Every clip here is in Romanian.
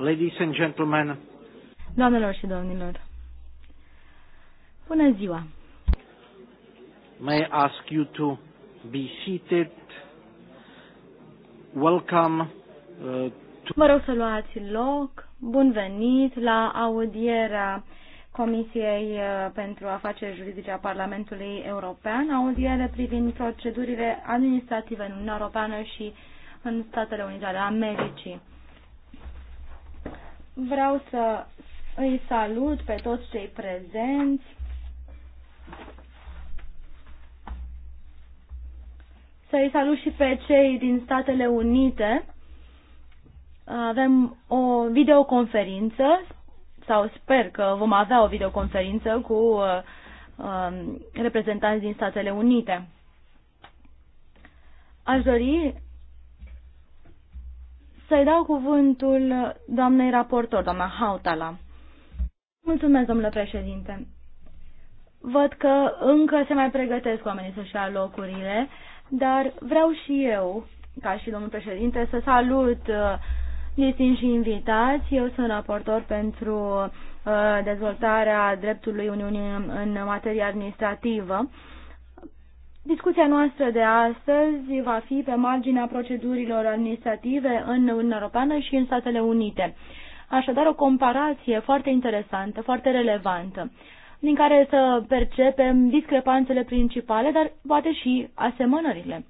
Ladies and gentlemen. Doamnelor și domnilor. Bună ziua. May I ask you to be seated. Welcome uh, to... Mă rog să luați loc. Bun venit la audierea Comisiei uh, pentru Afaceri Juridice a Parlamentului European, audiere privind procedurile administrative în Uniunea Europeană și în Statele Unite ale Americii. Vreau să îi salut pe toți cei prezenți. Să îi salut și pe cei din Statele Unite. Avem o videoconferință sau sper că vom avea o videoconferință cu uh, reprezentanți din Statele Unite. Aș dori să-i dau cuvântul doamnei raportor, doamna Hautala. Mulțumesc, domnule președinte. Văd că încă se mai pregătesc oamenii să-și ia locurile, dar vreau și eu, ca și domnul președinte, să salut uh, distinși invitați. Eu sunt raportor pentru uh, dezvoltarea dreptului Uniunii în materie administrativă Discuția noastră de astăzi va fi pe marginea procedurilor administrative în Uniunea Europeană și în Statele Unite. Așadar, o comparație foarte interesantă, foarte relevantă, din care să percepem discrepanțele principale, dar poate și asemănările.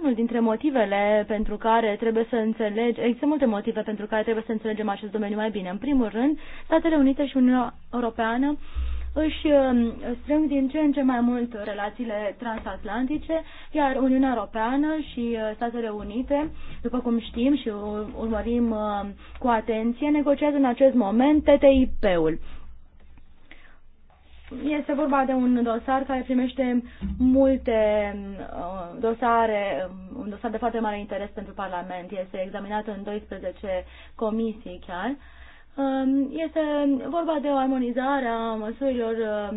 Unul dintre motivele pentru care trebuie să înțelegem, există multe motive pentru care trebuie să înțelegem acest domeniu mai bine. În primul rând, Statele Unite și Uniunea Europeană uh, își um, strâng din ce în ce mai mult relațiile transatlantice, iar Uniunea Europeană și uh, Statele Unite, după cum știm și urmărim uh, cu atenție, negociază în acest moment TTIP-ul. Este vorba de un dosar care primește multe uh, dosare, um, un dosar de foarte mare interes pentru Parlament. Este examinat în 12 comisii chiar. Um, este vorba de o armonizare a măsurilor um,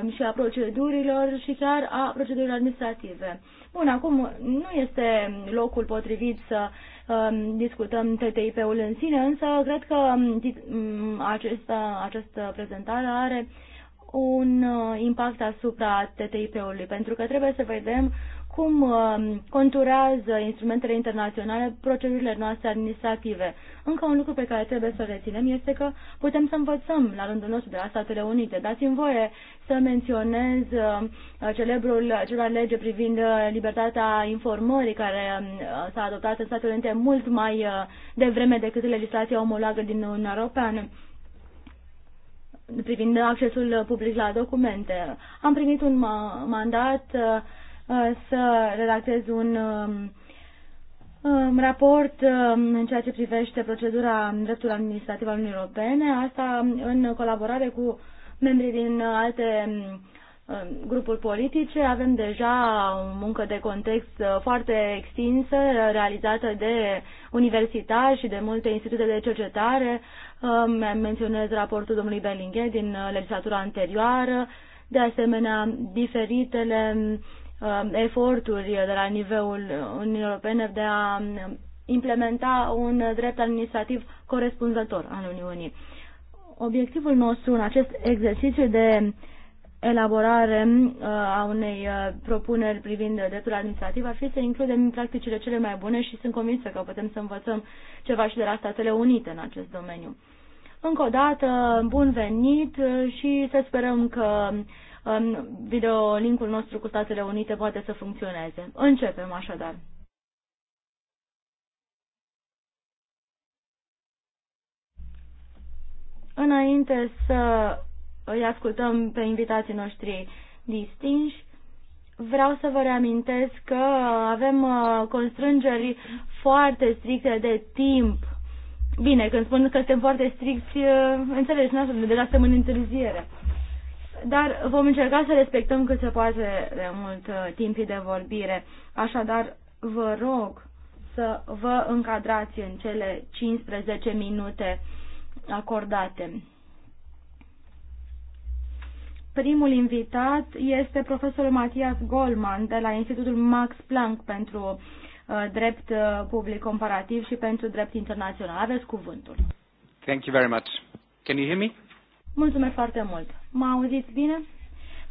um, și a procedurilor și chiar a procedurilor administrative. Bun, acum nu este locul potrivit să discutăm TTIP-ul în sine, însă cred că acesta, această prezentare are un uh, impact asupra TTIP-ului, pentru că trebuie să vedem cum uh, conturează instrumentele internaționale procedurile noastre administrative. Încă un lucru pe care trebuie să reținem este că putem să învățăm la rândul nostru de la Statele Unite. Dați-mi voie să menționez uh, celebrul, celebra lege privind uh, libertatea informării care s-a adoptat în Statele Unite mult mai devreme decât legislația omologă din Uniunea Europeană privind accesul public la documente. Am primit un mandat Uh, să redactez un um, um, raport um, în ceea ce privește procedura dreptului administrativ al Uniunii Europene, asta în colaborare cu membrii din alte grupuri politice. Avem deja o muncă de context uh, foarte extinsă, realizată de universitari și de multe institute de cercetare. Menționez raportul domnului Berlinghe din uh, legislatura anterioară, de asemenea diferitele Uh, eforturi de la nivelul Uniunii Europene de a implementa un drept administrativ corespunzător al Uniunii. Obiectivul nostru în acest exercițiu de elaborare uh, a unei uh, propuneri privind dreptul administrativ ar fi să includem practicile cele mai bune și sunt convinsă că putem să învățăm ceva și de la Statele Unite în acest domeniu. Încă o dată, bun venit și să sperăm că videolinkul nostru cu Statele Unite poate să funcționeze. Începem așadar. Înainte să îi ascultăm pe invitații noștri distinși, vreau să vă reamintesc că avem uh, constrângeri foarte stricte de timp. Bine, când spun că suntem foarte stricți, uh, înțelegi, nu? Deja suntem în întârziere dar vom încerca să respectăm cât se poate de mult uh, timpii de vorbire. Așadar, vă rog să vă încadrați în cele 15 minute acordate. Primul invitat este profesorul Matias Goldman de la Institutul Max Planck pentru uh, drept uh, public comparativ și pentru drept internațional. Aveți cuvântul. Thank you very much. Can you hear me? Mulțumesc foarte mult. Mă auziți bine?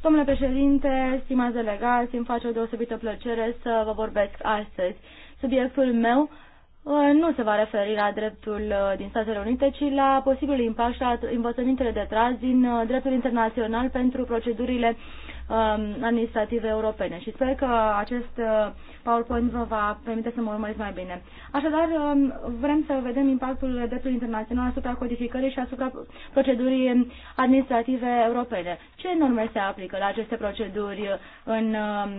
Domnule președinte, stimați delegați, îmi face o deosebită plăcere să vă vorbesc astăzi. Subiectul meu uh, nu se va referi la dreptul uh, din Statele Unite, ci la posibilul impact și la învățămintele de tras din uh, dreptul internațional pentru procedurile uh, Um, administrative europene și sper că acest uh, PowerPoint vă va permite să mă urmăriți mai bine. Așadar, um, vrem să vedem impactul dreptului internațional asupra codificării și asupra procedurii administrative europene. Ce norme se aplică la aceste proceduri în um,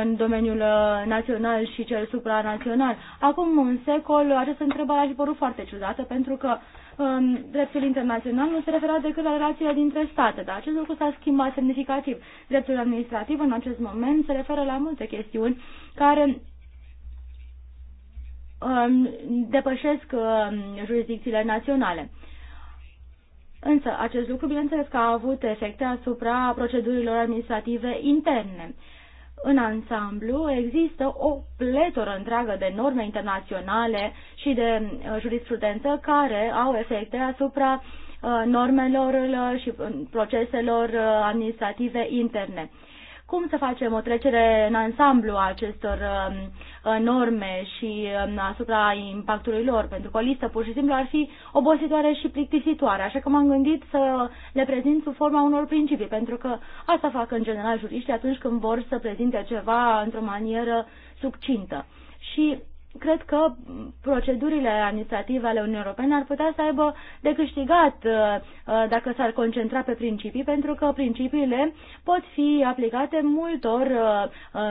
în domeniul uh, național și cel supranațional. Acum un secol, această întrebare a fi părut foarte ciudată, pentru că uh, um, dreptul internațional nu se referă decât la relațiile dintre state, dar acest lucru s-a schimbat semnificativ. Dreptul administrativ în acest moment se referă la multe chestiuni care um, depășesc um, jurisdicțiile naționale. Însă, acest lucru, bineînțeles că a avut efecte asupra procedurilor administrative interne în ansamblu există o pletoră întreagă de norme internaționale și de uh, jurisprudență care au efecte asupra uh, normelor și uh, proceselor administrative interne. Cum să facem o trecere în ansamblu a acestor um, uh, norme și um, asupra impactului lor? Pentru că o listă pur și simplu ar fi obositoare și plictisitoare, așa că m-am gândit să le prezint sub forma unor principii, pentru că asta fac în general juriștii atunci când vor să prezinte ceva într-o manieră succintă. Și cred că procedurile administrative ale Uniunii Europene ar putea să aibă de câștigat uh, uh, dacă s-ar concentra pe principii, pentru că principiile pot fi aplicate multor uh,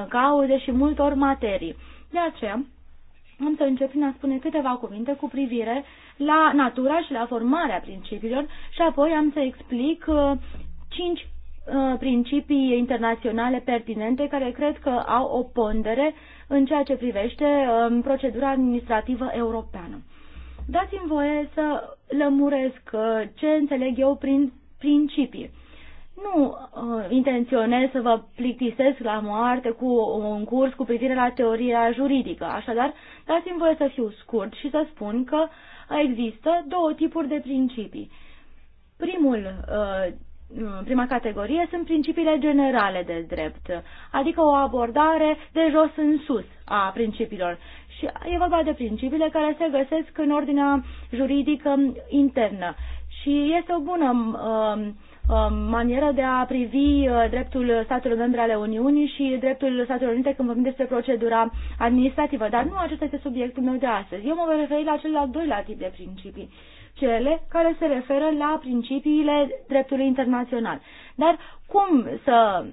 cauze și multor materii. De aceea, am să încep prin a spune câteva cuvinte cu privire la natura și la formarea principiilor și apoi am să explic cinci principii internaționale pertinente care cred că au o pondere în ceea ce privește um, procedura administrativă europeană. Dați-mi voie să lămuresc uh, ce înțeleg eu prin principii. Nu uh, intenționez să vă plictisesc la moarte cu un curs cu privire la teoria juridică, așadar dați-mi voie să fiu scurt și să spun că există două tipuri de principii. Primul uh, Mm, prima categorie sunt principiile generale de drept, adică o abordare de jos în sus a principiilor. Și e vorba de principiile care se găsesc în ordinea juridică internă. Și este o bună uh, uh, manieră de a privi uh, dreptul statelor membre ale Uniunii și dreptul Statelor Unite când vorbim despre procedura administrativă. Dar nu acesta este subiectul meu de astăzi. Eu mă voi referi la cel al doilea tip de principii. Uh, cele care se referă la principiile dreptului internațional. Dar cum să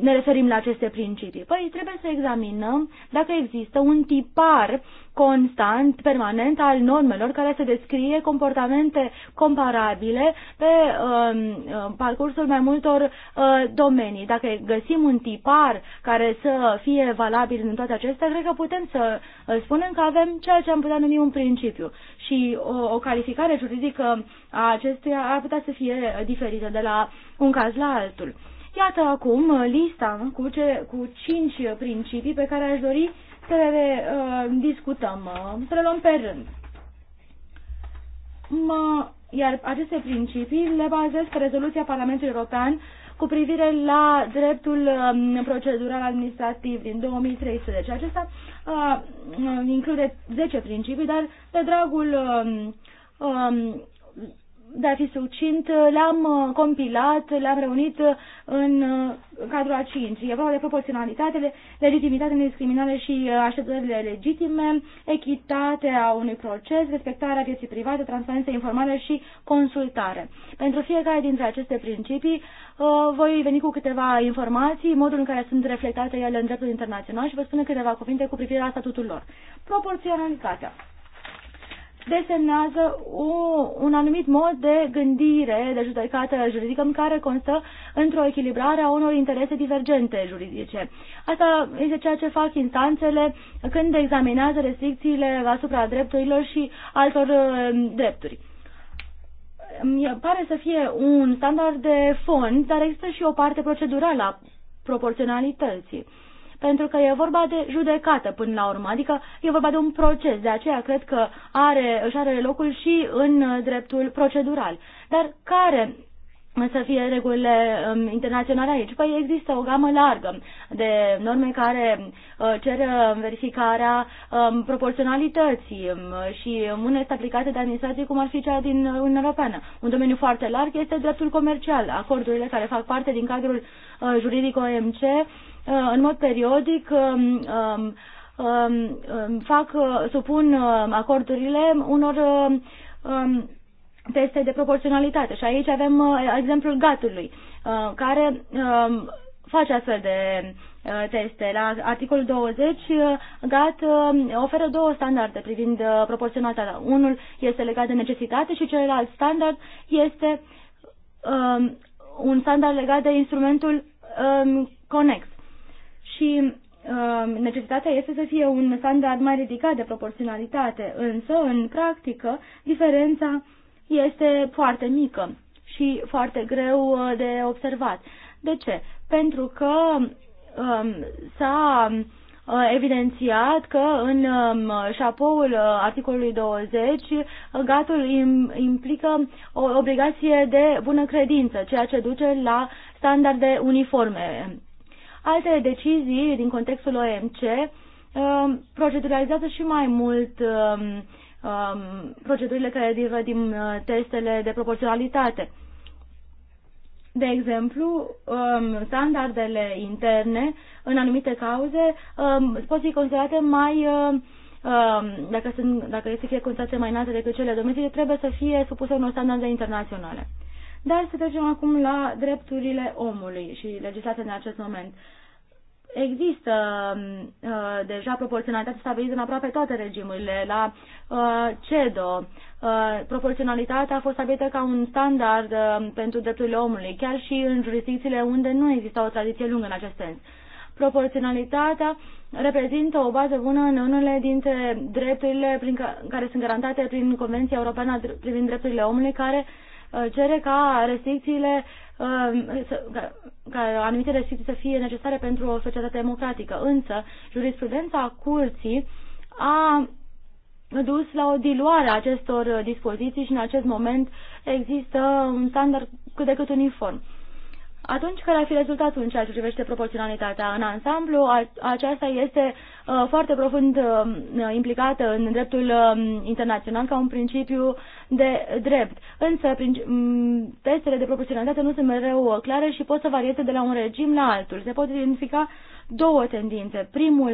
ne referim la aceste principii? Păi trebuie să examinăm dacă există un tipar constant, permanent al normelor care să descrie comportamente comparabile pe uh, parcursul mai multor uh, domenii. Dacă găsim un tipar care să fie valabil în toate acestea, cred că putem să uh, spunem că avem ceea ce am putea numi un principiu și o, uh, o calificare juridică a acestuia ar putea să fie diferită de la un caz la altul. Iată acum uh, lista uh, cu, ce, cu cinci principii pe care aș dori să le uh, discutăm, uh, să le luăm pe rând. Mă, iar aceste principii le bazez pe rezoluția Parlamentului European cu privire la dreptul uh, procedural administrativ din 2013. Acesta uh, include 10 principii, dar de dragul uh, uh, de a fi succint, le-am uh, compilat, le-am reunit uh, uh, în cadrul a cinci. E vorba de proporționalitate, legitimitate, nediscriminare și așteptările legitime, echitatea unui proces, respectarea vieții private, transparență, informare și consultare. Pentru fiecare dintre aceste principii voi veni cu câteva informații, modul în care sunt reflectate ele în dreptul internațional și vă spun câteva cuvinte cu privire la statutul lor. Proporționalitatea desemnează o, un anumit mod de gândire, de judecată juridică, în care constă într-o echilibrare a unor interese divergente juridice. Asta este ceea ce fac instanțele când examinează restricțiile asupra drepturilor și altor uh, drepturi pare să fie un standard de fond, dar există și o parte procedurală a proporționalității pentru că e vorba de judecată până la urmă, adică e vorba de un proces, de aceea cred că are, își are locul și în dreptul procedural. Dar care să fie regulile um, internaționale aici. Păi există o gamă largă de norme care uh, cer uh, verificarea um, proporționalității um, și unele este aplicate de administrații cum ar fi cea din Uniunea Europeană. Un domeniu foarte larg este dreptul comercial, acordurile care fac parte din cadrul uh, juridic OMC Uh, în mod periodic um, um, um, fac, uh, supun uh, acordurile unor teste de proporționalitate. Și aici avem exemplul gatului, care face astfel de teste. La articolul 20, GAT oferă două standarde privind proporționalitatea. Unul este legat de necesitate și celălalt standard este un standard legat de instrumentul conex și uh, necesitatea este să fie un standard mai ridicat de proporționalitate, însă, în practică, diferența este foarte mică și foarte greu uh, de observat. De ce? Pentru că um, s-a uh, evidențiat că în um, șapoul uh, articolului 20 gatul implică o obligație de bună credință, ceea ce duce la standarde uniforme. Alte decizii din contextul OMC um, proceduralizează și mai mult um, um, procedurile care derivă din uh, testele de proporționalitate. De exemplu, standardele interne în anumite cauze pot fi considerate mai dacă, sunt, dacă este considerate mai înalte decât cele domestice, trebuie să fie supuse unor standarde internaționale. Dar să trecem acum la drepturile omului și legislația în acest moment. Există mm, uh, deja proporționalitate stabilită în aproape toate regimurile. La uh, CEDO, uh, proporționalitatea a fost stabilită ca un standard uh, pentru drepturile omului, chiar și în jurisdicțiile unde nu există o tradiție lungă în acest sens. Proporționalitatea reprezintă o bază bună în unele dintre drepturile prin ca, care sunt garantate prin Convenția Europeană privind drepturile omului, care uh, Uh, cere ca restricțiile, uh, ca anumite restricții să fie necesare pentru o societate democratică. Însă, jurisprudența curții a dus la o diluare a acestor dispoziții și în acest moment există un standard cât de cât uniform. Atunci, care ar fi rezultatul în ceea ce privește proporționalitatea? În ansamblu, aceasta este uh, foarte profund uh, implicată în dreptul uh, internațional ca un principiu de drept. Însă, prin, testele de proporționalitate nu sunt mereu uh, clare și pot să varieze de la un regim la altul. Se pot identifica două tendințe. Primul,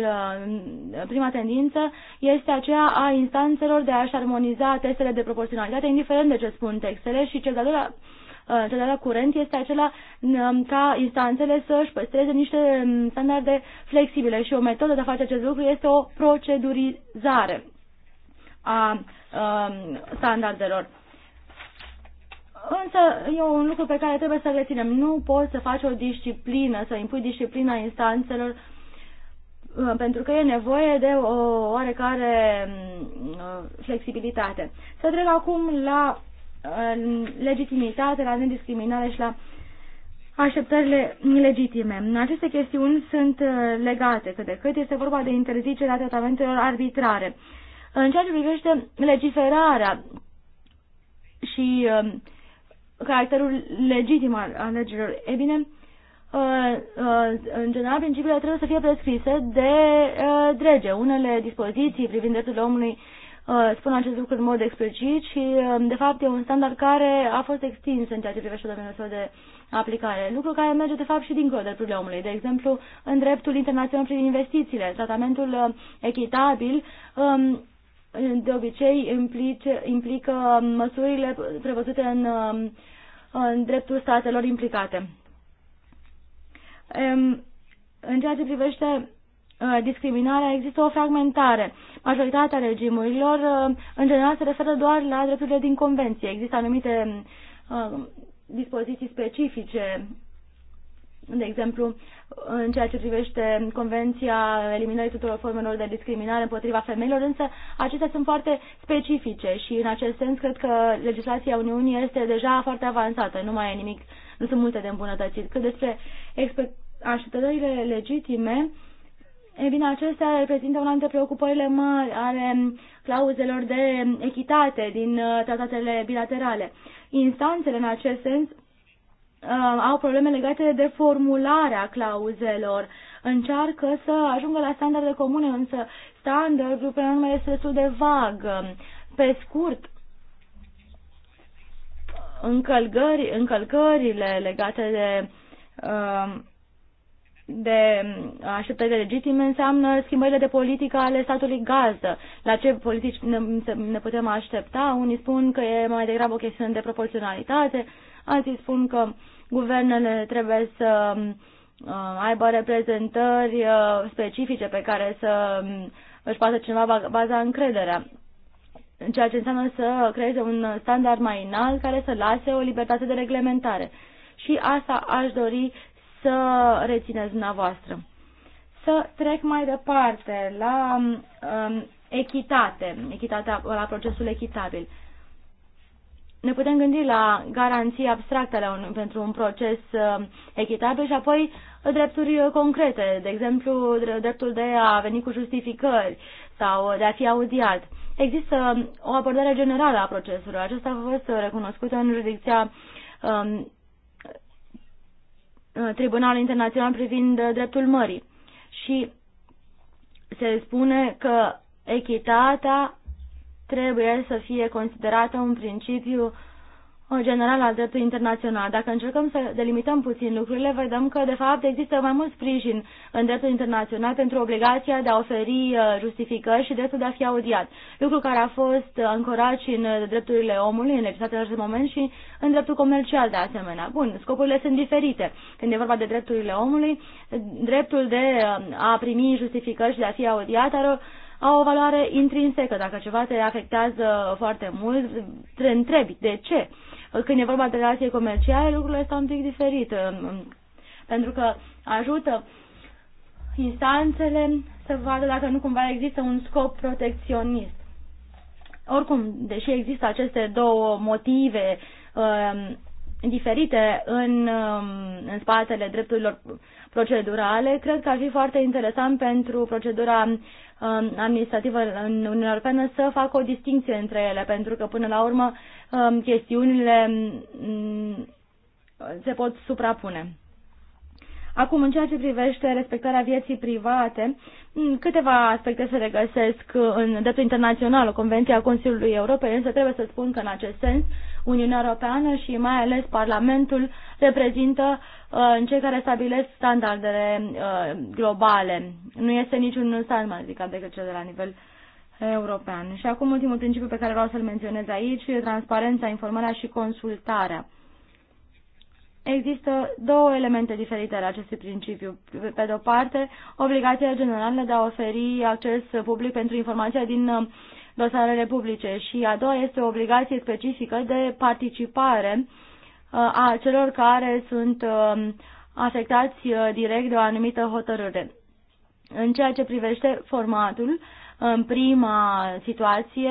uh, prima tendință este aceea a instanțelor de a-și armoniza testele de proporționalitate, indiferent de ce spun textele, și cel de-al doilea trădarea uh, la curent este acela um, ca instanțele să își păstreze niște um, standarde flexibile și o metodă de a face acest lucru este o procedurizare a um, standardelor. Însă e un lucru pe care trebuie să reținem. Nu poți să faci o disciplină, să impui disciplina instanțelor uh, pentru că e nevoie de o oarecare uh, flexibilitate. Să trec acum la Uh, legitimitate, la nediscriminare și la așteptările legitime. Aceste chestiuni sunt uh, legate cât de cât. Este vorba de interzicerea tratamentelor arbitrare. În ceea ce privește legiferarea și uh, caracterul legitim al alegerilor, e bine, în general, principiile trebuie să fie prescrise de drege. Unele dispoziții privind dreptul omului Uh, spun acest lucru în mod explicit și, um, de fapt, e un standard care a fost extins în ceea ce privește domeniul său de aplicare, lucru care merge, de fapt, și dincolo de problemele. omului. De exemplu, în dreptul internațional prin investițiile, tratamentul uh, echitabil um, de obicei implice, implică um, măsurile prevăzute în, în dreptul statelor implicate. În ceea ce privește Uh, discriminarea, există o fragmentare. Majoritatea regimurilor, uh, în general, se referă doar la drepturile din convenție. Există anumite uh, dispoziții specifice, de exemplu, în ceea ce privește Convenția Eliminării tuturor formelor de discriminare împotriva femeilor, însă acestea sunt foarte specifice și în acest sens cred că legislația Uniunii este deja foarte avansată, nu mai e nimic, nu sunt multe de îmbunătățit. Cât despre așteptările legitime, E bine, acestea reprezintă una dintre preocupările mari ale clauzelor de echitate din uh, tratatele bilaterale. Instanțele, în acest sens, uh, au probleme legate de formularea clauzelor. Încearcă să ajungă la standarde comune, însă standardul, pe urmă, este destul de vag. Pe scurt, încălcări, încălcările legate de uh, de mm, așteptări legitime înseamnă schimbările de politică ale statului gazdă. La ce politici ne, ne putem aștepta? Unii spun că e mai degrabă o chestiune de proporționalitate, alții spun că guvernele trebuie să mm, uh, aibă reprezentări uh, specifice pe care să mm, își poată cineva baza încrederea ceea ce înseamnă să creeze un standard mai înalt care să lase o libertate de reglementare. Și asta aș dori să rețineți dumneavoastră. Să trec mai departe la um, echitate, echitatea, la procesul echitabil. Ne putem gândi la garanții abstracte la un, pentru un proces uh, echitabil și apoi drepturi concrete, de exemplu dreptul de a veni cu justificări sau de a fi audiat. Există o abordare generală a procesului. Acesta a fost recunoscută în jurisdicția um, Uh, Tribunalul Internațional privind uh, dreptul mării. Și se spune că echitatea trebuie să fie considerată un principiu general al dreptului internațional. Dacă încercăm să delimităm puțin lucrurile, vedem că, de fapt, există mai mult sprijin în dreptul internațional pentru obligația de a oferi uh, justificări și dreptul de a fi audiat, lucru care a fost uh, ancorat și în uh, drepturile omului, în legislația de moment și în dreptul comercial, de asemenea. Bun, scopurile sunt diferite. Când e vorba de drepturile omului, dreptul de a primi justificări și de a fi audiat are au o valoare intrinsecă. Dacă ceva te afectează foarte mult, te întrebi de ce când e vorba de relații comerciale, lucrurile stau un pic diferit, pentru că ajută instanțele să vadă dacă nu cumva există un scop protecționist. Oricum, deși există aceste două motive um, diferite în, um, în spatele drepturilor procedurale, cred că ar fi foarte interesant pentru procedura um, administrativă în Uniunea Europeană să facă o distinție între ele, pentru că până la urmă Um, chestiunile mm, se pot suprapune. Acum, în ceea ce privește respectarea vieții private, mm, câteva aspecte se regăsesc în dreptul internațional, Convenția Consiliului Europei, însă trebuie să spun că în acest sens Uniunea Europeană și mai ales Parlamentul reprezintă uh, în cei care stabilesc standardele uh, globale. Nu este niciun stat mai ridicat decât cel de la nivel uh, european. Și acum ultimul principiu pe care vreau să-l menționez aici, transparența, informarea și consultarea. Există două elemente diferite ale acestui principiu. Pe de o parte, obligația generală de a oferi acces public pentru informația din uh, dosarele publice și a doua este o obligație specifică de participare uh, a celor care sunt uh, afectați direct de o anumită hotărâre. În ceea ce privește formatul, în prima situație,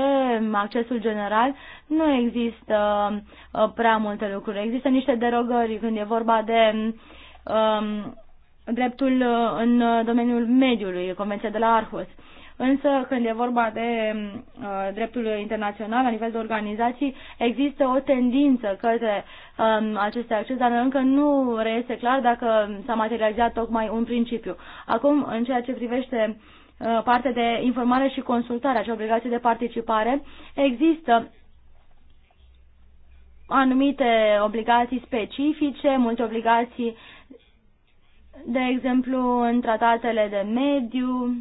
accesul general, nu există uh, prea multe lucruri. Există niște derogări când e vorba de um, dreptul uh, în domeniul mediului, Convenția de la Arhus. Însă, când e vorba de uh, dreptul internațional, la nivel de organizații, există o tendință către um, aceste acces, dar încă nu reiese clar dacă s-a materializat tocmai un principiu. Acum, în ceea ce privește Uh, parte de informare și consultare, acea obligație de participare, există anumite obligații specifice, multe obligații, de exemplu, în tratatele de mediu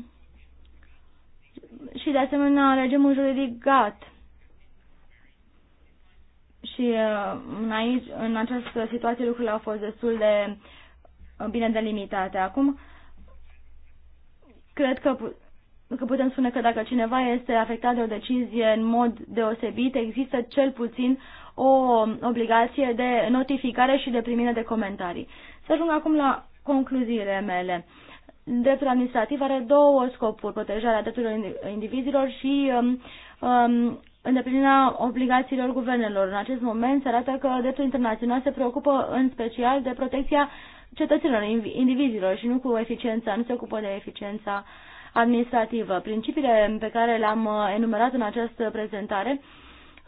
și, de asemenea, regimul juridic GATT. Și uh, în, aici, în această situație lucrurile au fost destul de uh, bine delimitate. Acum, Cred că, că putem spune că dacă cineva este afectat de o decizie în mod deosebit, există cel puțin o obligație de notificare și de primire de comentarii. Să ajung acum la concluziile mele. Dreptul administrativ are două scopuri, protejarea drepturilor indivizilor și um, um, îndeplinirea obligațiilor guvernelor. În acest moment se arată că dreptul internațional se preocupă în special de protecția cetățenilor, indivizilor și nu cu eficiența, nu se ocupă de eficiența administrativă. Principiile pe care le-am uh, enumerat în această prezentare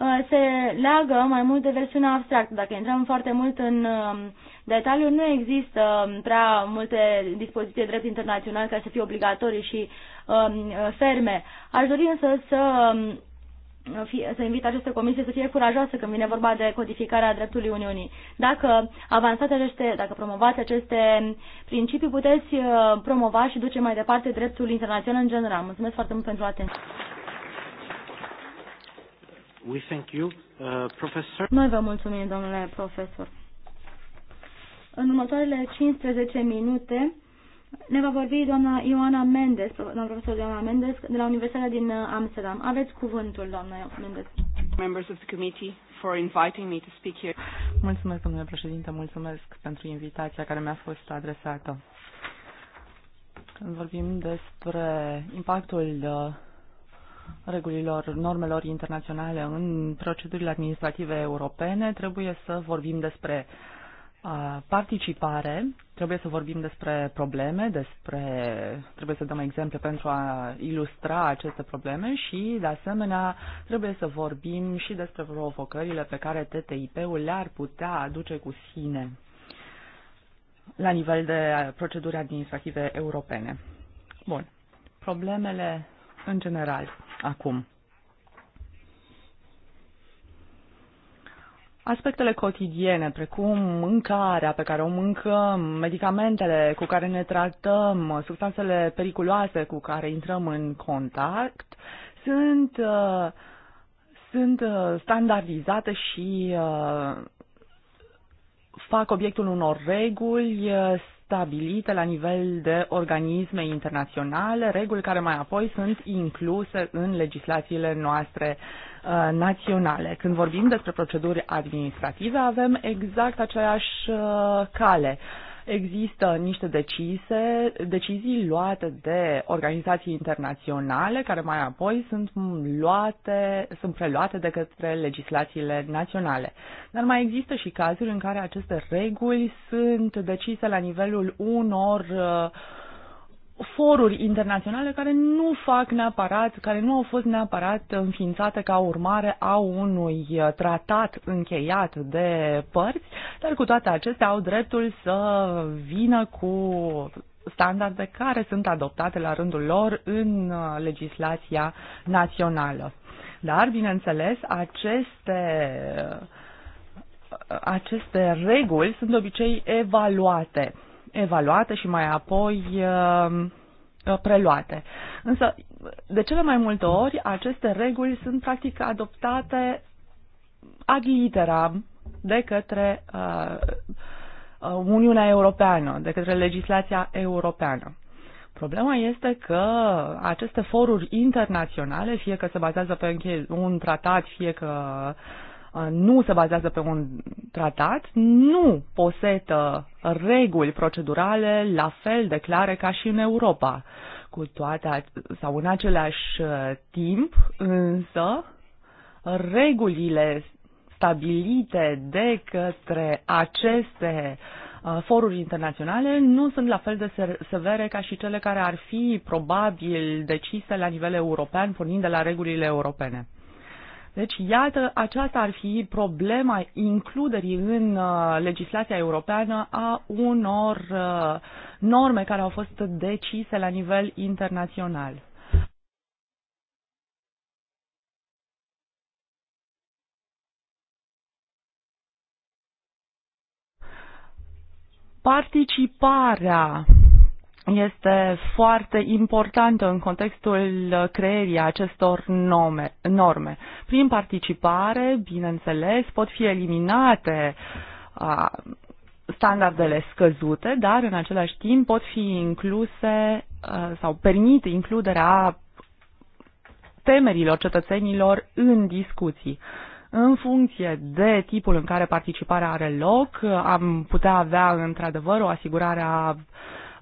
uh, se leagă mai mult de versiunea abstractă. Dacă intrăm foarte mult în um, detaliu, nu există um, prea multe dispoziții de drept internațional care să fie obligatorii și um, uh, ferme. Aș dori însă să să invit aceste comisii să fie curajoase când vine vorba de codificarea dreptului Uniunii. Dacă avansați aceste, dacă promovați aceste principii, puteți uh, promova și duce mai departe dreptul internațional în general. Mulțumesc foarte mult pentru atenție. We thank you, uh, professor. Noi vă mulțumim, domnule profesor. În următoarele 15 minute ne va vorbi doamna Ioana Mendes, doamna profesor Ioana Mendes, de la Universitatea din uh, Amsterdam. Aveți cuvântul, doamna Mendes. Members of the committee for inviting me to speak here. Mulțumesc, domnule președinte, mulțumesc pentru invitația care mi-a fost adresată. Când vorbim despre impactul uh, regulilor, normelor internaționale în procedurile administrative europene, trebuie să vorbim despre uh, participare, trebuie să vorbim despre probleme, despre, trebuie să dăm exemple pentru a ilustra aceste probleme și, de asemenea, trebuie să vorbim și despre provocările pe care TTIP-ul le-ar putea aduce cu sine la nivel de proceduri administrative europene. Bun. Problemele în general acum. Aspectele cotidiene, precum mâncarea pe care o mâncăm, medicamentele cu care ne tratăm, substanțele periculoase cu care intrăm în contact, sunt, uh, sunt uh, standardizate și uh, fac obiectul unor reguli stabilite la nivel de organisme internaționale, reguli care mai apoi sunt incluse în legislațiile noastre uh, Uh, naționale. Când vorbim despre proceduri administrative, avem exact aceeași uh, cale există niște decise, decizii luate de organizații internaționale care mai apoi sunt luate, sunt preluate de către legislațiile naționale. Dar mai există și cazuri în care aceste reguli sunt decise la nivelul unor uh, foruri internaționale care nu fac neapărat, care nu au fost neapărat înființate ca urmare a unui uh, tratat încheiat de părți, dar cu toate acestea au dreptul să vină cu standarde care sunt adoptate la rândul lor în uh, legislația națională. Dar, bineînțeles, aceste uh, aceste reguli sunt de obicei evaluate evaluate și mai apoi uh, uh, preluate. Însă, de cele mai multe ori, aceste reguli sunt practic adoptate ad literam de către uh, uh, Uniunea Europeană, de către legislația europeană. Problema este că aceste foruri internaționale, fie că se bazează pe un tratat, fie că uh, Uh, nu se bazează pe un tratat, nu posetă reguli procedurale la fel de clare ca și în Europa. Cu toate, sau în același uh, timp, însă, regulile stabilite de către aceste uh, foruri internaționale nu sunt la fel de severe ca și cele care ar fi probabil decise la nivel european, pornind de la regulile europene. Deci, iată, aceasta ar fi problema includerii în uh, legislația europeană a unor uh, norme care au fost decise la nivel internațional. Participarea este foarte importantă în contextul creierii acestor norme prin participare, bineînțeles, pot fi eliminate standardele scăzute, dar în același timp pot fi incluse sau permit includerea temerilor cetățenilor în discuții. În funcție de tipul în care participarea are loc, am putea avea într-adevăr o asigurare a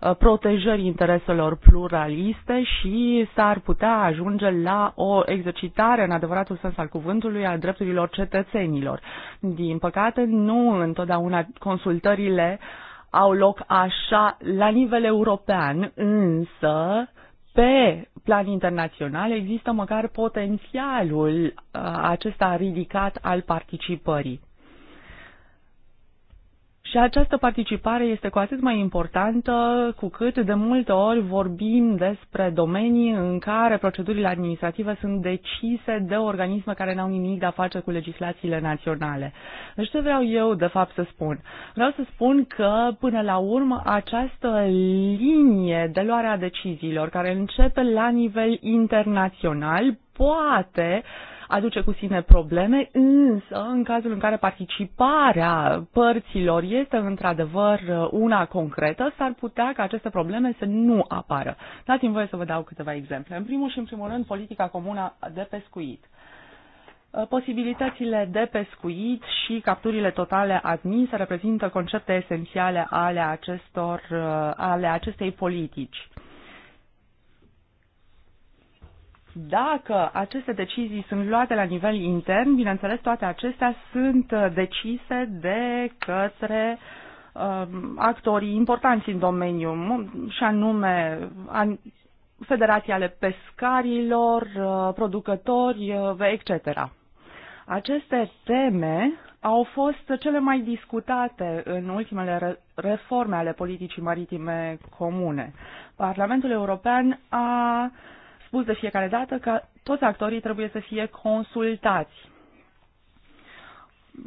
Uh, protejării intereselor pluraliste și s-ar putea ajunge la o exercitare în adevăratul sens al cuvântului a drepturilor cetățenilor. Din păcate, nu întotdeauna consultările au loc așa la nivel european, însă pe plan internațional există măcar potențialul uh, acesta ridicat al participării. Și această participare este cu atât mai importantă cu cât de multe ori vorbim despre domenii în care procedurile administrative sunt decise de organisme care n-au nimic de a face cu legislațiile naționale. Deci ce vreau eu de fapt să spun? Vreau să spun că până la urmă această linie de luare a deciziilor care începe la nivel internațional poate uh, aduce cu sine probleme, însă în cazul în care participarea părților este într-adevăr uh, una concretă, s-ar putea ca aceste probleme să nu apară. Dați-mi voie să vă dau câteva exemple. În primul și în primul rând, politica comună de pescuit uh, posibilitățile de pescuit și capturile totale admise reprezintă concepte esențiale ale, acestor, uh, ale acestei politici. Dacă aceste decizii sunt luate la nivel intern, bineînțeles, toate acestea sunt uh, decise de către uh, actorii importanți în domeniu, și anume an, ale pescarilor, uh, producători, uh, etc. Aceste teme au fost cele mai discutate în ultimele reforme ale politicii maritime comune. Parlamentul European a uh, spus de fiecare dată că toți actorii trebuie să fie consultați.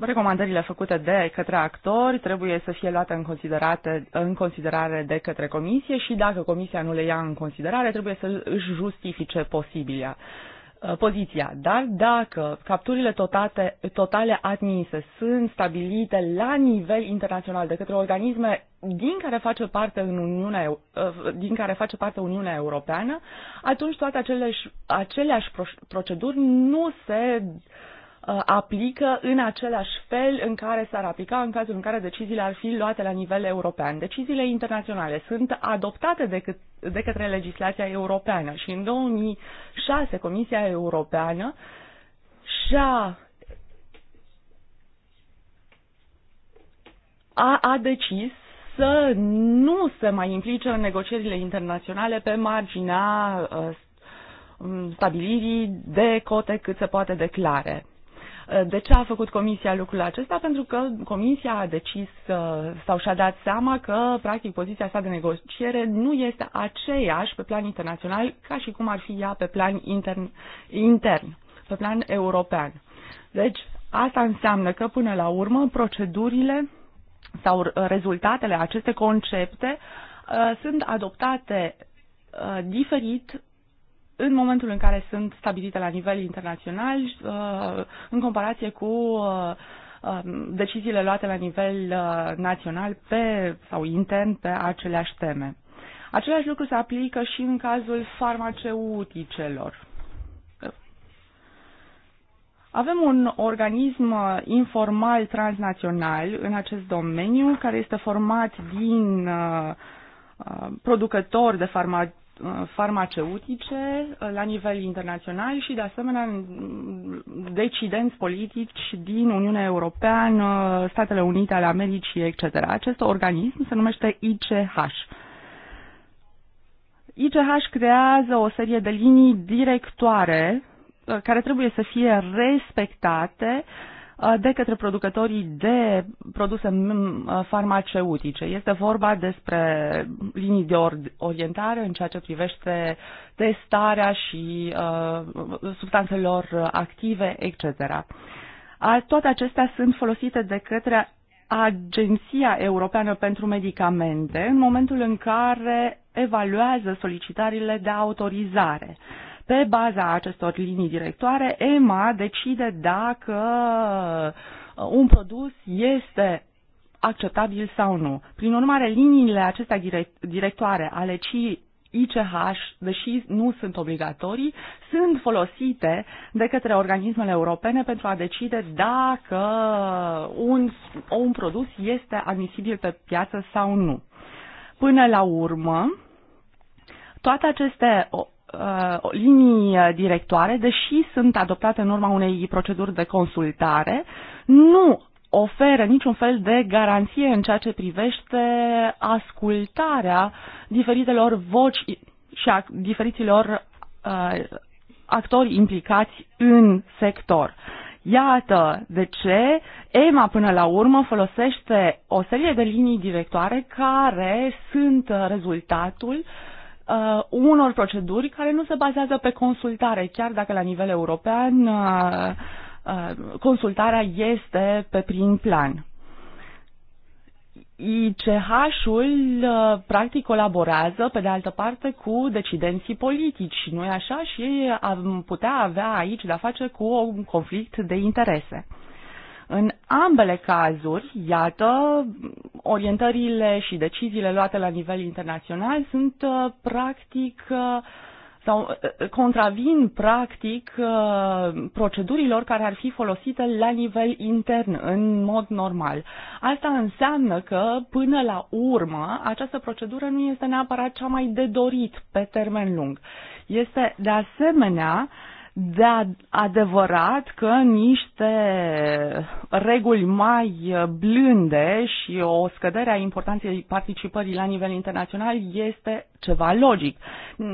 Recomandările făcute de către actori trebuie să fie luate în, considerate, în considerare de către comisie și dacă comisia nu le ia în considerare, trebuie să își justifice Uh, Uh, poziția. Dar dacă capturile totate, totale admise sunt stabilite la nivel internațional de către organisme din care face parte în Uniunea, uh, din care face parte Uniunea Europeană, atunci toate aceleași aceleași proceduri nu se uh, Uh, aplică în același fel în care s-ar aplica în cazul în care deciziile ar fi luate la nivel european. Deciziile internaționale sunt adoptate de, cât, de către legislația europeană și în 2006 Comisia Europeană și-a a, a decis să nu se mai implice în negocierile internaționale pe marginea uh, stabilirii de cote cât se poate declare. Uh, de ce a făcut Comisia lucrul acesta? Pentru că Comisia a decis uh, sau și-a dat seama că, practic, poziția sa de negociere nu este aceeași pe plan internațional ca și cum ar fi ea pe plan intern, intern pe plan european. Deci, asta înseamnă că, până la urmă, procedurile sau uh, rezultatele, aceste concepte, sunt adoptate diferit în momentul în care sunt stabilite la nivel internațional uh, în comparație cu uh, um, deciziile luate la nivel uh, național pe, sau intern pe aceleași teme. Același lucru se aplică și în cazul farmaceuticelor. Avem un organism informal transnațional în acest domeniu care este format din producători de farmaceutice farmaceutice uh, la nivel internațional și, de asemenea, decidenți politici din Uniunea Europeană, Statele Unite ale Americii, etc. Acest organism se numește ICH. ICH creează o serie de linii directoare uh, care trebuie să fie respectate uh, Uh, de către producătorii de produse uh, farmaceutice. Este vorba despre linii de orientare în ceea ce privește testarea și uh, substanțelor active, etc. Toate acestea sunt folosite de către Agenția Europeană pentru Medicamente în momentul în care evaluează solicitările de autorizare. Uh, pe baza acestor linii directoare, EMA decide dacă uh, un produs este acceptabil sau nu. Prin urmare, liniile acestea directoare ale CI ICH, deși nu sunt obligatorii, sunt folosite de către organismele europene pentru a decide dacă un, un produs este admisibil pe piață sau nu. Până la urmă, toate aceste uh, linii uh, directoare, deși sunt adoptate în urma unei proceduri de consultare, nu oferă niciun fel de garanție în ceea ce privește ascultarea diferitelor voci și a diferiților uh, actori implicați în sector. Iată de ce EMA până la urmă folosește o serie de linii directoare care sunt uh, rezultatul uh, uh, unor proceduri care nu se bazează pe consultare, chiar dacă la nivel european uh, uh, consultarea este pe prim plan. ICH-ul uh, practic colaborează, pe de altă parte, cu decidenții politici, nu-i așa? Și am putea avea aici de-a face cu un conflict de interese. În ambele cazuri, iată, orientările și deciziile luate la nivel internațional sunt uh, practic uh, sau uh, contravin practic procedurilor care ar fi folosite la nivel intern în mod normal. Asta înseamnă că până la urmă această procedură nu este neapărat cea mai de dorit pe termen lung. Este de asemenea uh, de adevărat că niște reguli mai blânde și o scădere a importanței participării la nivel internațional este ceva logic.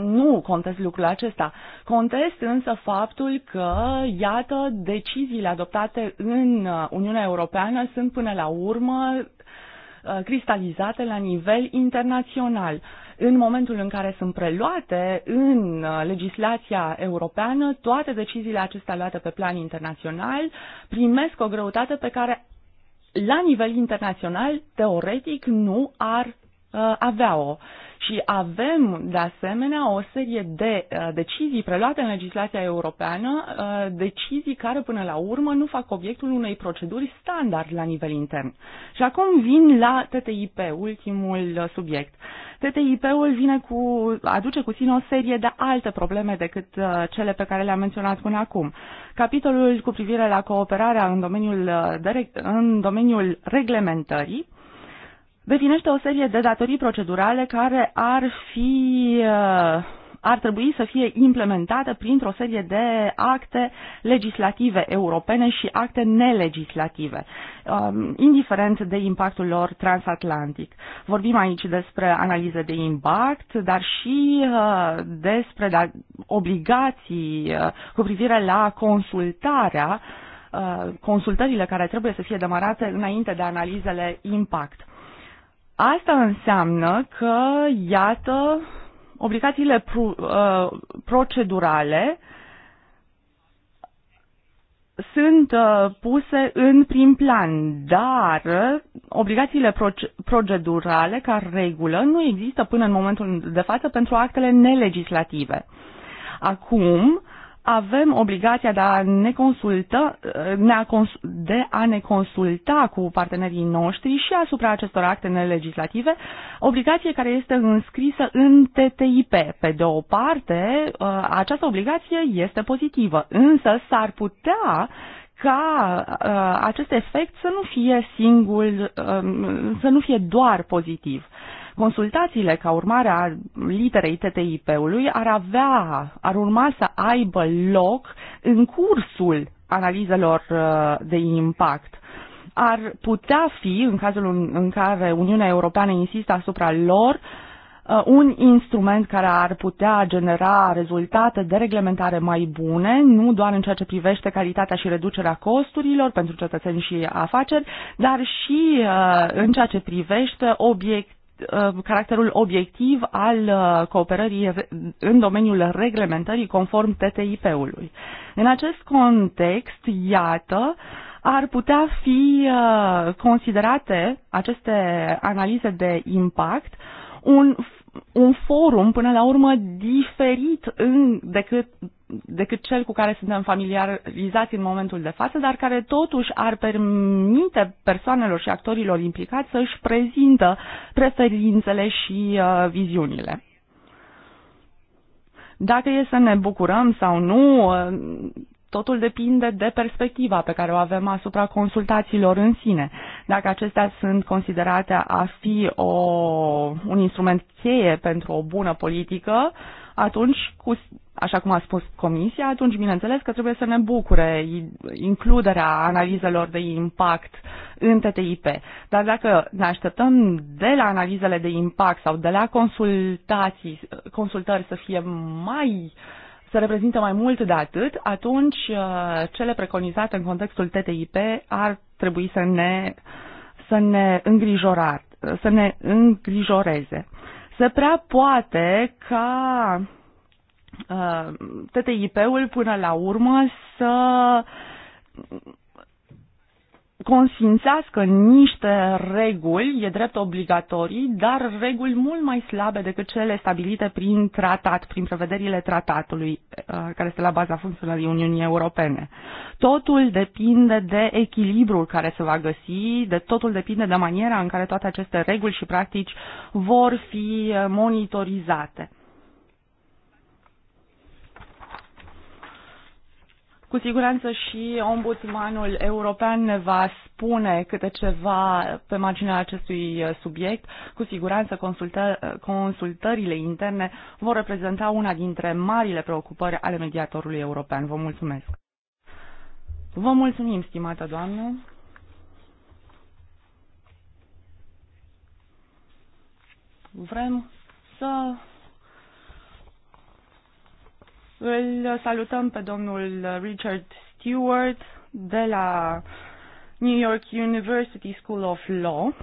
Nu contest lucrul acesta. Contest însă faptul că, iată, deciziile adoptate în Uniunea Europeană sunt până la urmă uh, cristalizate la nivel internațional. Uh, în momentul în care sunt preluate în uh, legislația europeană, toate deciziile acestea luate pe plan internațional primesc o greutate pe care la nivel internațional, teoretic, nu ar uh, avea-o. Și avem, de asemenea, o serie de uh, decizii preluate în legislația europeană, uh, decizii care, până la urmă, nu fac obiectul unei proceduri standard la nivel intern. Și acum vin la TTIP, ultimul uh, subiect. TTIP-ul vine cu, aduce cu sine o serie de alte probleme decât cele pe care le-am menționat până acum. Capitolul cu privire la cooperarea în domeniul, de, în domeniul reglementării, definește o serie de datorii procedurale care ar fi uh, ar trebui să fie implementată printr-o serie de acte legislative europene și acte nelegislative, um, indiferent de impactul lor transatlantic. Vorbim aici despre analize de impact, dar și uh, despre da, obligații uh, cu privire la consultarea consultările care trebuie să fie demarate înainte de analizele impact. Asta înseamnă că, iată, obligațiile pro, uh, procedurale sunt uh, puse în prim plan, dar obligațiile procedurale, ca regulă, nu există până în momentul de față pentru actele nelegislative. Acum, avem obligația de a ne consulta, de a ne consulta cu partenerii noștri și asupra acestor acte nelegislative, obligație care este înscrisă în TTIP. Pe de o parte, uh, această obligație este pozitivă, însă s-ar putea ca uh, acest efect să nu fie singur, uh, um, să nu fie doar pozitiv. Consultațiile ca urmare a literei TTIP-ului ar avea, ar urma să aibă loc în cursul analizelor uh, de impact ar putea fi, în cazul în care Uniunea Europeană insistă asupra lor, uh, un instrument care ar putea genera rezultate de reglementare mai bune, nu doar în ceea ce privește calitatea și reducerea costurilor pentru cetățeni și afaceri, dar și uh, în ceea ce privește obiect Uh, caracterul obiectiv al uh, cooperării în domeniul reglementării conform TTIP-ului. În acest context, iată, ar putea fi uh, considerate aceste analize de impact un un forum, până la urmă, diferit în, decât, decât cel cu care suntem familiarizați în momentul de față, dar care totuși ar permite persoanelor și actorilor implicați să își prezintă preferințele și uh, viziunile. Dacă e să ne bucurăm sau nu, uh, totul depinde de perspectiva pe care o avem asupra consultațiilor în sine. Dacă acestea sunt considerate a fi o, un instrument cheie pentru o bună politică, atunci, cu, așa cum a spus Comisia, atunci, bineînțeles, că trebuie să ne bucure includerea analizelor de impact în TTIP. Dar dacă ne așteptăm de la analizele de impact sau de la consultații, consultări să fie mai uh, să reprezintă mai mult de atât, atunci uh, cele preconizate în contextul TTIP ar trebui să ne, să ne, îngrijora, să ne îngrijoreze. Se prea poate ca uh, TTIP-ul până la urmă să consințească niște reguli, e drept obligatorii, dar reguli mult mai slabe decât cele stabilite prin tratat, prin prevederile tratatului uh, care este la baza funcționării Uniunii Europene. Totul depinde de echilibrul care se va găsi, de totul depinde de maniera în care toate aceste reguli și practici vor fi monitorizate. Cu siguranță și ombudsmanul european ne va spune câte ceva pe marginea acestui uh, subiect. Cu siguranță consultă, uh, consultările interne vor reprezenta una dintre marile preocupări ale mediatorului european. Vă mulțumesc! Vă mulțumim, stimată doamnă! Vrem să îl salutăm pe domnul Richard Stewart de la New York University School of Law.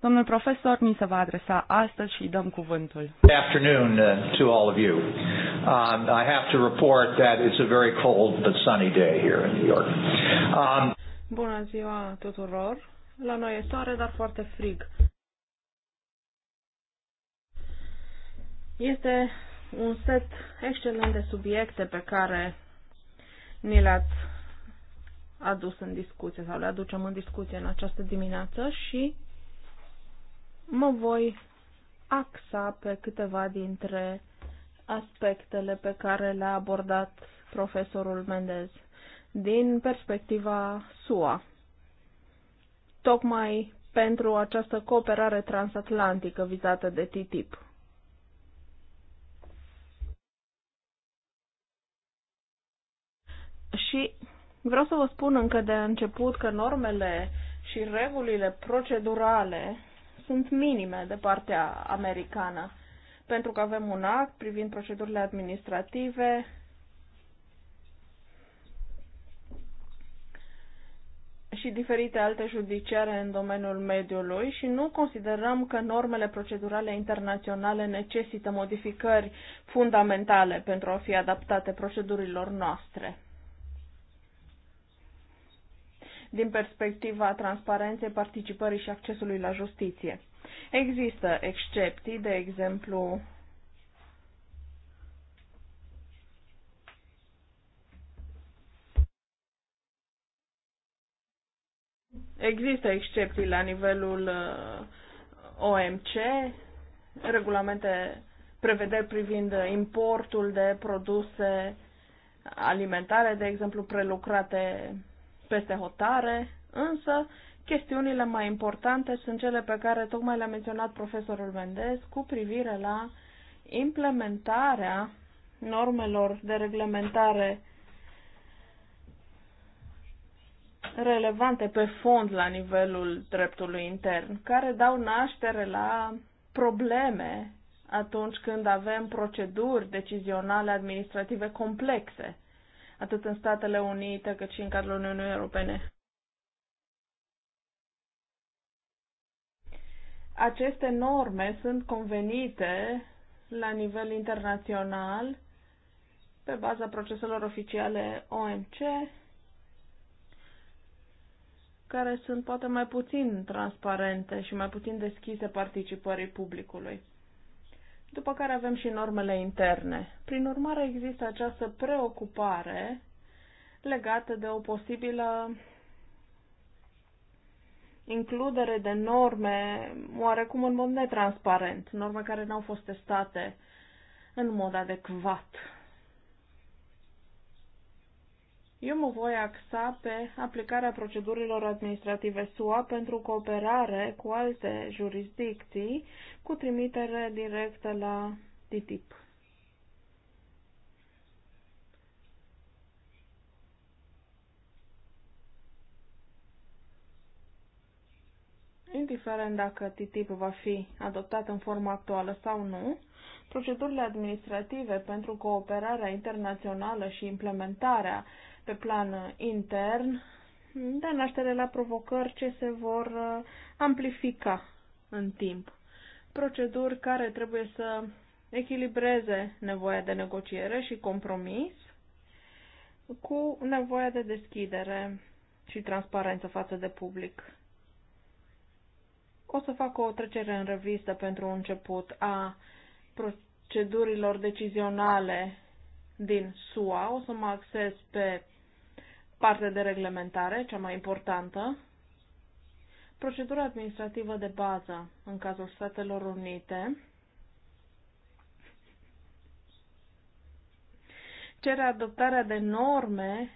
Domnul profesor ni se va adresa astăzi și îi dăm cuvântul. Good afternoon uh, to all of you. Um, I have to report that it's a very cold but sunny day here in New York. Um, Bună ziua tuturor. La noi e soare, dar foarte frig. Este un set excelent de subiecte pe care ni le-ați adus în discuție sau le aducem în discuție în această dimineață și mă voi axa pe câteva dintre aspectele pe care le-a abordat profesorul Mendez din perspectiva SUA. Tocmai pentru această cooperare transatlantică vizată de TTIP. Și vreau să vă spun încă de început că normele și regulile procedurale sunt minime de partea americană, pentru că avem un act privind procedurile administrative, și diferite alte judiciare în domeniul mediului și nu considerăm că normele procedurale internaționale necesită modificări fundamentale pentru a fi adaptate procedurilor noastre din perspectiva transparenței, participării și accesului la justiție. Există excepții, de exemplu, Există excepții la nivelul uh, OMC, regulamente, prevederi privind importul de produse alimentare, de exemplu, prelucrate peste hotare, însă chestiunile mai importante sunt cele pe care tocmai le-a menționat profesorul Mendez cu privire la implementarea normelor de reglementare relevante pe fond la nivelul dreptului intern, care dau naștere la probleme atunci când avem proceduri decizionale administrative complexe atât în Statele Unite cât și în cadrul Uniunii Europene. Aceste norme sunt convenite la nivel internațional pe baza proceselor oficiale OMC, care sunt poate mai puțin transparente și mai puțin deschise participării publicului după care avem și normele interne. Prin urmare, există această preocupare legată de o posibilă includere de norme oarecum în mod netransparent, norme care n-au fost testate în mod adecvat eu mă voi axa pe aplicarea procedurilor administrative SUA pentru cooperare cu alte jurisdicții cu trimitere directă la TTIP. indiferent dacă TTIP va fi adoptat în forma actuală sau nu, procedurile administrative pentru cooperarea internațională și implementarea pe plan uh, intern, de naștere la provocări ce se vor uh, amplifica în timp. Proceduri care trebuie să echilibreze nevoia de negociere și compromis cu nevoia de deschidere și transparență față de public. O să fac o trecere în revistă pentru început a procedurilor decizionale din SUA. O să mă acces pe parte de reglementare, cea mai importantă, procedura administrativă de bază în cazul Statelor Unite, cere adoptarea de norme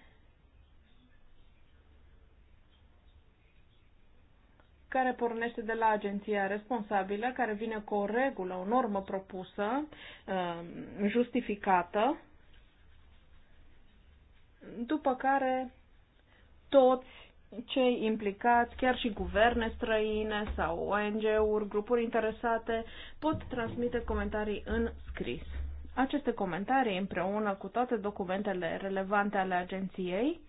care pornește de la agenția responsabilă, care vine cu o regulă, o normă propusă, uh, justificată, după care toți cei implicați, chiar și guverne străine sau ONG-uri, grupuri interesate, pot transmite comentarii în scris. Aceste comentarii, împreună cu toate documentele relevante ale agenției,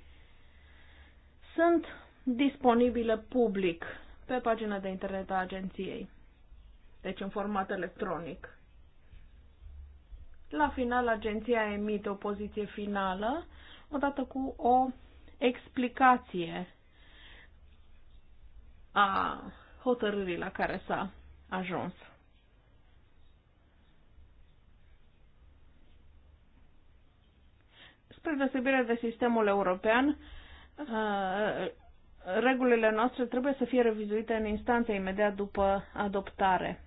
sunt disponibile public pe pagina de internet a agenției, deci în format electronic. La final, agenția emite o poziție finală odată cu o explicație a hotărârii la care s-a ajuns. Spre deosebire de sistemul european, uh, regulile noastre trebuie să fie revizuite în instanță imediat după adoptare,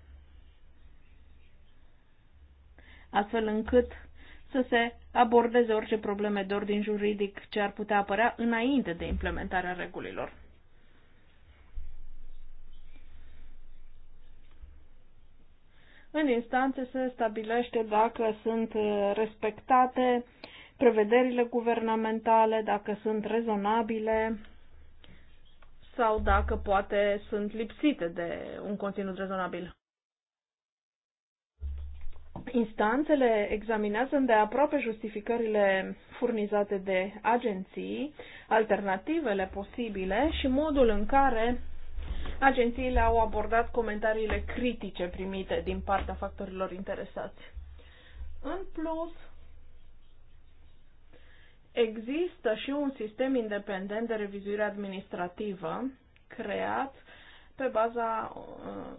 astfel încât să se abordeze orice probleme de ordin juridic ce ar putea apărea înainte de implementarea regulilor. În instanțe se stabilește dacă sunt uh, respectate prevederile guvernamentale, dacă sunt rezonabile sau dacă poate sunt lipsite de un conținut rezonabil. Instanțele examinează aproape justificările furnizate de agenții, alternativele posibile și modul în care agențiile au abordat comentariile critice primite din partea factorilor interesați. În plus, există și un sistem independent de revizuire administrativă creat pe baza uh,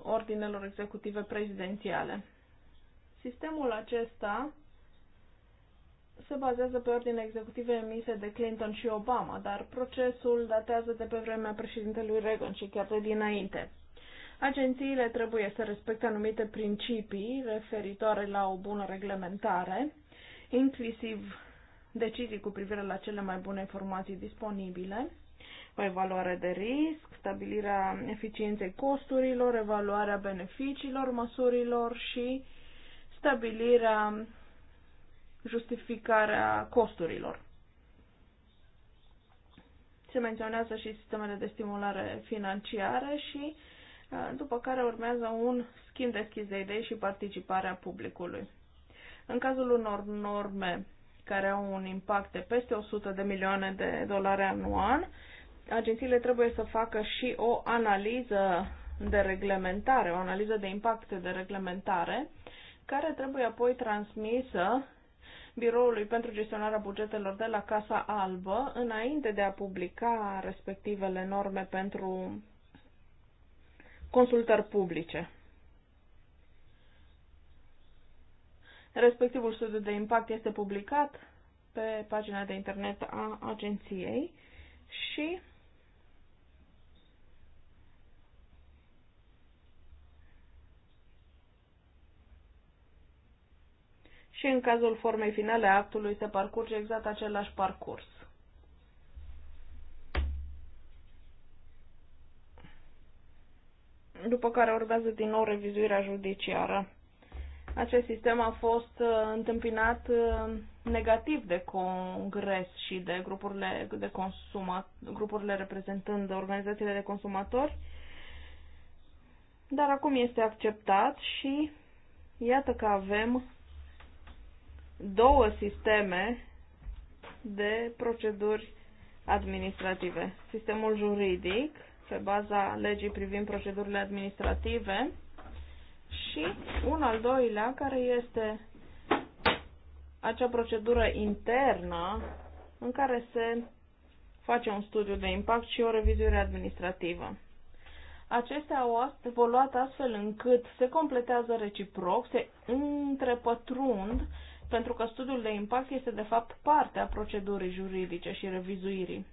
ordinelor executive prezidențiale. Sistemul acesta se bazează pe ordine executive emise de Clinton și Obama, dar procesul datează de pe vremea președintelui Reagan și chiar de dinainte. Agențiile trebuie să respecte anumite principii referitoare la o bună reglementare, inclusiv decizii cu privire la cele mai bune informații disponibile, o evaluare de risc, stabilirea eficienței costurilor, evaluarea beneficiilor măsurilor și stabilirea, justificarea costurilor. Se menționează și sistemele de stimulare financiară și după care urmează un schimb deschis de idei și participarea publicului. În cazul unor norme care au un impact de peste 100 de milioane de dolari anual, agențiile trebuie să facă și o analiză de reglementare, o analiză de impact de reglementare care trebuie apoi transmisă Biroului pentru gestionarea bugetelor de la Casa Albă, înainte de a publica respectivele norme pentru consultări publice. Respectivul studiu de impact este publicat pe pagina de internet a agenției și și în cazul formei finale a actului se parcurge exact același parcurs. După care urmează din nou revizuirea judiciară. Acest sistem a fost uh, întâmpinat uh, negativ de congres și de grupurile, de consuma, grupurile reprezentând organizațiile de consumatori, dar acum este acceptat și iată că avem două sisteme de proceduri administrative. Sistemul juridic, pe baza legii privind procedurile administrative, și un al doilea, care este acea procedură internă în care se face un studiu de impact și o revizuire administrativă. Acestea au evoluat astfel încât se completează reciproc, se întrepătrund pentru că studiul de impact este de fapt parte a procedurii juridice și revizuirii.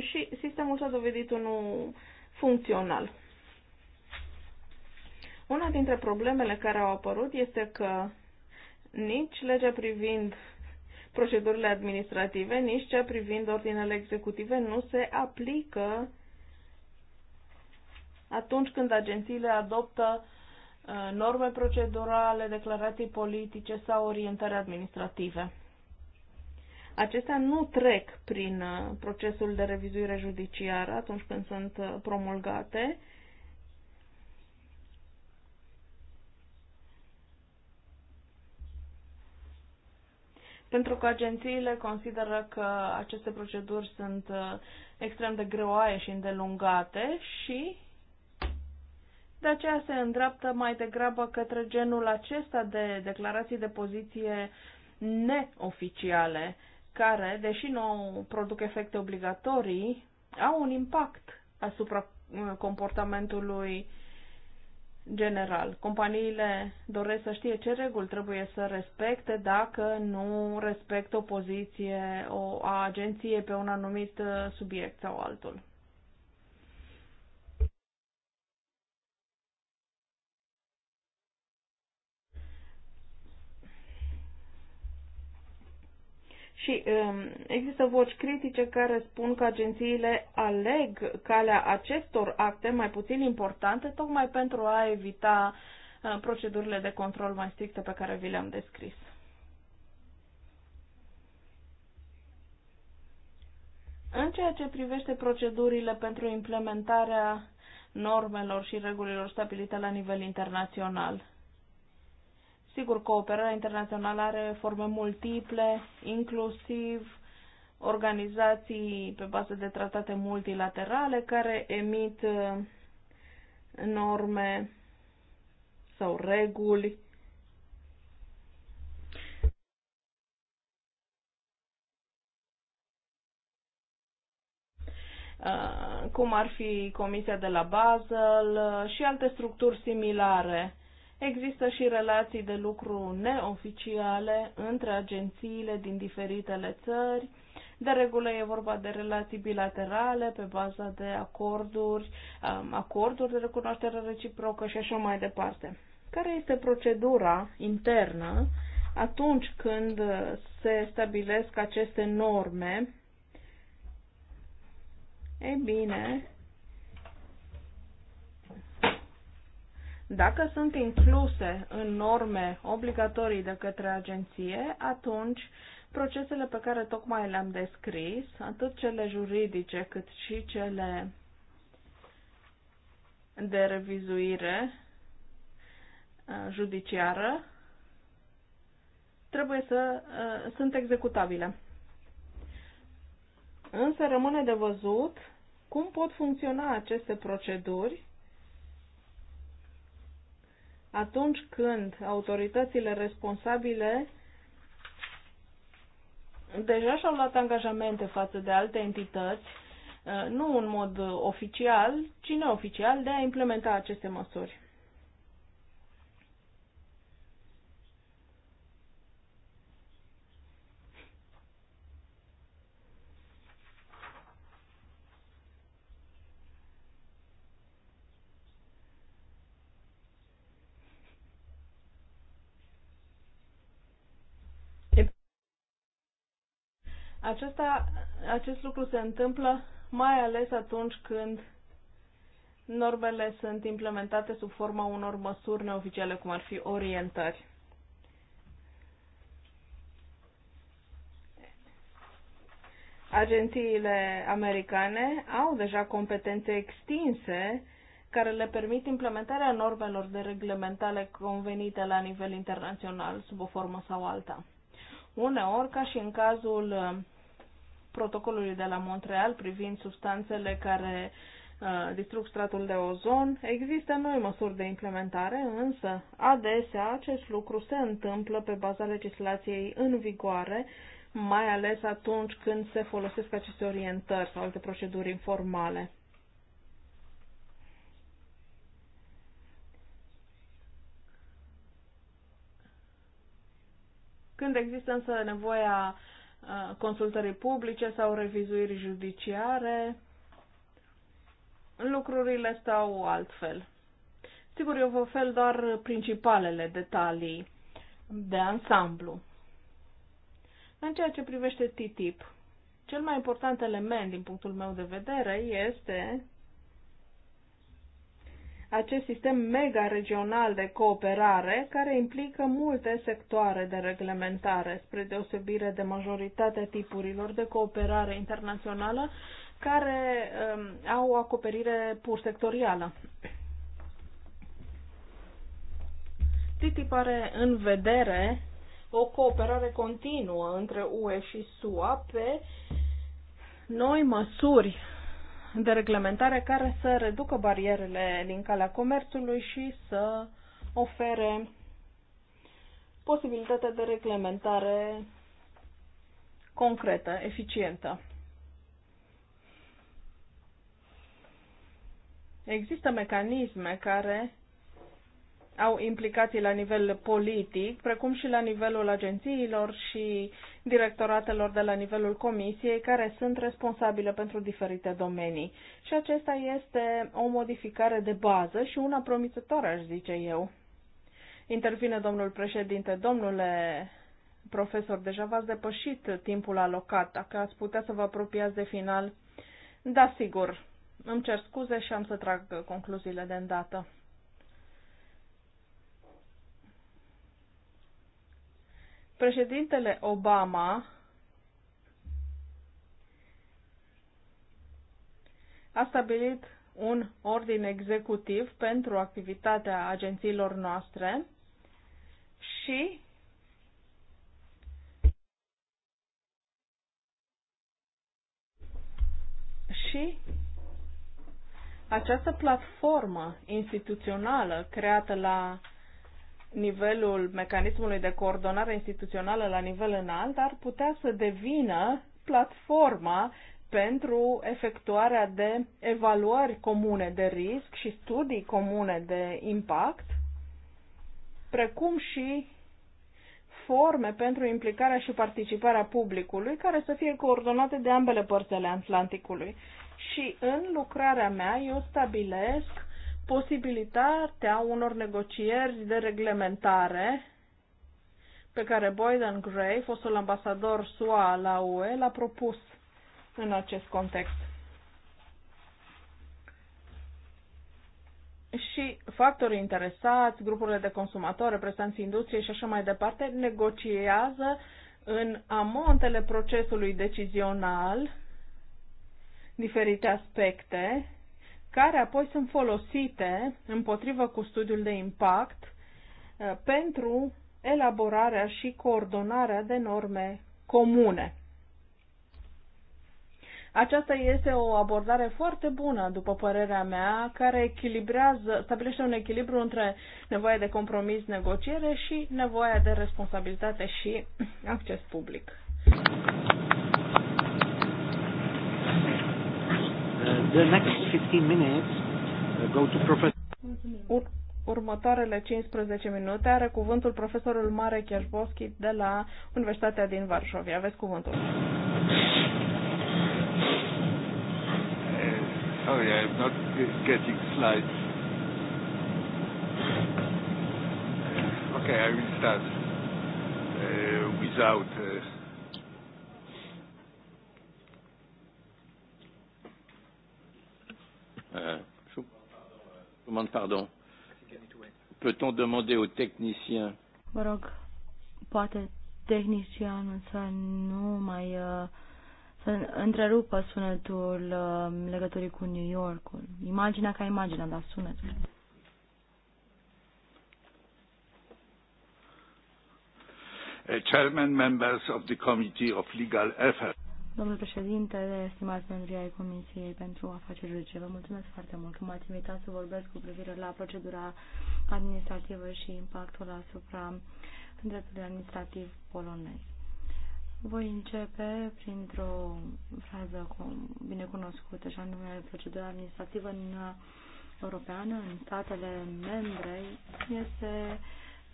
Și sistemul s-a dovedit unul funcțional. Una dintre problemele care au apărut este că nici legea privind procedurile administrative, nici cea privind ordinele executive nu se aplică atunci când agențiile adoptă Uh, norme procedurale, declarații politice sau orientări administrative. Acestea nu trec prin uh, procesul de revizuire judiciară atunci când sunt uh, promulgate. Pentru că agențiile consideră că aceste proceduri sunt extrem de greoaie și îndelungate și de aceea se îndreaptă mai degrabă către genul acesta de declarații de poziție neoficiale, care, deși nu produc efecte obligatorii, au un impact asupra uh, comportamentului general. Companiile doresc să știe ce reguli trebuie să respecte dacă nu respectă o poziție o, a agenției pe un anumit uh, subiect sau altul. Și um, există voci critice care spun că agențiile aleg calea acestor acte mai puțin importante tocmai pentru a evita uh, procedurile de control mai stricte pe care vi le-am descris. În ceea ce privește procedurile pentru implementarea normelor și regulilor stabilite la nivel internațional, Sigur, cooperarea internațională are forme multiple, inclusiv organizații pe bază de tratate multilaterale care emit uh, norme sau reguli uh, cum ar fi Comisia de la Basel uh, și alte structuri similare. Există și relații de lucru neoficiale între agențiile din diferitele țări. De regulă e vorba de relații bilaterale pe baza de acorduri, um, acorduri de recunoaștere reciprocă și așa mai departe. Care este procedura internă atunci când se stabilesc aceste norme? Ei bine, Dacă sunt incluse în norme obligatorii de către agenție, atunci procesele pe care tocmai le-am descris, atât cele juridice cât și cele de revizuire uh, judiciară, trebuie să uh, sunt executabile. Însă rămâne de văzut cum pot funcționa aceste proceduri atunci când autoritățile responsabile deja și-au luat angajamente față de alte entități, uh, nu în mod oficial, ci neoficial, de a implementa aceste măsuri. Acesta, acest lucru se întâmplă mai ales atunci când normele sunt implementate sub forma unor măsuri neoficiale, cum ar fi orientări. Agențiile americane au deja competențe extinse care le permit implementarea normelor de reglementare convenite la nivel internațional, sub o formă sau alta. Uneori, ca și în cazul protocolului de la Montreal privind substanțele care uh, distrug stratul de ozon, există noi măsuri de implementare, însă adesea acest lucru se întâmplă pe baza legislației în vigoare, mai ales atunci când se folosesc aceste orientări sau alte proceduri informale. Când există însă nevoia Uh, consultării publice sau revizuiri judiciare. Lucrurile stau altfel. Sigur, eu vă ofer doar principalele detalii de ansamblu. În ceea ce privește TTIP, cel mai important element din punctul meu de vedere este acest sistem mega-regional de cooperare care implică multe sectoare de reglementare, spre deosebire de majoritatea tipurilor de cooperare internațională care um, au o acoperire pur sectorială. TTIP are în vedere o cooperare continuă între UE și SUA pe noi măsuri de reglementare care să reducă barierele din calea comerțului și să ofere posibilitatea de reglementare concretă, eficientă. Există mecanisme care au implicații la nivel politic, precum și la nivelul agențiilor și directoratelor de la nivelul comisiei care sunt responsabile pentru diferite domenii. Și acesta este o modificare de bază și una promițătoare, aș zice eu. Intervine domnul președinte, domnule profesor, deja v-ați depășit timpul alocat, dacă ați putea să vă apropiați de final. Da, sigur, îmi cer scuze și am să trag concluziile de îndată. Președintele Obama a stabilit un ordin executiv pentru activitatea agențiilor noastre și și această platformă instituțională creată la nivelul mecanismului de coordonare instituțională la nivel înalt ar putea să devină platforma pentru efectuarea de evaluări comune de risc și studii comune de impact, precum și forme pentru implicarea și participarea publicului care să fie coordonate de ambele părți ale Atlanticului. Și în lucrarea mea eu stabilesc posibilitatea unor negocieri de reglementare pe care Boyden Gray, fostul ambasador SUA la UE, l-a propus în acest context. Și factorii interesați, grupurile de consumatori, reprezentanții industriei și așa mai departe, negociază în amontele procesului decizional diferite aspecte care apoi sunt folosite împotrivă cu studiul de impact uh, pentru elaborarea și coordonarea de norme comune. Aceasta este o abordare foarte bună, după părerea mea, care echilibrează, stabilește un echilibru între nevoia de compromis, negociere și nevoia de responsabilitate și acces public. the next 15 minutes uh, go to Professor. următoarele 15 minute are cuvântul profesorul Mare Chiașboschi de la Universitatea din Varșovia. Aveți cuvântul. Uh, sorry, I'm not getting slides. Uh, okay, I will start uh, without uh, Euh, je demande pardon. Peut-on demander aux techniciens Vă rog, poate tehnicianul să nu mai uh, să întrerupă sunetul uh, legătorii cu New Yorkul. Imaginea ca imaginea, dar sunetul. Uh, Chairman members of the Committee of Legal Affairs. Domnul președinte, stimați membri ai Comisiei pentru Afaceri Juridice, vă mulțumesc foarte mult că m-ați invitat să vorbesc cu privire la procedura administrativă și impactul asupra dreptului administrativ polonez. Voi începe printr-o frază binecunoscută, așa anume procedura administrativă în europeană, în statele membre, este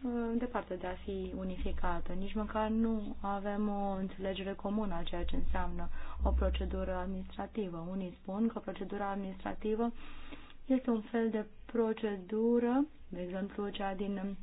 Uh, departe de a fi unificată. Nici măcar nu avem o înțelegere comună a ceea ce înseamnă o procedură administrativă. Unii spun că procedura administrativă este un fel de procedură, de exemplu cea din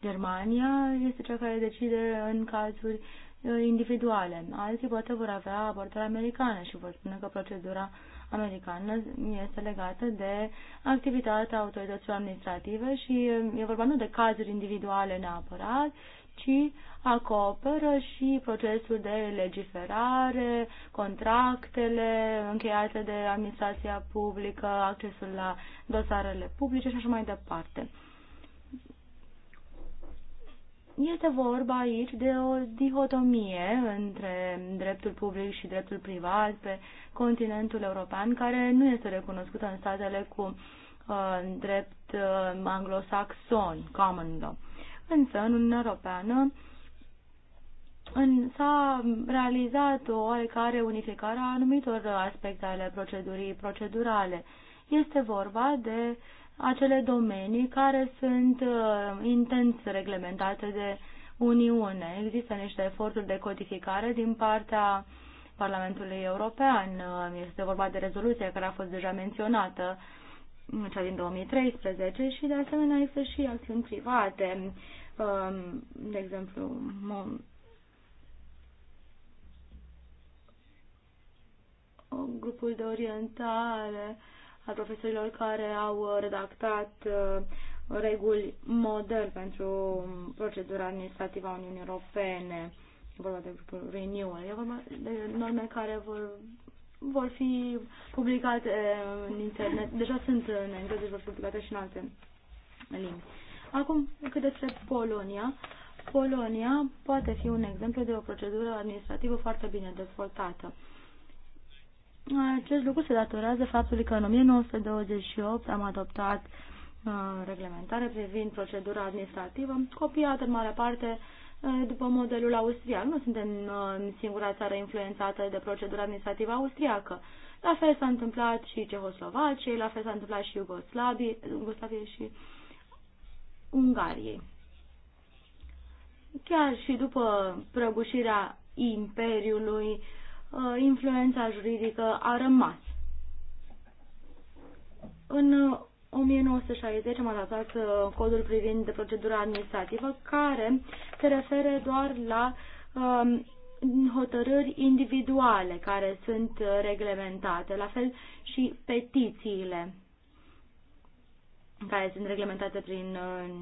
Germania, este cea care decide în cazuri uh, individuale. Alții poate vor avea abordări americană și vor spune că procedura uh, americană este legată de activitatea autorităților administrative și e vorba nu de cazuri individuale neapărat, ci acoperă și procesul de legiferare, contractele încheiate de administrația publică, accesul la dosarele publice și așa mai departe. Este vorba aici de o dihotomie între dreptul public și dreptul privat pe continentul european, care nu este recunoscută în statele cu uh, drept uh, anglosaxon, common law. Însă, în Uniunea Europeană, s-a realizat o oarecare unificare a anumitor aspecte ale procedurii procedurale. Este vorba de uh, acele domenii care sunt uh, intens reglementate de Uniune. Există niște eforturi de codificare din partea Parlamentului European. Uh, este vorba de rezoluția care a fost deja menționată, uh, cea din 2013, și de asemenea există și acțiuni private, um, de exemplu, grupul de orientare, al profesorilor care au uh, redactat uh, reguli model pentru procedura administrativă a Uniunii Europene. E vorba de grupul Renewal. E vorba de norme care vor, vor fi publicate uh, în internet. Deja sunt în engleză și vor fi publicate și în alte limbi. Acum, cât despre Polonia. Polonia poate fi un exemplu de o procedură administrativă foarte bine dezvoltată. Acest lucru se datorează faptului că în 1928 am adoptat uh, reglementare privind procedura administrativă, copiată în mare parte uh, după modelul austriac. Nu suntem uh, singura țară influențată de procedura administrativă austriacă. La fel s-a întâmplat și Cehoslovaciei, la fel s-a întâmplat și Iugoslaviei Iugoslavie și Ungariei. Chiar și după prăbușirea Imperiului Uh, influența juridică a rămas. În 1960 uh, am adaptat uh, codul privind de procedura administrativă care se referă doar la um, hotărâri individuale care sunt reglementate, la fel și petițiile care sunt reglementate prin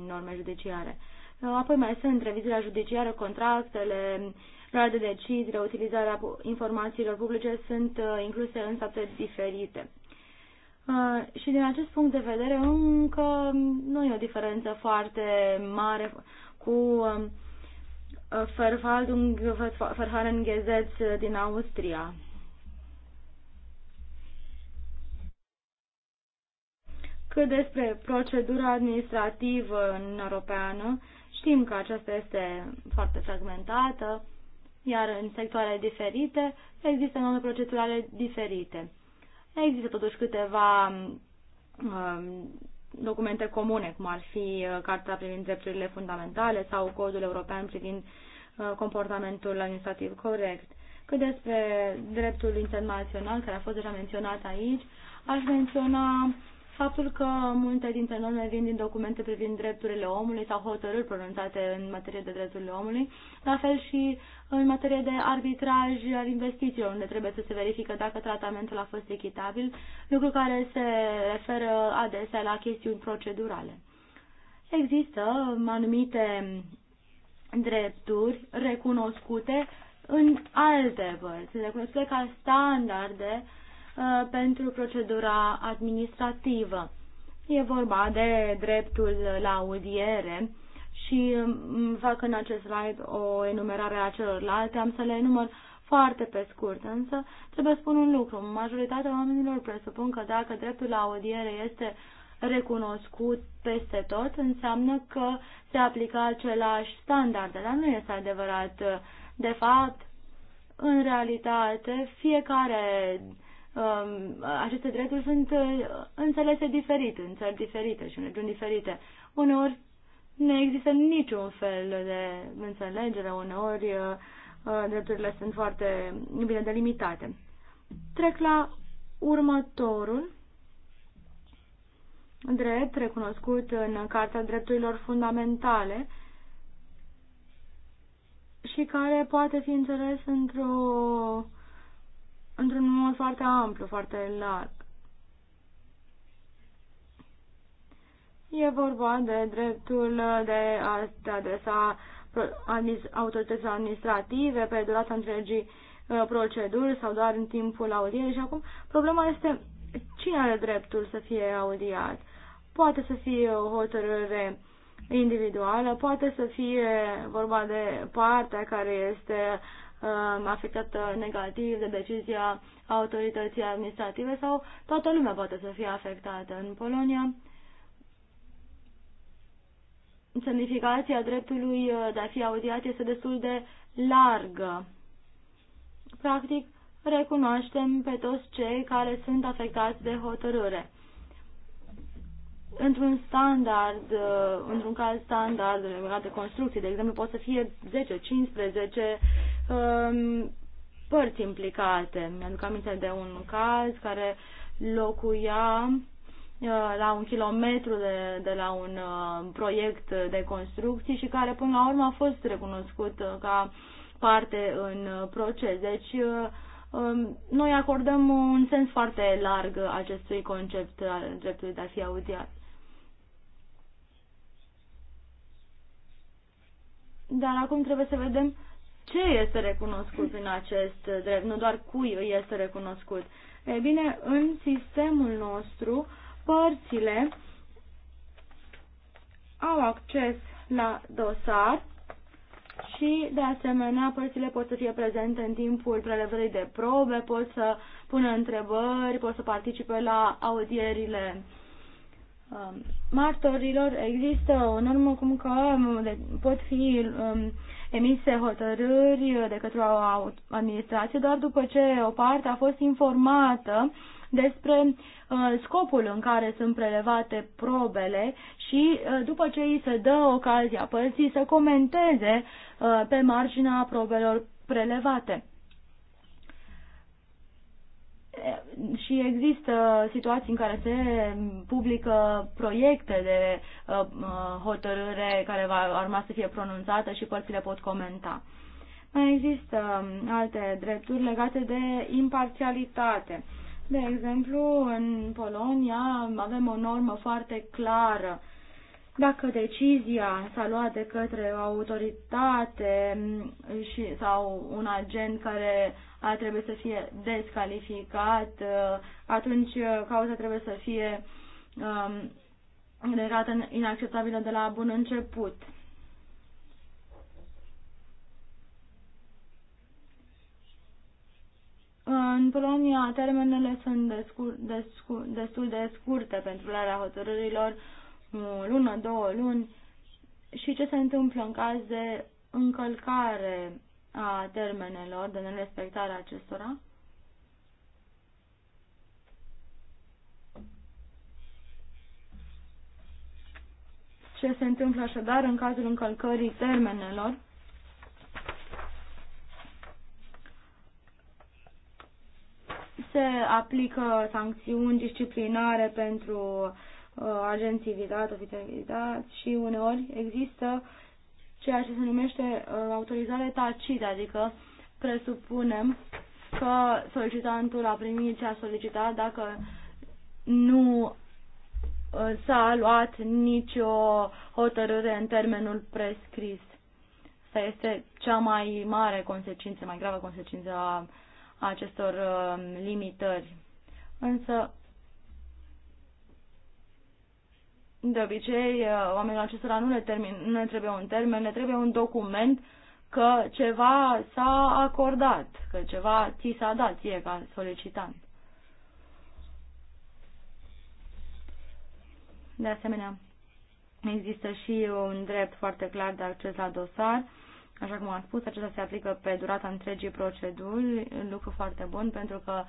norme judiciare. Apoi mai sunt revizia judiciară, contractele, luarea de decizii, de utilizarea informațiilor publice sunt uh, incluse în state diferite. Uh, și din acest punct de vedere încă nu e o diferență foarte mare cu Verwaltung um, uh, Gesetz din Austria. Cât despre procedura administrativă în europeană, știm că aceasta este foarte fragmentată, iar în sectoare diferite există norme procedurale diferite. Există totuși câteva um, documente comune, cum ar fi uh, Carta privind drepturile fundamentale sau Codul European privind uh, comportamentul administrativ corect. Cât despre dreptul internațional, care a fost deja menționat aici, aș menționa faptul că multe dintre norme vin din documente privind drepturile omului sau hotărâri pronunțate în materie de drepturile omului, la fel și în materie de arbitraj al investițiilor, unde trebuie să se verifică dacă tratamentul a fost echitabil, lucru care se referă adesea la chestiuni procedurale. Există anumite drepturi recunoscute în alte părți, recunoscute ca standarde uh, pentru procedura administrativă. E vorba de dreptul la audiere, și um, fac în acest slide o enumerare a celorlalte, am să le enumăr foarte pe scurt, însă trebuie spun un lucru. Majoritatea oamenilor presupun că dacă dreptul la audiere este recunoscut peste tot, înseamnă că se aplică același standard. dar nu este adevărat. De fapt, în realitate, fiecare um, aceste drepturi sunt uh, înțelese diferit, în țări diferite și în regiuni diferite. Uneori nu există niciun fel de înțelegere uneori, uh, drepturile sunt foarte bine delimitate. Trec la următorul drept recunoscut în Carta Drepturilor Fundamentale și care poate fi înțeles într un într-un mod foarte amplu, foarte larg. E vorba de dreptul de a te adresa autorităților administrative pe durata întregii uh, proceduri sau doar în timpul audierii și acum problema este cine are dreptul să fie audiat. Poate să fie o hotărâre individuală, poate să fie vorba de partea care este uh, afectată negativ de decizia autorității administrative sau toată lumea poate să fie afectată. În Polonia semnificația dreptului uh, de a fi audiat este destul de largă. Practic, recunoaștem pe toți cei care sunt afectați de hotărâre. Într-un standard, uh, într-un caz standard legat de construcții, de exemplu, pot să fie 10-15 um, părți implicate. Mi-aduc aminte de un caz care locuia Uh, la un kilometru de, de la un uh, proiect de construcții și care până la urmă a fost recunoscut uh, ca parte în proces. Deci um, noi acordăm un sens foarte larg acestui concept al dreptului de a fi audiat. Dar acum trebuie să vedem ce este recunoscut în acest drept, nu doar cui este recunoscut. E bine, în sistemul nostru uh, părțile au acces la dosar și, de asemenea, părțile pot să fie prezente în timpul prelevării de probe, pot să pună întrebări, pot să participe la audierile um, martorilor. Există o normă cum că um, pot fi um, emise hotărâri de către o administrație doar după ce o parte a fost informată despre uh, scopul în care sunt prelevate probele și uh, după ce îi se dă ocazia părții să comenteze uh, pe marginea probelor prelevate și există situații în care se publică proiecte de hotărâre care va urma să fie pronunțată și părțile pot comenta. Mai există um, alte drepturi legate de imparțialitate. De exemplu, în Polonia avem o normă foarte clară. Dacă decizia s-a luat de către o autoritate și, sau un agent care a trebui să fie descalificat, atunci cauza trebuie să fie um, declarată inacceptabilă de la bun început. În Polonia, termenele sunt descur, descur, destul de scurte pentru luarea hotărârilor, o lună, două luni. Și ce se întâmplă în caz de încălcare a termenelor, de nerespectarea acestora? Ce se întâmplă așadar în cazul încălcării termenelor? se aplică sancțiuni disciplinare pentru uh, agenții vizați, și uneori există ceea ce se numește uh, autorizare tacită, adică presupunem că solicitantul a primit ce a solicitat dacă nu uh, s-a luat nicio hotărâre în termenul prescris. Asta este cea mai mare consecință, mai gravă consecință a a acestor uh, limitări. Însă, de obicei, uh, oamenilor acestora nu le, termin, nu le trebuie un termen, le trebuie un document că ceva s-a acordat, că ceva ți s-a dat ție ca solicitant. De asemenea, există și un drept foarte clar de acces la dosar Așa cum am spus, acesta se aplică pe durata întregii proceduri, lucru foarte bun, pentru că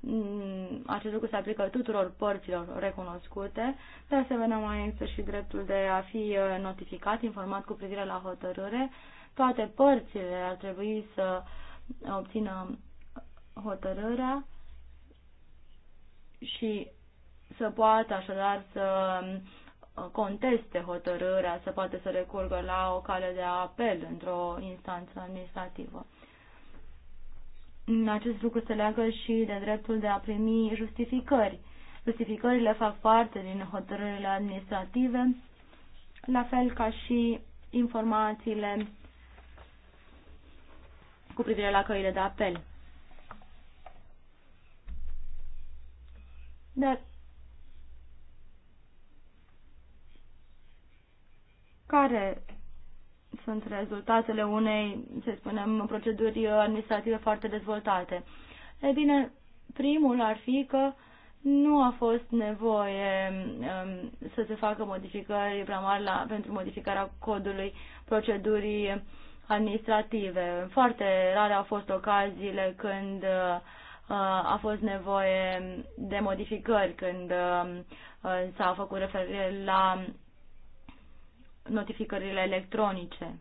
mm, acest lucru se aplică tuturor părților recunoscute. De asemenea, mai există și dreptul de a fi uh, notificat, informat cu privire la hotărâre. Toate părțile ar trebui să uh, obțină hotărârea și să poată așadar să conteste hotărârea, să poate să recurgă la o cale de apel într-o instanță administrativă. Acest lucru se leagă și de dreptul de a primi justificări. Justificările fac parte din hotărârile administrative, la fel ca și informațiile cu privire la căile de apel. Dar care sunt rezultatele unei, să spunem, proceduri administrative foarte dezvoltate? E bine, primul ar fi că nu a fost nevoie um, să se facă modificări prea mari la, pentru modificarea codului procedurii administrative. Foarte rare au fost ocaziile când uh, a fost nevoie de modificări, când uh, s-a făcut referire la notificările electronice.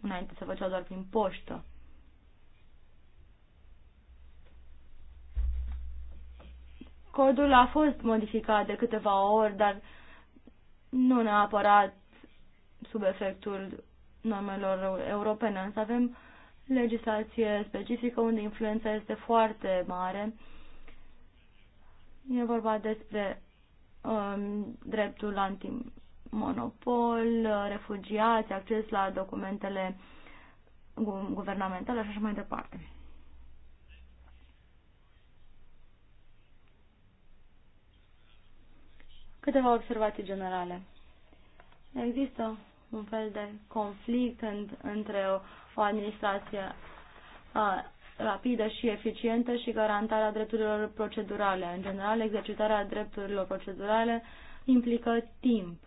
Înainte se făceau doar prin poștă. Codul a fost modificat de câteva ori, dar nu neapărat sub efectul normelor europene, însă avem legislație specifică unde influența este foarte mare. E vorba despre um, dreptul anti, monopol, refugiați, acces la documentele guvernamentale și așa mai departe. Câteva observații generale. Există un fel de conflict în, între o, o administrație a, rapidă și eficientă și garantarea drepturilor procedurale. În general, exercitarea drepturilor procedurale implică timp.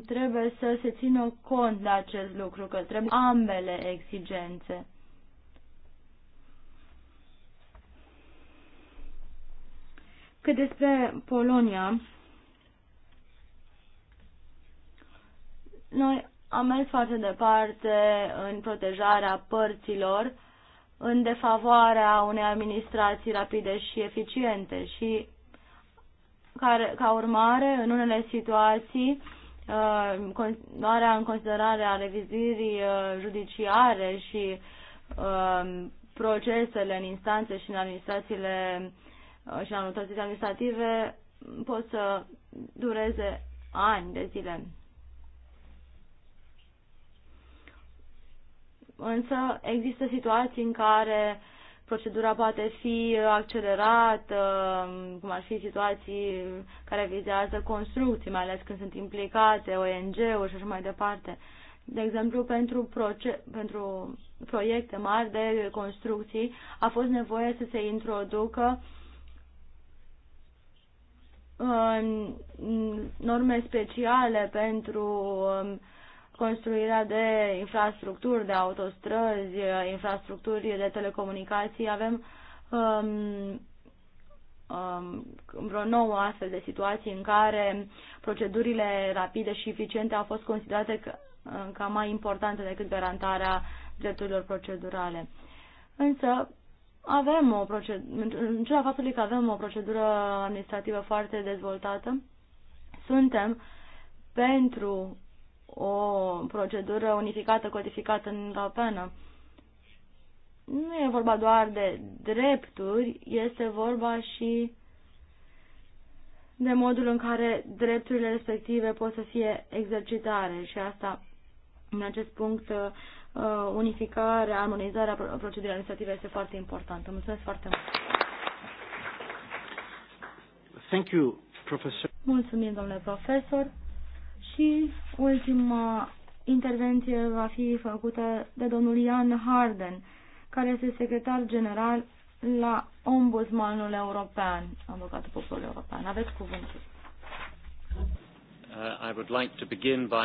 trebuie să se țină cont de acest lucru, că trebuie ambele exigențe. Cât despre Polonia, noi am mers foarte departe în protejarea părților în defavoarea unei administrații rapide și eficiente și care, ca urmare, în unele situații, Uh, luarea în considerare a revizirii uh, judiciare și uh, procesele în instanțe și în administrațiile și în administrative pot să dureze ani de zile. Însă există situații în care procedura poate fi accelerată, cum ar fi situații care vizează construcții, mai ales când sunt implicate ONG-uri și așa mai departe. De exemplu, pentru, proce- pentru proiecte mari de construcții a fost nevoie să se introducă um, norme speciale pentru um, construirea de infrastructuri, de autostrăzi, infrastructuri de telecomunicații. Avem um, um, vreo nouă astfel de situații în care procedurile rapide și eficiente au fost considerate uh, ca mai importante decât garantarea drepturilor procedurale. Însă, avem o procedură, în ciuda faptului că avem o procedură administrativă foarte dezvoltată, suntem pentru o procedură unificată, codificată în europeană. Nu e vorba doar de drepturi, este vorba și de modul în care drepturile respective pot să fie exercitare și asta, în acest punct, uh, unificarea, armonizarea procedurilor administrative este foarte importantă. Mulțumesc foarte mult! Thank you, professor. Mulțumim, domnule profesor. Și ultima intervenție va fi făcută de domnul Ian Harden, care este secretar general la Ombudsmanul European, avocatul poporului european. Aveți cuvântul. Uh, I would like to begin by...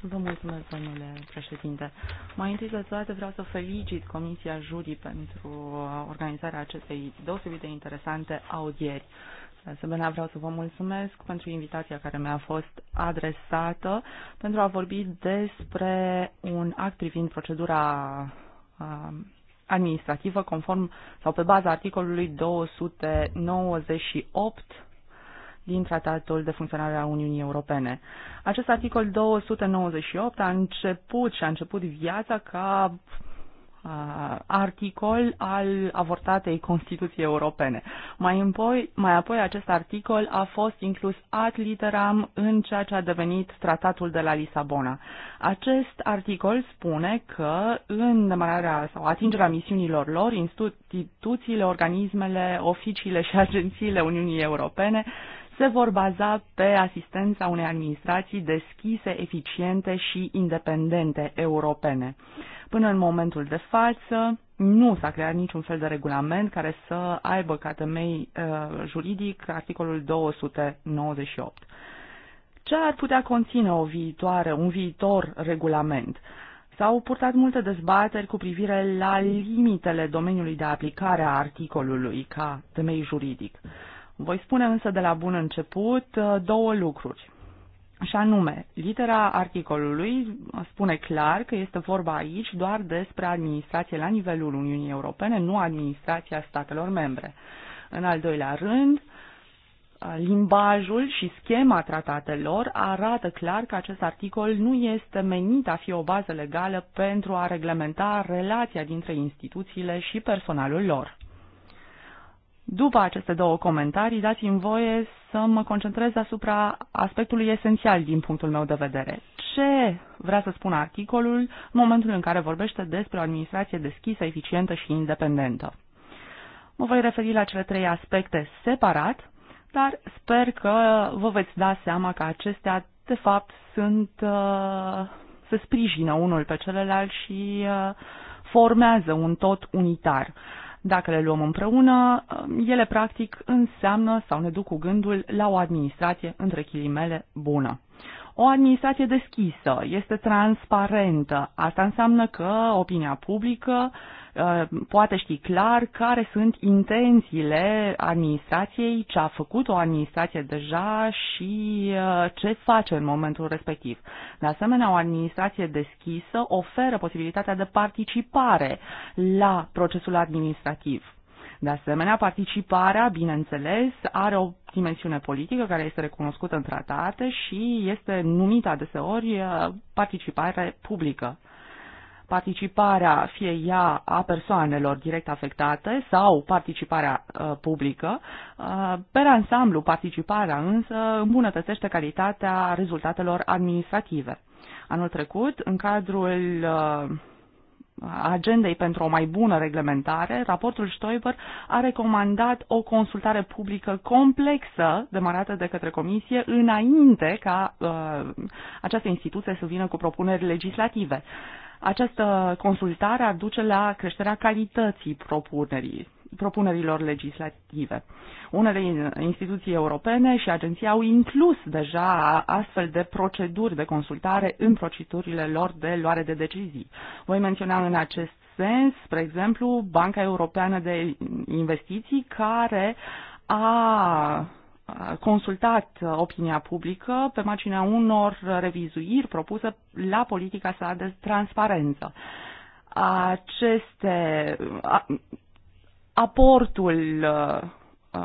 Vă mulțumesc, domnule președinte. Mai întâi de toate vreau să felicit Comisia Jurii pentru organizarea acestei deosebit de interesante audieri. Uh, de asemenea, vreau să vă mulțumesc pentru invitația care mi-a fost adresată pentru a vorbi despre un act privind procedura um, administrativă conform sau pe baza articolului 298 din Tratatul de Funcționare a Uniunii Europene. Acest articol 298 a început și a început viața ca Uh, articol al avortatei Constituției Europene. Mai, împoi, mai apoi acest articol a fost inclus ad literam în ceea ce a devenit tratatul de la Lisabona. Acest articol spune că în demararea sau atingerea misiunilor lor, instituțiile, organismele, oficiile și agențiile Uniunii Europene se vor baza pe asistența unei administrații deschise, eficiente și independente europene. Până în momentul de față, nu s-a creat niciun fel de regulament care să aibă ca temei uh, juridic articolul 298. Ce ar putea conține o viitoare, un viitor regulament? S-au purtat multe dezbateri cu privire la limitele domeniului de aplicare a articolului ca temei juridic. Voi spune însă de la bun început uh, două lucruri. Și anume, litera articolului spune clar că este vorba aici doar despre administrație la nivelul Uniunii Europene, nu administrația statelor membre. În al doilea rând, limbajul și schema tratatelor arată clar că acest articol nu este menit a fi o bază legală pentru a reglementa relația dintre instituțiile și personalul lor. După aceste două comentarii, dați-mi voie să mă concentrez asupra aspectului esențial din punctul meu de vedere. Ce vrea să spună articolul în momentul în care vorbește despre o administrație deschisă, eficientă și independentă? Mă voi referi la cele trei aspecte separat, dar sper că vă veți da seama că acestea, de fapt, sunt, uh, se sprijină unul pe celălalt și uh, formează un tot unitar. Dacă le luăm împreună, ele practic înseamnă sau ne duc cu gândul la o administrație, între chilimele, bună o administrație deschisă, este transparentă. Asta înseamnă că opinia publică uh, poate ști clar care sunt intențiile administrației, ce a făcut o administrație deja și uh, ce face în momentul respectiv. De asemenea, o administrație deschisă oferă posibilitatea de participare la procesul administrativ. De asemenea, participarea, bineînțeles, are o dimensiune politică care este recunoscută în tratate și este numită adeseori uh, participare publică. Participarea, fie ea a persoanelor direct afectate sau participarea uh, publică, uh, per ansamblu participarea însă îmbunătățește calitatea rezultatelor administrative. Anul trecut, în cadrul uh, agendei pentru o mai bună reglementare, raportul Stoiber a recomandat o consultare publică complexă demarată de către Comisie înainte ca uh, această instituție să vină cu propuneri legislative. Această consultare ar duce la creșterea calității propunerii propunerilor legislative. Unele instituții europene și agenții au inclus deja astfel de proceduri de consultare în procedurile lor de luare de decizii. Voi menționa în acest sens, spre exemplu, Banca Europeană de Investiții, care a consultat opinia publică pe marginea unor revizuiri propuse la politica sa de transparență. Aceste aportul uh,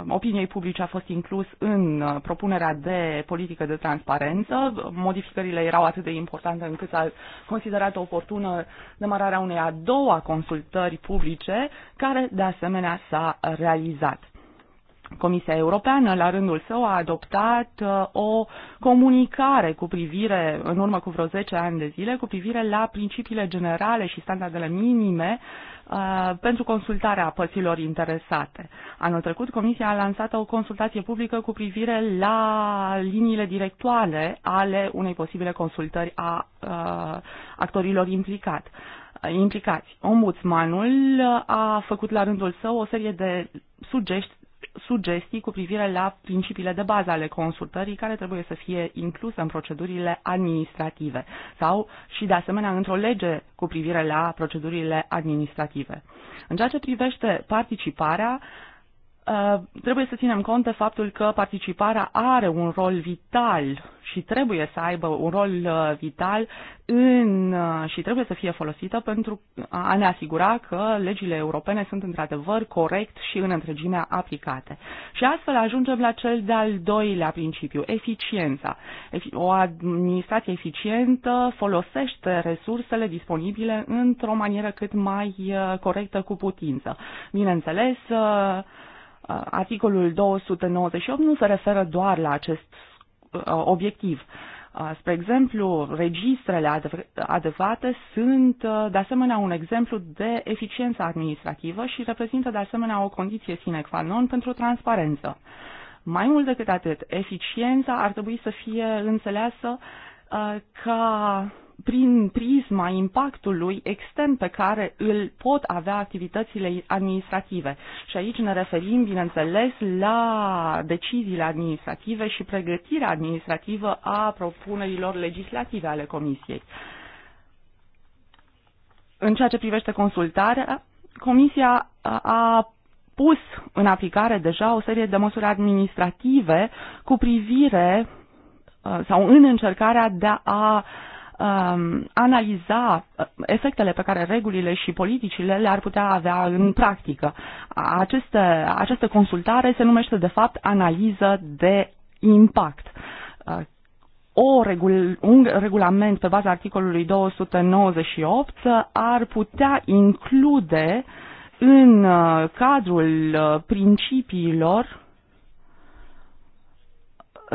um, opiniei publice a fost inclus în uh, propunerea de politică de transparență. Modificările erau atât de importante încât s-a considerat oportună demararea unei a doua consultări publice, care de asemenea s-a realizat. Comisia Europeană, la rândul său, a adoptat uh, o comunicare cu privire, în urmă cu vreo 10 ani de zile, cu privire la principiile generale și standardele minime uh, Uh, pentru consultarea părților interesate. Anul trecut, Comisia a lansat o consultație publică cu privire la liniile directoare ale unei posibile consultări a uh, actorilor implicat, implicați. Ombudsmanul a făcut la rândul său o serie de sugestii sugestii cu privire la principiile de bază ale consultării care trebuie să fie incluse în procedurile administrative sau și de asemenea într-o lege cu privire la procedurile administrative. În ceea ce privește participarea, Uh, trebuie să ținem cont de faptul că participarea are un rol vital și trebuie să aibă un rol uh, vital în, uh, și trebuie să fie folosită pentru a ne asigura că legile europene sunt într-adevăr corect și în întregimea aplicate. Și astfel ajungem la cel de-al doilea principiu, eficiența. O administrație eficientă folosește resursele disponibile într-o manieră cât mai corectă cu putință. Bineînțeles, Uh, articolul 298 nu se referă doar la acest uh, obiectiv. Uh, spre exemplu, registrele adecvate sunt de asemenea un exemplu de eficiență administrativă și reprezintă de asemenea o condiție sine qua non pentru transparență. Mai mult decât atât, eficiența ar trebui să fie înțeleasă ca prin prisma impactului extern pe care îl pot avea activitățile administrative. Și aici ne referim, bineînțeles, la deciziile administrative și pregătirea administrativă a propunerilor legislative ale Comisiei. În ceea ce privește consultarea, Comisia a pus în aplicare deja o serie de măsuri administrative cu privire uh, sau în încercarea de a uh, Um, analiza uh, efectele pe care regulile și politicile le-ar putea avea în practică. Aceste, această consultare se numește de fapt analiză de impact. Uh, o regul, un regulament pe baza articolului 298 ar putea include în uh, cadrul principiilor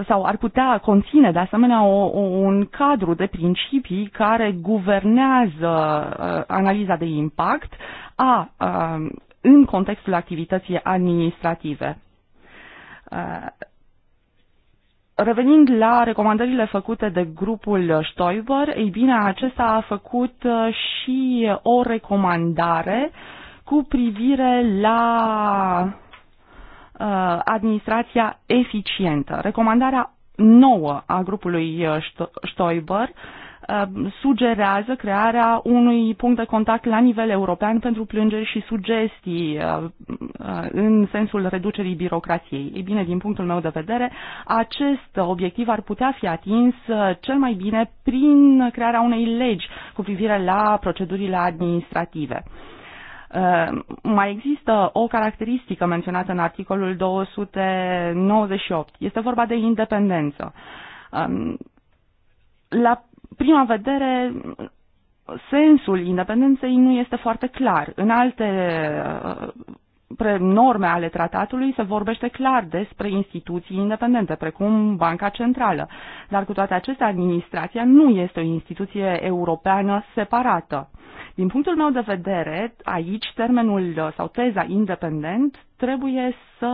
sau ar putea conține de asemenea o, o, un cadru de principii care guvernează uh, analiza de impact a, uh, în contextul activității administrative. Uh, Revenind la recomandările făcute de grupul Stoiber, ei bine, acesta a făcut uh, și o recomandare cu privire la Uh, administrația eficientă. Recomandarea nouă a grupului uh, Stoiber uh, sugerează crearea unui punct de contact la nivel european pentru plângeri și sugestii în sensul reducerii birocrației. Ei bine, din punctul meu de vedere, acest obiectiv ar putea fi atins cel mai bine prin crearea unei legi cu privire la procedurile administrative. Uh, mai există o caracteristică menționată în articolul 298. Este vorba de independență. Um, la prima vedere, sensul independenței nu este foarte clar. În alte uh, norme ale tratatului se vorbește clar despre instituții independente, precum Banca Centrală. Dar cu toate acestea, administrația nu este o instituție europeană separată. Din punctul meu de vedere, aici termenul sau teza independent trebuie să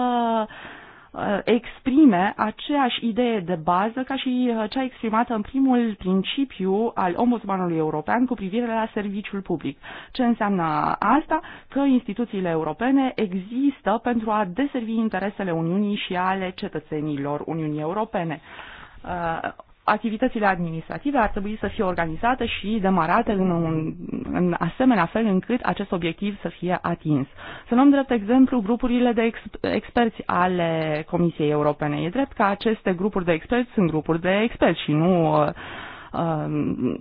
Uh, exprime aceeași idee de bază ca și uh, cea exprimată în primul principiu al ombudsmanului european cu privire la serviciul public. Ce înseamnă asta? Că instituțiile europene există pentru a deservi interesele Uniunii și ale cetățenilor Uniunii Europene. Uh, activitățile administrative ar trebui să fie organizate și demarate în, un, în asemenea fel încât acest obiectiv să fie atins. Să luăm drept exemplu grupurile de ex, experți ale Comisiei Europene. E drept că aceste grupuri de experți sunt grupuri de experți și nu uh, uh